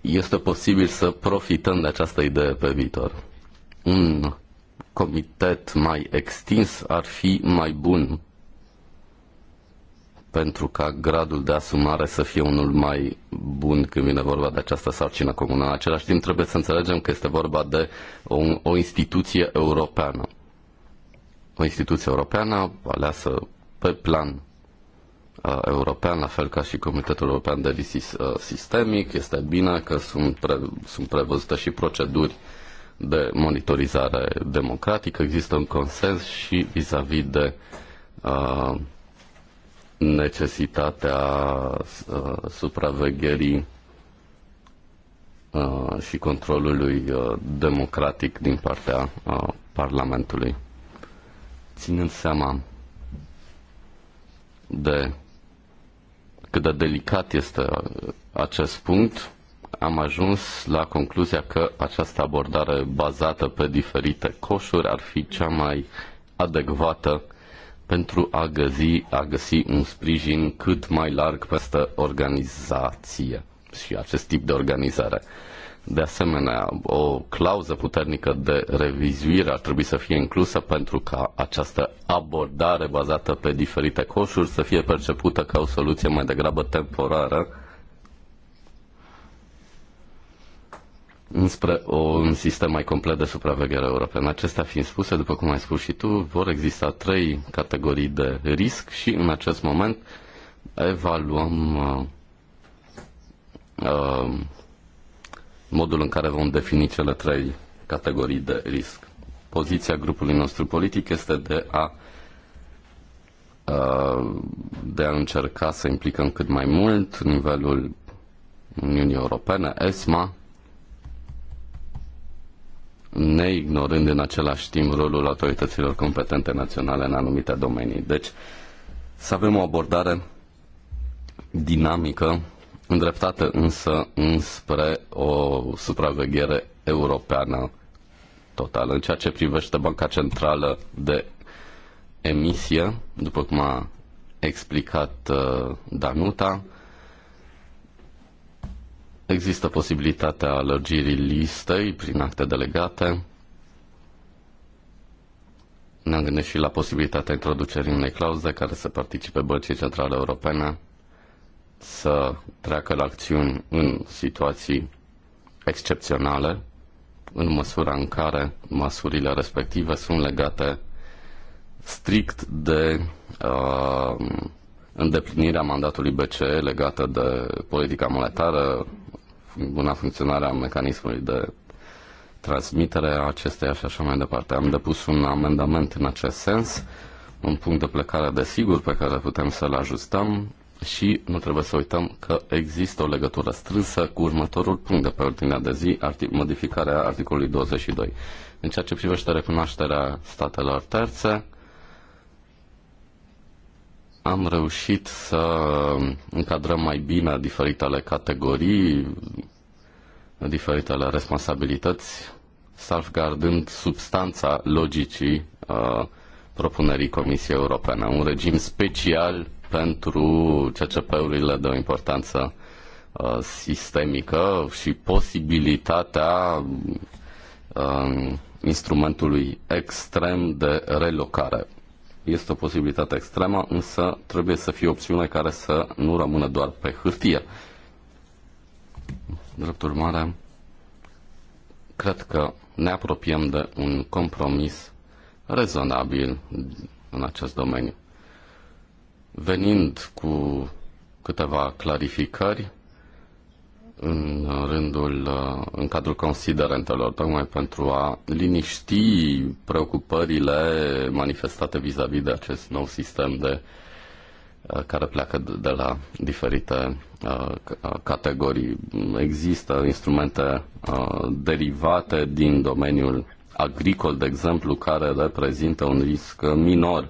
este posibil să profităm de această idee pe viitor. Un comitet mai extins ar fi mai bun pentru ca gradul de asumare să fie unul mai bun când vine vorba de această sarcină comună. În același timp trebuie să înțelegem că este vorba de o, o instituție europeană. O instituție europeană aleasă pe plan uh, european, la fel ca și Comitetul European de Risc uh, Sistemic. Este bine că sunt, pre, sunt prevăzute și proceduri de monitorizare democratică, există un consens și vis-a-vis -vis de uh, necesitatea uh, supravegherii uh, și controlului uh, democratic din partea Parlamentului. Ținând seama de cât de delicat este acest punct, am ajuns la concluzia că această abordare bazată pe diferite coșuri ar fi cea mai adecvată pentru a găsi, a găsi un sprijin cât mai larg peste organizație și acest tip de organizare. De asemenea, o clauză puternică de revizuire ar trebui să fie inclusă pentru ca această abordare bazată pe diferite coșuri să fie percepută ca o soluție mai degrabă temporară înspre un sistem mai complet de supraveghere europeană. Acestea fiind spuse, după cum ai spus și tu, vor exista trei categorii de risc și în acest moment evaluăm uh, uh, modul în care vom defini cele trei categorii de risc. Poziția grupului nostru politic este de a uh, de a încerca să implicăm cât mai mult nivelul Uniunii Europene, ESMA, neignorând în același timp rolul autorităților competente naționale în anumite domenii. Deci, să avem o abordare dinamică, îndreptată însă înspre o supraveghere europeană totală. În ceea ce privește Banca Centrală de Emisie, după cum a explicat uh, Danuta, Există posibilitatea alăgirii listei prin acte delegate. Ne-am gândit și la posibilitatea introducerii unei clauze care să participe băncii centrale europene să treacă la acțiuni în situații excepționale, în măsura în care măsurile respective sunt legate strict de uh, îndeplinirea mandatului BCE legată de politica monetară, buna funcționare a mecanismului de transmitere a acesteia și așa mai departe. Am depus un amendament în acest sens, un punct de plecare de sigur pe care putem să-l ajustăm și nu trebuie să uităm că există o legătură strânsă cu următorul punct de pe ordinea de zi, artic- modificarea articolului 22. În ceea ce privește recunoașterea statelor terțe, am reușit să încadrăm mai bine diferitele categorii, diferitele responsabilități, salvgardând substanța logicii uh, propunerii Comisiei Europene. Un regim special pentru CCP-urile de o importanță uh, sistemică și posibilitatea uh, instrumentului extrem de relocare este o posibilitate extremă, însă trebuie să fie o opțiune care să nu rămână doar pe hârtie. Drept urmare, cred că ne apropiem de un compromis rezonabil în acest domeniu. Venind cu câteva clarificări, în rândul, în cadrul considerentelor, tocmai pentru a liniști preocupările manifestate vis-a-vis -vis de acest nou sistem de uh, care pleacă de la diferite uh, categorii. Există instrumente uh, derivate din domeniul agricol, de exemplu, care reprezintă un risc minor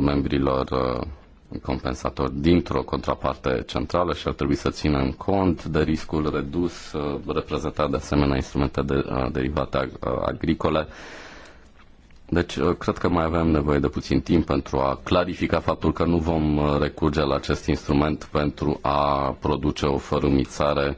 membrilor compensator dintr-o contraparte centrală și ar trebui să în cont de riscul redus uh, reprezentat de asemenea instrumente de, uh, derivate uh, agricole. Deci, cred că mai avem nevoie de puțin timp pentru a clarifica faptul că nu vom recurge la acest instrument pentru a produce o fărâmițare uh,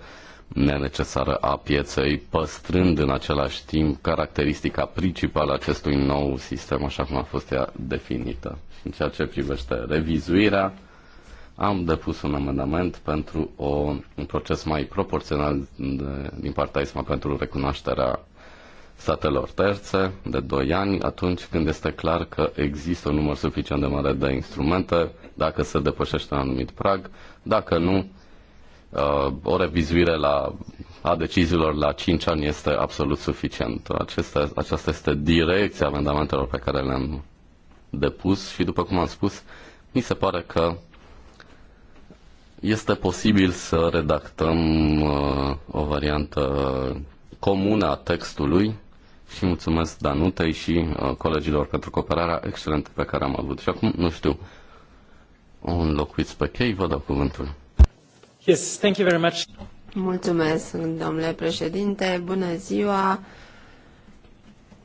nenecesară a pieței, păstrând în același timp caracteristica principală a acestui nou sistem, așa cum a fost ea definită. În ceea ce privește revizuirea, am depus un amendament pentru o, un proces mai proporțional de, din partea ISMA pentru recunoașterea statelor terțe de 2 ani, atunci când este clar că există un număr suficient de mare de instrumente, dacă se depășește un anumit prag, dacă nu, Uh, o revizuire la, a deciziilor la 5 ani este absolut suficient. Acesta, aceasta este direcția amendamentelor pe care le-am depus și, după cum am spus, mi se pare că este posibil să redactăm uh, o variantă comună a textului și mulțumesc Danutei și uh, colegilor pentru cooperarea excelentă pe care am avut. Și acum, nu știu, un locuit pe chei, vă dau cuvântul.
Mulțumesc, domnule președinte. Bună ziua.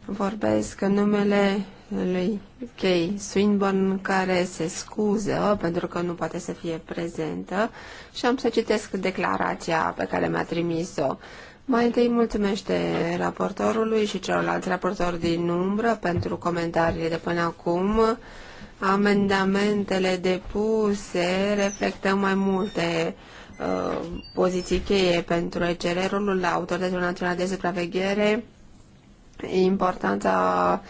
Vorbesc în numele lui Kay Swinburne, care se scuză pentru că nu poate să fie prezentă și am să citesc declarația pe care mi-a trimis-o. Mai întâi mulțumește raportorului și celorlalți raportori din umbră pentru comentariile de până acum. Amendamentele depuse reflectă mai multe uh, Uh, poziții cheie pentru ECR, rolul Autoritatea Națională de Supraveghere, importanța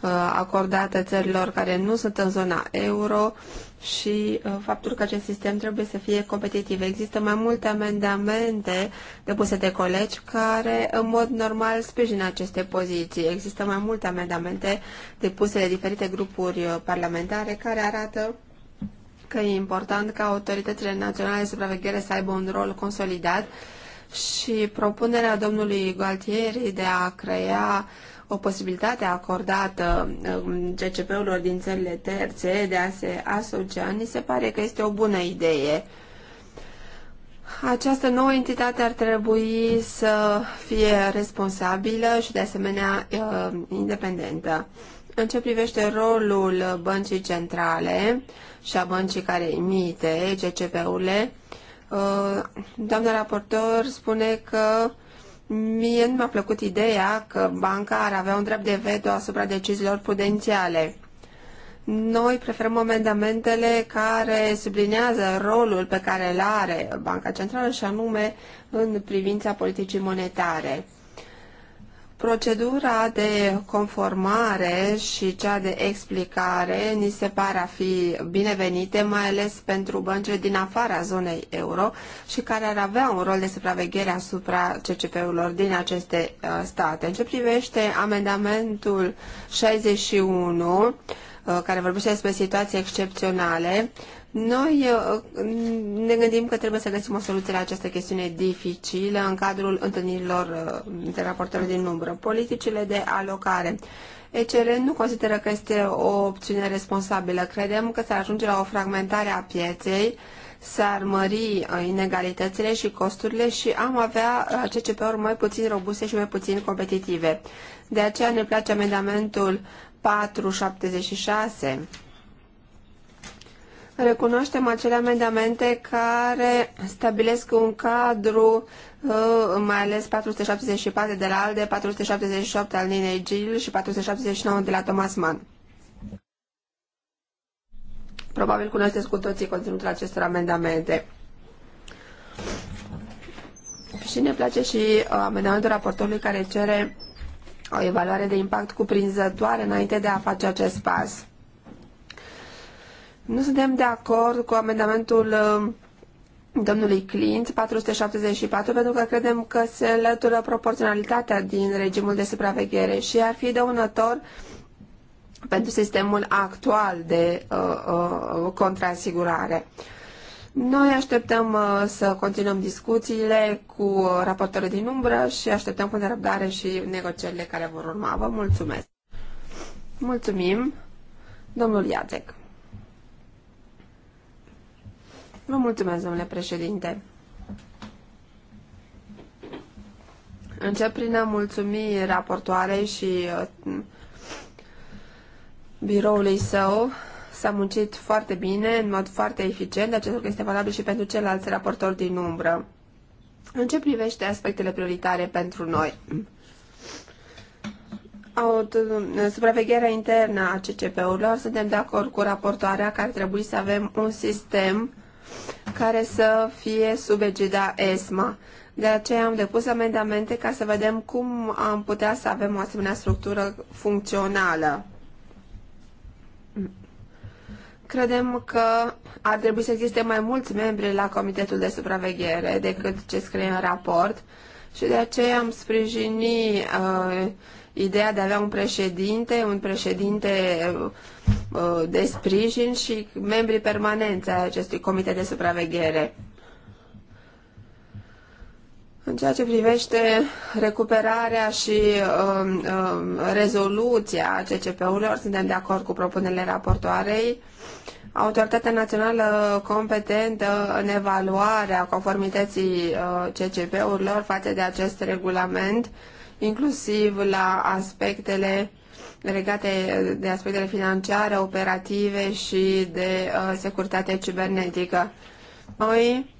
uh, acordată țărilor care nu sunt în zona euro și uh, faptul că acest sistem trebuie să fie competitiv. Există mai multe amendamente depuse de colegi care în mod normal sprijină aceste poziții. Există mai multe amendamente depuse de diferite grupuri parlamentare care arată că e important ca autoritățile naționale de supraveghere să aibă un rol consolidat și propunerea domnului Gualtieri de a crea o posibilitate acordată um, GCP-urilor din țările terțe de a se asocia, ni se pare că este o bună idee. Această nouă entitate ar trebui să fie responsabilă și de asemenea uh, independentă. În ce privește rolul băncii centrale, și a băncii care emite CCP-urile, uh, doamna raportor spune că mie nu mi-a plăcut ideea că banca ar avea un drept de veto asupra deciziilor prudențiale. Noi preferăm amendamentele care sublinează rolul pe care îl are Banca Centrală și anume în privința politicii monetare. Procedura de conformare și cea de explicare ni se pare a fi binevenite, mai ales pentru băncile din afara zonei euro și care ar avea un rol de supraveghere asupra CCP-urilor din aceste uh, state. În ce privește amendamentul 61, uh, care vorbește despre situații excepționale, noi uh, uh, ne gândim că trebuie să găsim o soluție la această chestiune dificilă în cadrul întâlnirilor de uh, raportări din umbră. Politicile de alocare. ECR nu consideră că este o opțiune responsabilă. Credem că s-ar ajunge la o fragmentare a pieței, s-ar mări inegalitățile și costurile și am avea CCP-uri mai puțin robuste și mai puțin competitive. De aceea ne place amendamentul 476 recunoaștem acele amendamente care stabilesc un cadru, uh, mai ales 474 de la ALDE, 478 al Ninei Gil și 479 de la Thomas Mann. Probabil cunoașteți cu toții conținutul acestor amendamente. Și ne place și uh, amendamentul raportorului care cere o evaluare de impact cuprinzătoare înainte de a face acest pas. Nu suntem de acord cu amendamentul um, domnului Clint 474 pentru că credem că se lătură proporționalitatea din regimul de supraveghere și ar fi dăunător pentru sistemul actual de uh, uh, contraasigurare. Noi așteptăm uh, să continuăm discuțiile cu raportorul din umbră și așteptăm cu nerăbdare și negocierile care vor urma. Vă mulțumesc! Mulțumim, domnul Iacek! Vă mulțumesc, domnule președinte. Încep prin a mulțumi raportoarei și uh, biroului său. S-a muncit foarte bine, în mod foarte eficient, acest lucru este valabil și pentru ceilalți raportori din umbră. În ce privește aspectele prioritare pentru noi? Uh, supravegherea internă a CCP-urilor, suntem de acord cu raportoarea că ar trebui să avem un sistem care să fie sub egida ESMA. De aceea am depus amendamente ca să vedem cum am putea să avem o asemenea structură funcțională. Credem că ar trebui să existe mai mulți membri la Comitetul de Supraveghere decât ce scrie în raport și de aceea am sprijini uh, ideea de a avea un președinte, un președinte uh, Uh, de sprijin și membrii permanenți ai acestui comitet de supraveghere. În ceea ce privește recuperarea și um, um, rezoluția CCP-urilor, suntem de acord cu propunerile raportoarei. Autoritatea națională competentă în evaluarea conformității uh, CCP-urilor față de acest regulament, inclusiv la aspectele uh, legate de aspectele financiare, operative și de uh, securitate cibernetică. Noi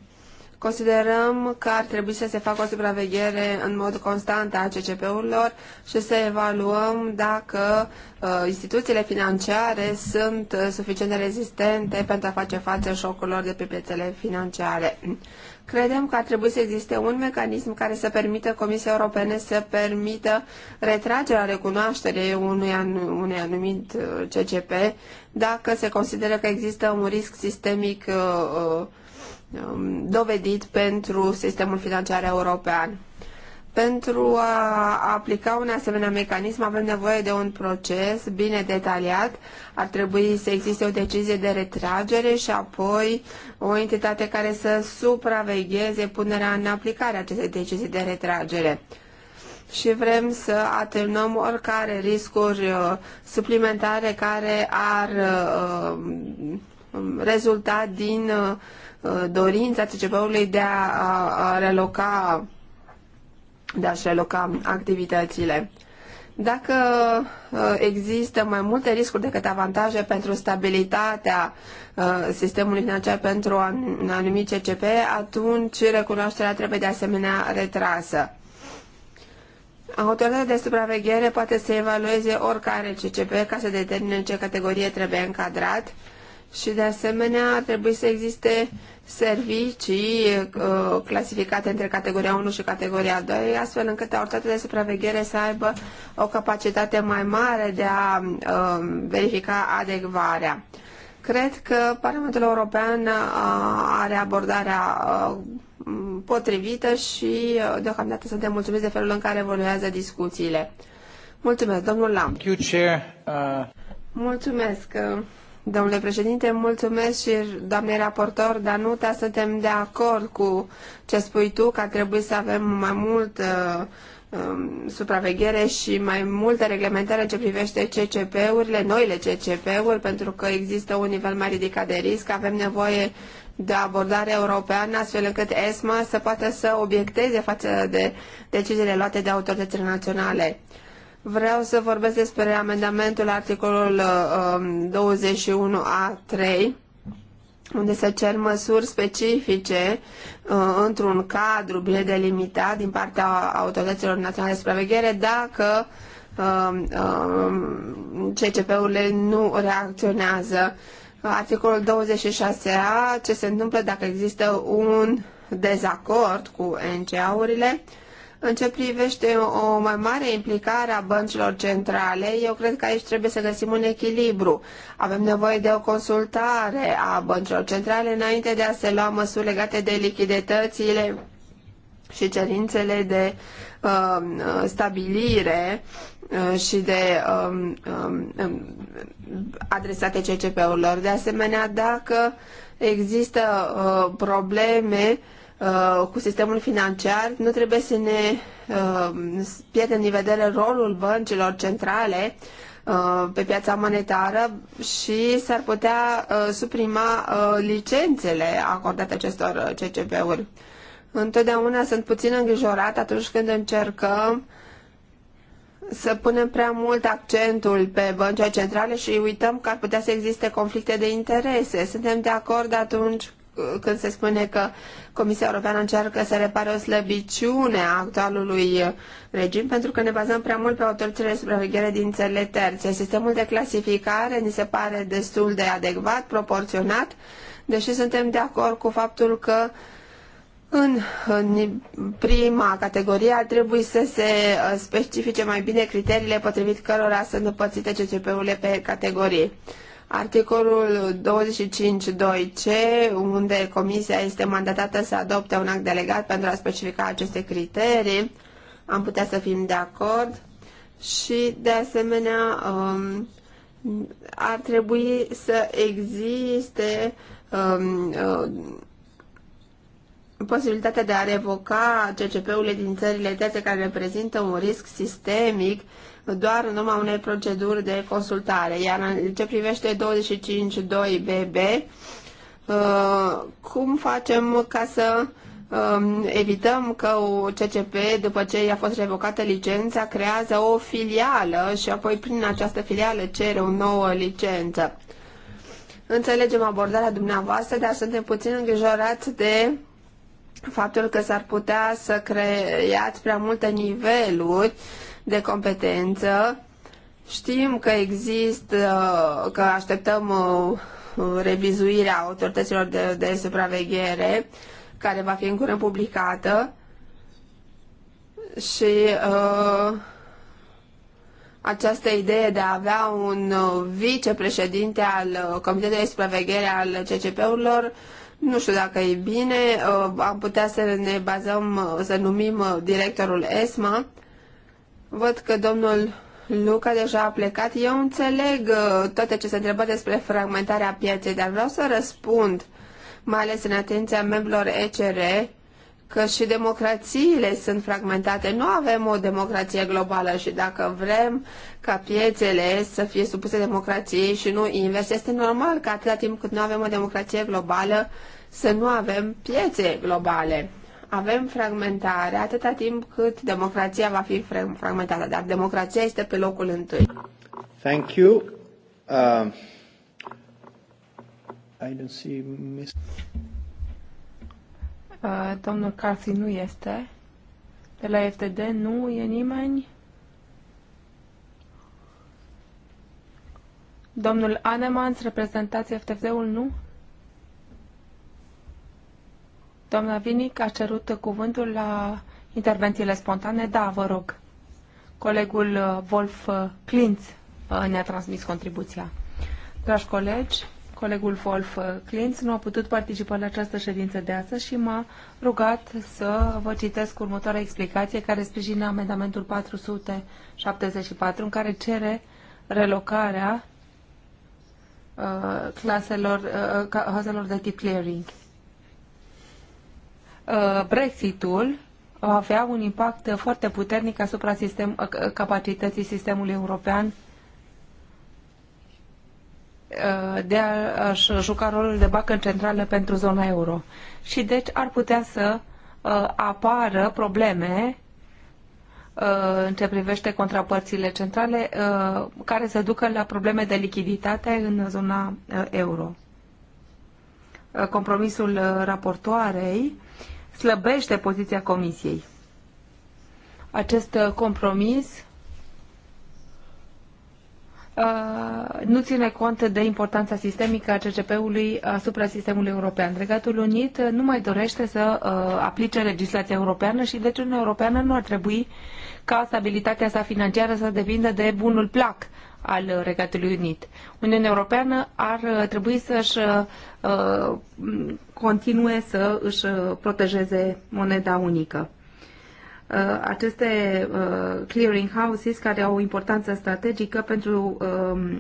considerăm că ar trebui să se facă o supraveghere în mod constant a CCP-urilor și să evaluăm dacă uh, instituțiile financiare sunt uh, suficient de rezistente pentru a face față șocurilor de pe piețele financiare. Credem că ar trebui să existe un mecanism care să permită Comisiei Europene să permită retragerea recunoașterii unui, anum, unui anumit uh, CCP dacă se consideră că există un risc sistemic uh, uh, um, dovedit pentru sistemul financiar european. Pentru a aplica un asemenea mecanism avem nevoie de un proces bine detaliat, ar trebui să existe o decizie de retragere și apoi o entitate care să supravegheze punerea în aplicare acestei decizii de retragere. Și vrem să atenuăm oricare riscuri uh, suplimentare care ar uh, um, rezulta din uh, dorința CCP-ului de a reloca de a-și reloca activitățile. Dacă uh, există mai multe riscuri decât avantaje pentru stabilitatea uh, sistemului financiar pentru un anumit CCP, atunci recunoașterea trebuie de asemenea retrasă. Autoritatea de supraveghere poate să evalueze oricare CCP ca să determine în ce categorie trebuie încadrat și de asemenea ar trebui să existe servicii uh, clasificate între categoria 1 și categoria 2, astfel încât autoritatea de supraveghere să aibă o capacitate mai mare de a uh, verifica adecvarea. Cred că Parlamentul European uh, are abordarea uh, potrivită și uh, deocamdată suntem mulțumiți de felul în care evoluează discuțiile. Mulțumesc, domnul Lam. Mulțumesc. Domnule președinte, mulțumesc și doamne raportor Danuta, suntem de acord cu ce spui tu, că trebuie să avem mai mult uh, um, supraveghere și mai multe reglementări în ce privește CCP-urile, noile CCP-uri, pentru că există un nivel mai ridicat de risc, avem nevoie de abordare europeană, astfel încât ESMA să poată să obiecteze față de deciziile luate de autoritățile naționale. Vreau să vorbesc despre amendamentul articolul 21a3, um, unde se cer măsuri specifice uh, într-un cadru bine delimitat din partea autorităților naționale de supraveghere dacă um, um, CCP-urile nu reacționează. Articolul 26a, ce se întâmplă dacă există un dezacord cu NCA-urile, în ce privește o mai mare implicare a băncilor centrale, eu cred că aici trebuie să găsim un echilibru. Avem nevoie de o consultare a băncilor centrale înainte de a se lua măsuri legate de lichiditățile și cerințele de um, uh, stabilire și de um, um, um adresate CCP-urilor. De asemenea, dacă există uh, probleme uh, Uh, cu sistemul financiar, nu trebuie să ne uh, pierdem din vedere rolul băncilor centrale uh, pe piața monetară și s-ar putea uh, suprima licențele acordate acestor CCP-uri. Întotdeauna sunt puțin îngrijorat atunci când încercăm să punem prea mult accentul pe băncile centrale și uităm că ar putea să existe conflicte de interese. Suntem de acord atunci când se spune că Comisia Europeană încearcă să repare o slăbiciune a actualului regim pentru că ne bazăm prea mult pe autoritățile de supraveghere din țările terțe. Sistemul de clasificare ni se pare destul de adecvat, proporționat, deși suntem de acord cu faptul că în, în prima categorie ar trebui să se uh, specifice mai bine criteriile potrivit cărora sunt împărțite CCP-urile pe categorii articolul 25.2c, unde Comisia este mandatată să adopte un act delegat pentru a specifica aceste criterii, am putea să fim de acord și, de asemenea, um, ar trebui să existe um, um, posibilitatea de a revoca CCP-urile din țările terțe care reprezintă un risc sistemic doar în urma unei proceduri de consultare. Iar în ce privește 25.2BB, uh, cum facem ca să um, evităm că o CCP, după ce i-a fost revocată licența, creează o filială și apoi prin această filială cere o nouă licență. Înțelegem abordarea dumneavoastră, dar suntem puțin îngrijorați de faptul că s-ar putea să creați prea multe niveluri de competență. Știm că există, că așteptăm uh, revizuirea autorităților de, de supraveghere, care va fi în curând publicată și uh, această idee de a avea un uh, vicepreședinte al Comitetului de Supraveghere al CCP-urilor, nu știu dacă e bine, am putea să ne bazăm, să numim directorul ESMA, Văd că domnul Luca deja a plecat. Eu înțeleg uh, toate ce se întrebă despre fragmentarea pieței, dar vreau să răspund, mai ales în atenția membrilor ECR, că și democrațiile sunt fragmentate. Nu avem o democrație globală și dacă vrem ca piețele să fie supuse democrației și nu invers, este normal că atâta timp cât nu avem o democrație globală, să nu avem piețe globale. Avem fragmentare atâta timp cât democrația va fi fragmentată, dar democrația este pe locul întâi.
Thank you. Uh, I don't see Miss...
Uh, domnul Carthy nu este. De la FTD nu e nimeni. Domnul Anemans, reprezentați FTD-ul, nu? Doamna Vinic a cerut cuvântul la intervențiile spontane. Da, vă rog. Colegul uh, Wolf uh, Klintz uh, ne-a transmis contribuția. Dragi colegi, colegul Wolf Klintz nu a putut participa la această ședință de astăzi și m-a rugat să vă citesc următoarea explicație care sprijină amendamentul 474 în care cere relocarea uh, claselor, uh, de tip clearing. Uh, Uh, Brexitul va avea un impact foarte puternic asupra sistem, uh, capacității sistemului european uh, de a-și juca rolul de bancă centrală pentru zona euro. Și deci ar putea să apară probleme în ce privește contrapărțile centrale care se ducă la probleme de lichiditate în zona euro. Compromisul raportoarei slăbește poziția Comisiei. Acest uh, compromis uh, nu ține cont de importanța sistemică a CCP-ului asupra sistemului european. Regatul Unit uh, nu mai dorește să aplice legislația europeană și deci Uniunea Europeană nu ar trebui ca stabilitatea sa financiară să depindă de bunul plac al Regatului Unit. Uniunea Europeană ar uh, trebui să-și uh, continue să își uh, protejeze moneda unică. aceste clearing houses, care au o importanță strategică pentru um,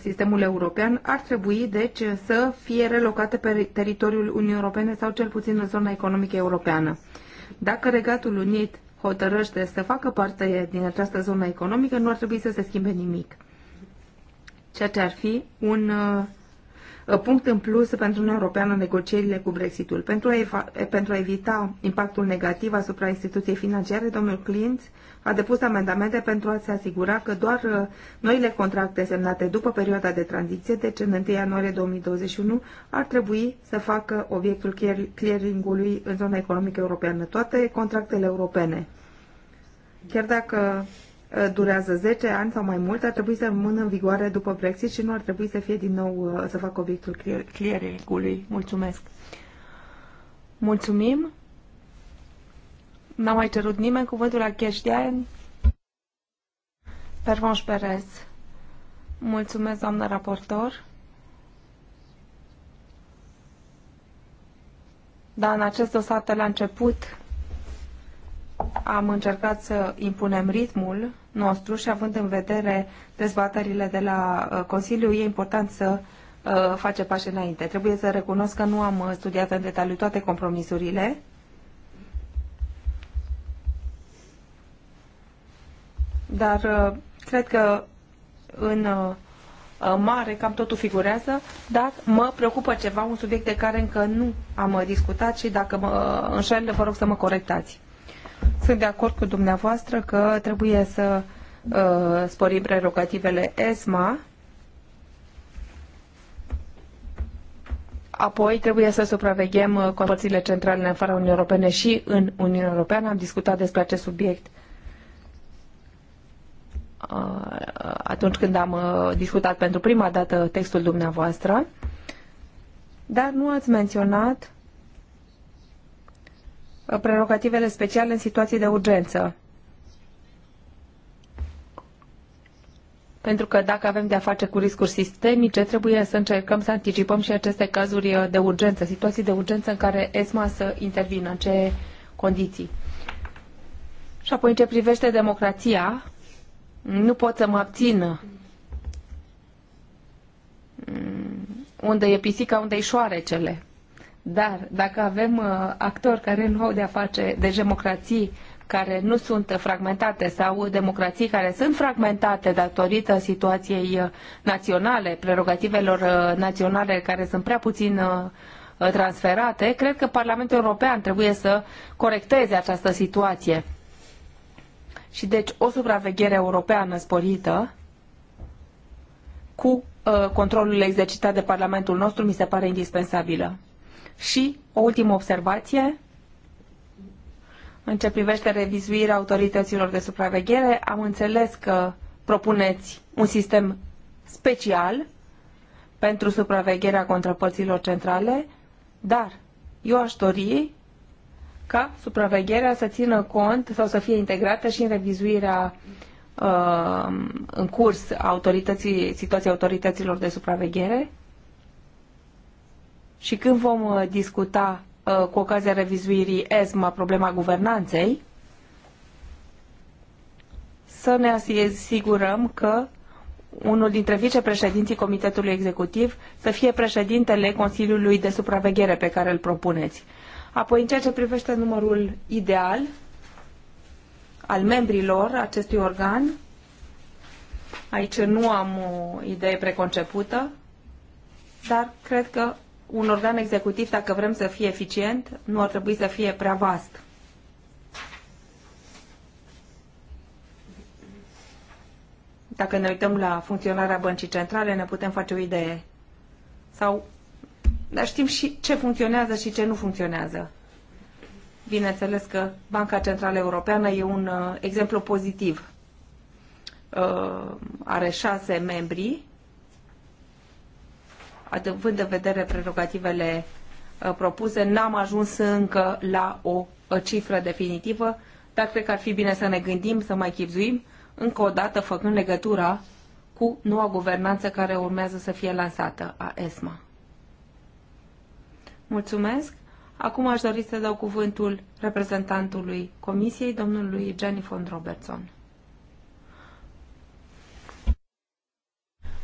sistemul european, ar trebui, deci, să fie relocate pe teritoriul Uniunii Europene sau cel puțin în zona economică europeană. Dacă Regatul Unit hotărăște să facă parte din această zonă economică, nu ar trebui să se schimbe nimic ceea ce ar fi un uh, uh, punct în plus pentru Uniunea Europeană în negocierile cu Brexitul. Pentru a, pentru a evita impactul negativ asupra instituției financiare, domnul Clint a depus amendamente pentru a se asigura că doar uh, noile contracte semnate după perioada de tranziție, deci în 1 ianuarie 2021, ar trebui să facă obiectul clearing-ului în zona economică europeană, toate contractele europene. Chiar dacă Uh, durează 10 ani sau mai mult, ar trebui să rămână în vigoare după Brexit și nu ar trebui să fie din nou uh, să facă obiectul clearing-ului. Mulțumesc! Mulțumim! N-a mai cerut nimeni cuvântul la cash Pervanș Perez. Mulțumesc, doamnă raportor. Da, în acest dosar de la început am încercat să impunem ritmul nostru și având în vedere dezbaterile de la uh, Consiliu, e important să uh, face pași înainte. Trebuie să recunosc că nu am uh, studiat în detaliu toate compromisurile. Dar cred că în mare, cam totul figurează, dar mă preocupă ceva, un subiect de care încă nu am discutat și dacă mă înșel, vă rog să mă corectați. Sunt de acord cu dumneavoastră că trebuie să uh, sporim prerogativele ESMA. Apoi trebuie să supraveghem uh, corporațiile centrale în afara Uniunii Europene și în Uniunea Europeană. Am discutat despre acest subiect uh, atunci când am uh, discutat pentru prima dată textul dumneavoastră, dar nu ați menționat prerogativele speciale în situații de urgență. Pentru că dacă avem de-a face cu riscuri sistemice, trebuie să încercăm să anticipăm și aceste cazuri uh, de urgență, situații de urgență în care ESMA să intervină, în ce condiții. Și apoi, în ce privește democrația, nu pot să mă abțin mm, unde e pisica, unde e șoarecele. Dar dacă avem uh, actori care nu au de-a face de democrații care nu sunt fragmentate sau democrații care sunt fragmentate datorită situației uh, naționale, prerogativelor uh, naționale care sunt prea puțin transferate, cred că Parlamentul European trebuie să corecteze această situație. Și deci o supraveghere europeană sporită cu controlul exercitat de Parlamentul nostru mi se pare indispensabilă. Și o ultimă observație. În ce privește revizuirea autorităților de supraveghere, am înțeles că propuneți un sistem special pentru supravegherea contrapărților centrale, dar eu aș dori ca supravegherea să țină cont sau să fie integrată și în revizuirea uh, în curs autorității, situației autorităților de supraveghere și când vom uh, discuta uh, cu ocazia revizuirii ESMA problema guvernanței, să ne asigurăm că unul dintre vicepreședinții Comitetului Executiv să fie președintele Consiliului de Supraveghere pe care îl propuneți. Apoi, în ceea ce privește numărul ideal al membrilor acestui organ, aici nu am o uh, idee preconcepută, dar cred că un organ executiv, dacă vrem să fie eficient, nu ar trebui să fie prea vast. Dacă ne uităm la funcționarea băncii centrale, ne putem face o idee. Sau, dar știm și ce funcționează și ce nu funcționează. Bineînțeles că Banca Centrală Europeană e un uh, exemplu pozitiv. Uh, are șase membri având în vedere prerogativele uh, propuse, n-am ajuns încă la o uh, cifră definitivă, dar cred că ar fi bine să ne gândim, să mai chipzuim, încă o dată făcând legătura cu noua guvernanță care urmează să fie lansată a ESMA. Mulțumesc! Acum aș dori să dau cuvântul reprezentantului Comisiei, domnului Gianni von Robertson.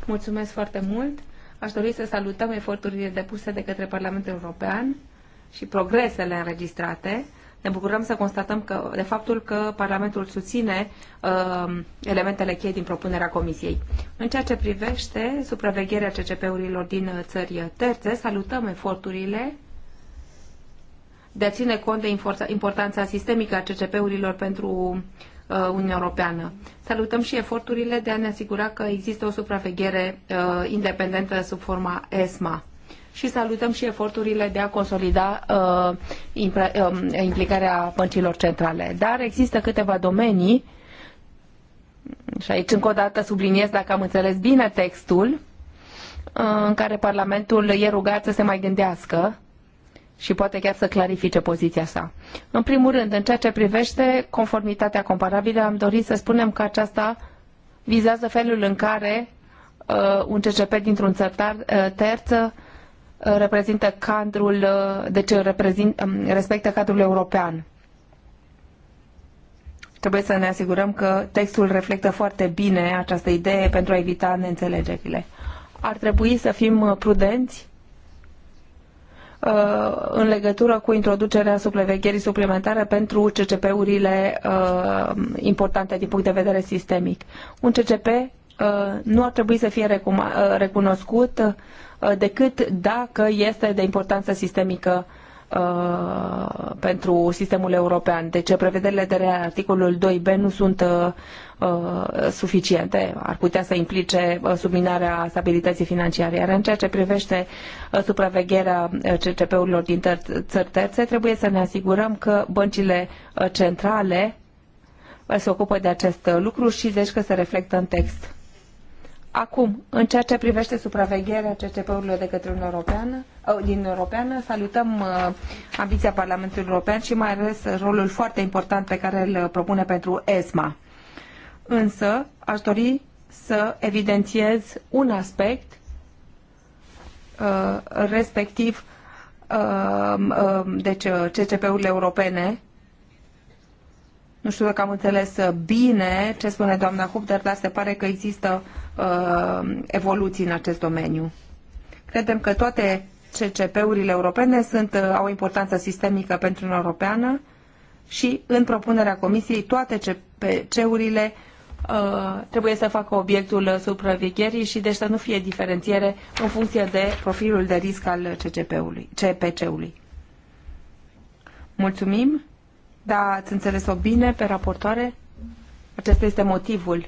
Mulțumesc foarte mult! Aș dori să salutăm eforturile depuse de către Parlamentul European și progresele înregistrate. Ne bucurăm să constatăm că, de faptul că Parlamentul susține uh, elementele cheie din propunerea Comisiei. În ceea ce privește supravegherea CCP-urilor din uh, țări terțe, salutăm eforturile de a ține cont de importanța sistemică a CCP-urilor pentru uh, Uh, Uniunea Europeană. Salutăm și eforturile de a ne asigura că există o supraveghere uh, independentă sub forma ESMA și salutăm și eforturile de a consolida uh, um, implicarea băncilor centrale. Dar există câteva domenii și aici încă o dată subliniez dacă am înțeles bine textul, în care Parlamentul e rugat să se mai gândească și poate chiar să clarifice poziția sa. În primul rând, în ceea ce privește conformitatea comparabilă, am dorit să spunem că aceasta vizează felul în care uh, un CCP dintr-un țărtar uh, terț uh, reprezintă cadrul, uh, deci reprezint, uh, respectă cadrul european. Trebuie să ne asigurăm că textul reflectă foarte bine această idee pentru a evita neînțelegerile. Ar trebui să fim uh, prudenți Uh, în legătură cu introducerea supravegherii suplimentare pentru CCP-urile uh, importante din punct de vedere sistemic. Un CCP uh, nu ar trebui să fie recunoscut decât dacă este de importanță sistemică Uh, pentru sistemul european. Deci prevederile de la articolul 2b nu sunt uh, uh, suficiente. Ar putea să implice uh, subminarea stabilității financiare. Iar în ceea ce privește supravegherea CCP-urilor din țări terțe, trebuie să ne asigurăm că băncile centrale se ocupă de acest lucru și deci că se reflectă în text Acum, în ceea ce privește supravegherea CCP-urilor de către Uniunea Europeană, din Europeană, salutăm uh, ambiția Parlamentului European și mai ales rolul foarte important pe care îl propune pentru ESMA. Însă, aș dori să evidențiez un aspect, uh, respectiv, uh, deci CCP-urile europene, nu știu dacă am înțeles bine ce spune doamna Hub, dar se pare că există uh, uh, evoluții în acest domeniu. Credem că toate CCP-urile europene sunt, uh, au o importanță sistemică pentru Uniunea Europeană și în propunerea Comisiei toate CPC-urile uh, trebuie să facă obiectul supravegherii și deci să nu fie diferențiere în funcție de profilul de risc al CCP-ului, CPC-ului. Mulțumim! Da, ați înțeles-o bine pe raportoare? Acesta este motivul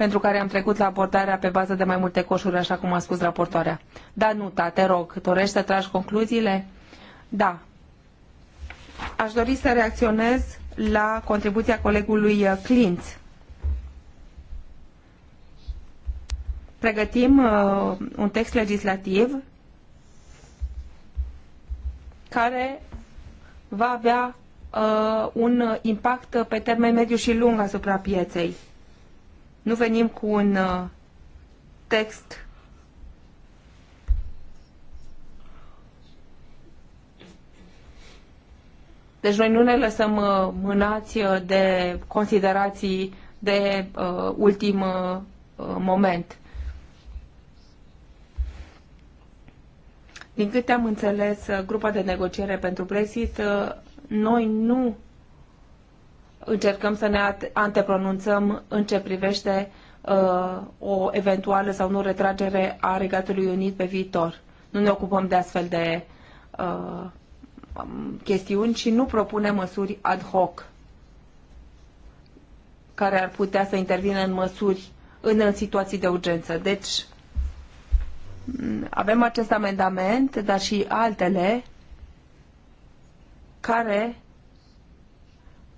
pentru care am trecut la abordarea pe bază de mai multe coșuri, așa cum a spus raportoarea. Da, nu, ta, te rog, dorești să tragi concluziile? Da. Aș dori să reacționez la contribuția colegului uh, Clint. Pregătim uh, un text legislativ care va avea uh, un impact pe termen mediu și lung asupra pieței. Nu venim cu un uh, text Deci noi nu ne lăsăm uh, mânați uh, de considerații de uh, ultim uh, moment. Din câte am înțeles, grupa de negociere pentru Brexit, uh, noi nu încercăm să ne antepronunțăm în ce privește uh, o eventuală sau nu retragere a Regatului Unit pe viitor. Nu ne ocupăm de astfel de uh, chestiuni și nu propunem măsuri ad hoc care ar putea să intervină în măsuri în, în situații de urgență. Deci mm, avem acest amendament, dar și altele care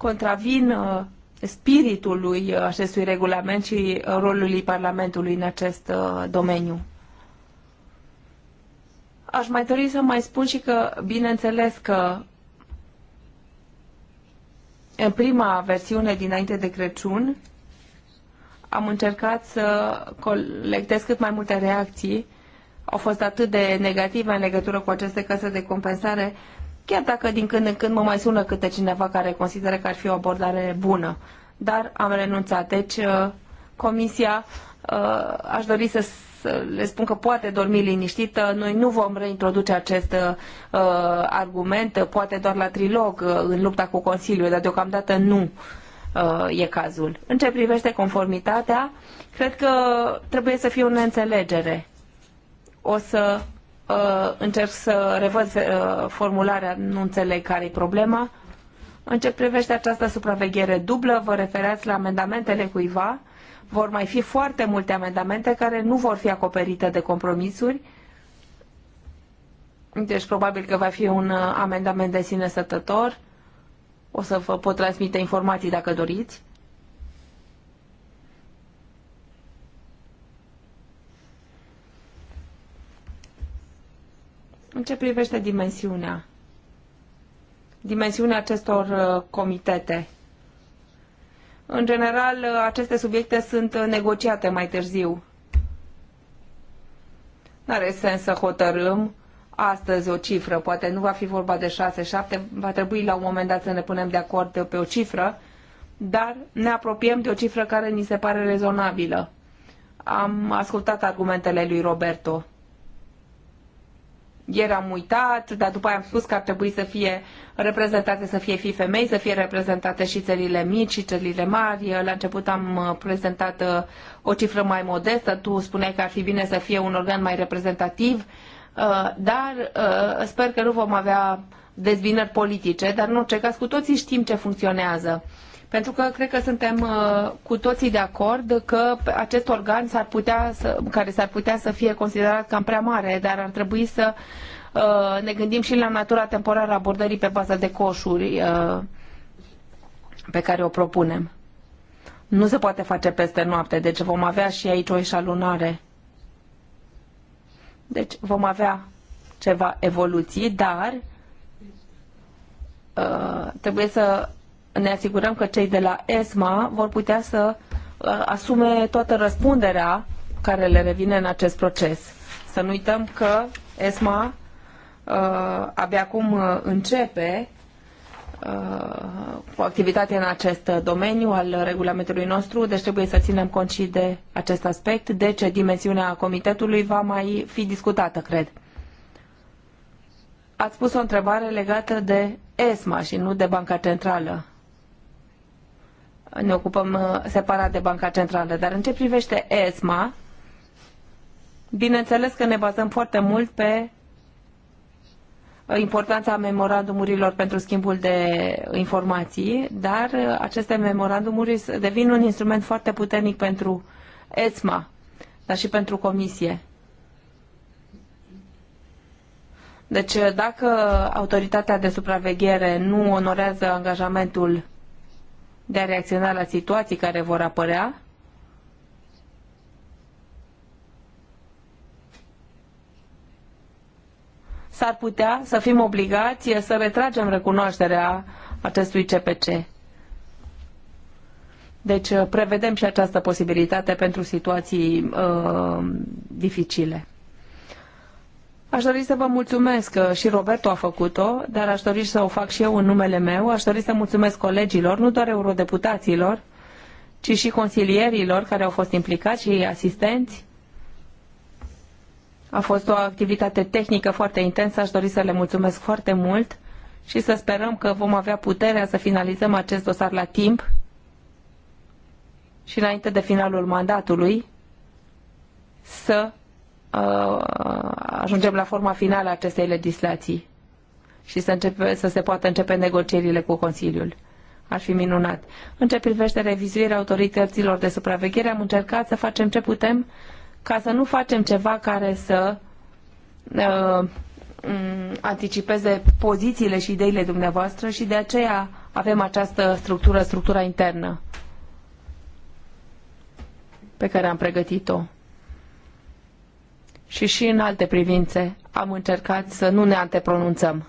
contravin uh, spiritului uh, acestui regulament și uh, rolului Parlamentului în acest domeniu. Aș mai dori să mai spun și că, bineînțeles că în prima versiune dinainte de Crăciun am încercat să colectez cât mai multe reacții. Au fost atât de negative în legătură cu aceste case de compensare Chiar dacă din când în când mă mai sună câte cineva care consideră că ar fi o abordare bună, dar am renunțat. Deci, uh, comisia, uh, aș dori să le spun că poate dormi liniștită, noi nu vom reintroduce acest uh, argument, poate doar la trilog în lupta cu Consiliul, dar deocamdată nu e cazul. În ce privește conformitatea, cred că trebuie să fie o neînțelegere. O să uh, încerc să revăd uh, formularea, nu înțeleg care e problema. În ce privește această supraveghere dublă, vă referați la amendamentele cuiva. Vor mai fi foarte multe amendamente care nu vor fi acoperite de compromisuri. Deci probabil că va fi un uh, amendament de sine sătător. O să vă pot transmite informații dacă doriți. În ce privește dimensiunea? Dimensiunea acestor uh, comitete. În general, uh, aceste subiecte sunt uh, negociate mai târziu. Nu are sens să hotărâm astăzi o cifră, poate nu va fi vorba de 6-7, va trebui la un moment dat să ne punem de acord pe o cifră, dar ne apropiem de o cifră care ni se pare rezonabilă. Am ascultat argumentele lui Roberto ieri am uitat, dar după aia am spus că ar trebui să fie reprezentate, să fie fi femei, să fie reprezentate și țările mici și țările mari. La început am uh, prezentat uh, o cifră mai modestă, tu spuneai că ar fi bine să fie un organ mai reprezentativ, uh, dar sper că nu vom avea dezbinări politice, dar în orice caz cu toții știm ce funcționează pentru că cred că suntem uh, cu toții de acord că acest organ s-ar putea să, care s-ar putea să fie considerat cam prea mare, dar ar trebui să uh, ne gândim și la natura temporară a abordării pe baza de coșuri uh, pe care o propunem. Nu se poate face peste noapte, deci vom avea și aici o eșalunare. Deci vom avea ceva evoluții, dar uh, trebuie să ne asigurăm că cei de la ESMA vor putea să uh, asume toată răspunderea care le revine în acest proces. Să nu uităm că ESMA uh, abia acum uh, începe cu activitate în acest domeniu al regulamentului nostru, deci trebuie să ținem cont și de acest aspect. De deci, ce dimensiunea comitetului va mai fi discutată, cred. Ați pus o întrebare legată de ESMA și nu de Banca Centrală ne ocupăm uh, separat de Banca Centrală. Dar în ce privește ESMA, bineînțeles că ne bazăm foarte mult pe uh, importanța memorandumurilor pentru schimbul de informații, dar uh, aceste memorandumuri devin un instrument foarte puternic pentru ESMA, dar și pentru Comisie. Deci, dacă autoritatea de supraveghere nu onorează angajamentul de a reacționa la situații care vor apărea s-ar putea să fim obligați să retragem recunoașterea acestui CPC. Deci prevedem și această posibilitate pentru situații uh, dificile. Aș dori să vă mulțumesc uh, și Roberto a făcut-o, dar aș dori să o fac și eu în numele meu. Aș dori să mulțumesc colegilor, nu doar eurodeputaților, ci și consilierilor care au fost implicați și asistenți. A fost o activitate tehnică foarte intensă, aș dori să le mulțumesc foarte mult și să sperăm că vom avea puterea să finalizăm acest dosar la timp și înainte de finalul mandatului să Uh, ajungem la forma finală a acestei legislații și să, începe, să se poată începe negocierile cu Consiliul. Ar fi minunat. În ce privește revizuirea autorităților de supraveghere, am încercat să facem ce putem ca să nu facem ceva care să uh, anticipeze pozițiile și ideile dumneavoastră și de aceea avem această structură, structura internă pe care am pregătit-o și și în alte privințe am încercat să nu ne antepronunțăm.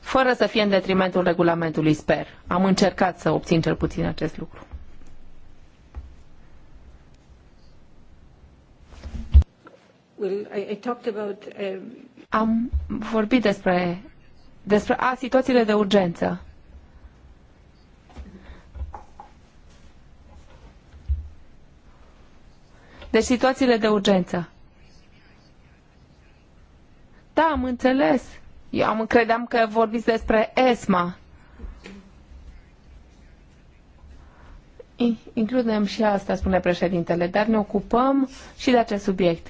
Fără să fie în detrimentul regulamentului, sper. Am încercat să obțin cel puțin acest lucru. Um, am vorbit despre, despre a, situațiile de urgență. Deci situațiile de urgență. Da, am înțeles. Eu am, credeam că vorbiți despre ESMA. Includem și asta, spune președintele, dar ne ocupăm și de acest subiect.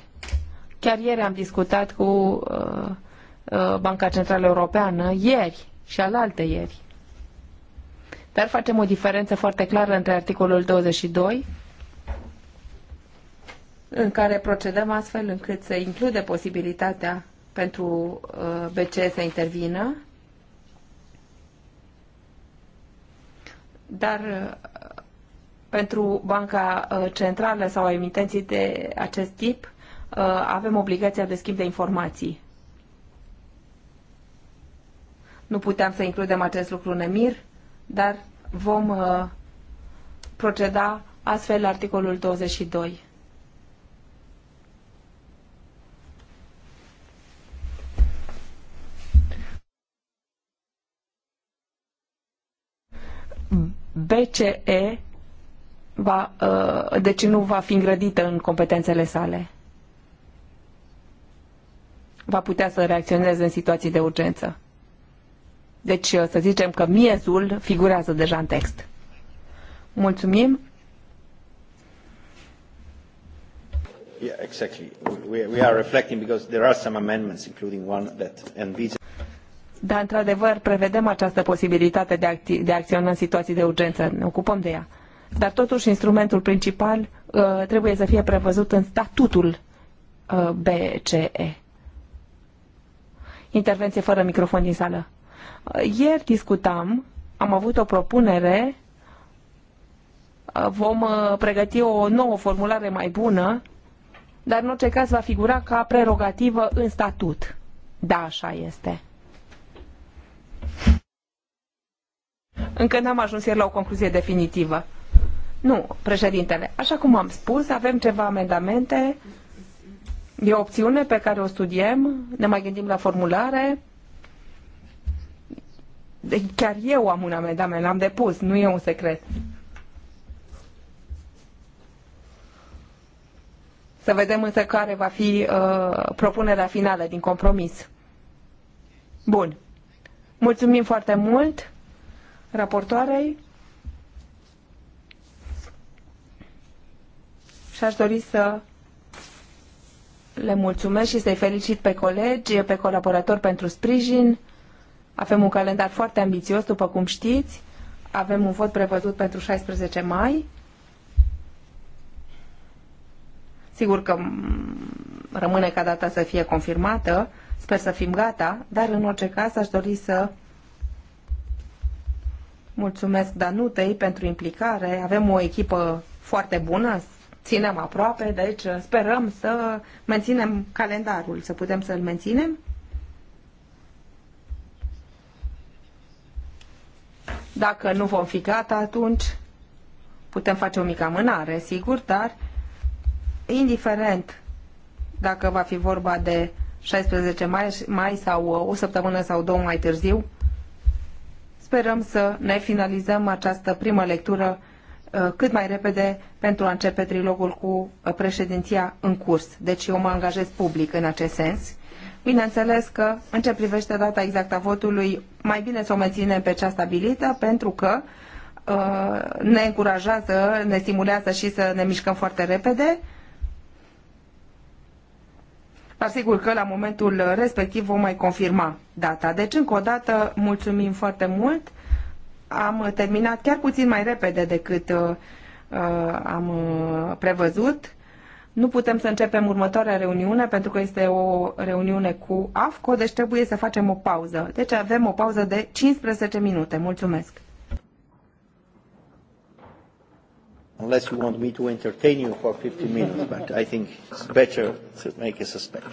Chiar ieri am discutat cu uh, uh, Banca Centrală Europeană, ieri și alaltă ieri. Dar facem o diferență foarte clară între articolul 22 în care procedăm astfel încât să include posibilitatea pentru uh, BCE să intervină, dar uh, pentru banca uh, centrală sau emitenții de acest tip avem obligația de schimb de informații. Nu puteam să includem acest lucru în EMIR, dar vom proceda astfel la articolul 22. BCE va, uh, deci nu va fi îngrădită în competențele sale. Va putea să reacționeze în situații de urgență. Deci uh, să zicem că miezul figurează deja în text. Mulțumim.
Yeah,
exactly. We, we are reflecting because there are some amendments, including one that envisages.
Dar, într-adevăr, prevedem această posibilitate de, acti- de a acționa în situații de urgență. Ne ocupăm de ea. Dar, totuși, instrumentul principal uh, trebuie să fie prevăzut în statutul uh, BCE. Intervenție fără microfon din sală. Uh, ieri discutam, am avut o propunere, uh, vom uh, pregăti o nouă formulare mai bună, dar, în orice caz, va figura ca prerogativă în statut. Da, așa este. Încă n-am ajuns ieri la o concluzie definitivă. Nu, președintele. Așa cum am spus, avem ceva amendamente. E o opțiune pe care o studiem, ne mai gândim la formulare. Deci chiar eu am un amendament, l-am depus, nu e un secret. Să vedem însă care va fi uh, propunerea finală din compromis. Bun. Mulțumim foarte mult raportoarei și aș dori să le mulțumesc și să-i felicit pe colegi, pe colaboratori pentru sprijin. Avem un calendar foarte ambițios, după cum știți. Avem un vot prevăzut pentru 16 mai. Sigur că rămâne ca data să fie confirmată, sper să fim gata, dar în orice caz aș dori să Mulțumesc Danutei pentru implicare. Avem o echipă foarte bună, ținem aproape, deci uh, sperăm să menținem calendarul, să putem să-l menținem. Dacă nu vom fi gata, atunci putem face o mică amânare, sigur, dar indiferent dacă va fi vorba de 16 mai, mai sau uh, o săptămână sau două mai târziu, Sperăm să ne finalizăm această primă lectură uh, cât mai repede pentru a începe trilogul cu uh, președinția în curs. Deci eu mă angajez public în acest sens. Bineînțeles că, în ce privește data exactă a votului, mai bine să o menținem pe cea stabilită, pentru că uh, ne încurajează, ne stimulează și să ne mișcăm foarte repede. Uh, dar sigur că la momentul respectiv vom mai confirma data. Deci, încă o dată, mulțumim foarte mult. Am terminat chiar puțin mai repede decât uh, uh am uh, prevăzut. Nu putem să începem următoarea reuniune pentru că este o reuniune cu AFCO, deci trebuie să facem o pauză. Deci avem o pauză de 15 minute. Mulțumesc!
unless you want me to entertain you for 15 minutes, but I think it's better to make a suspension.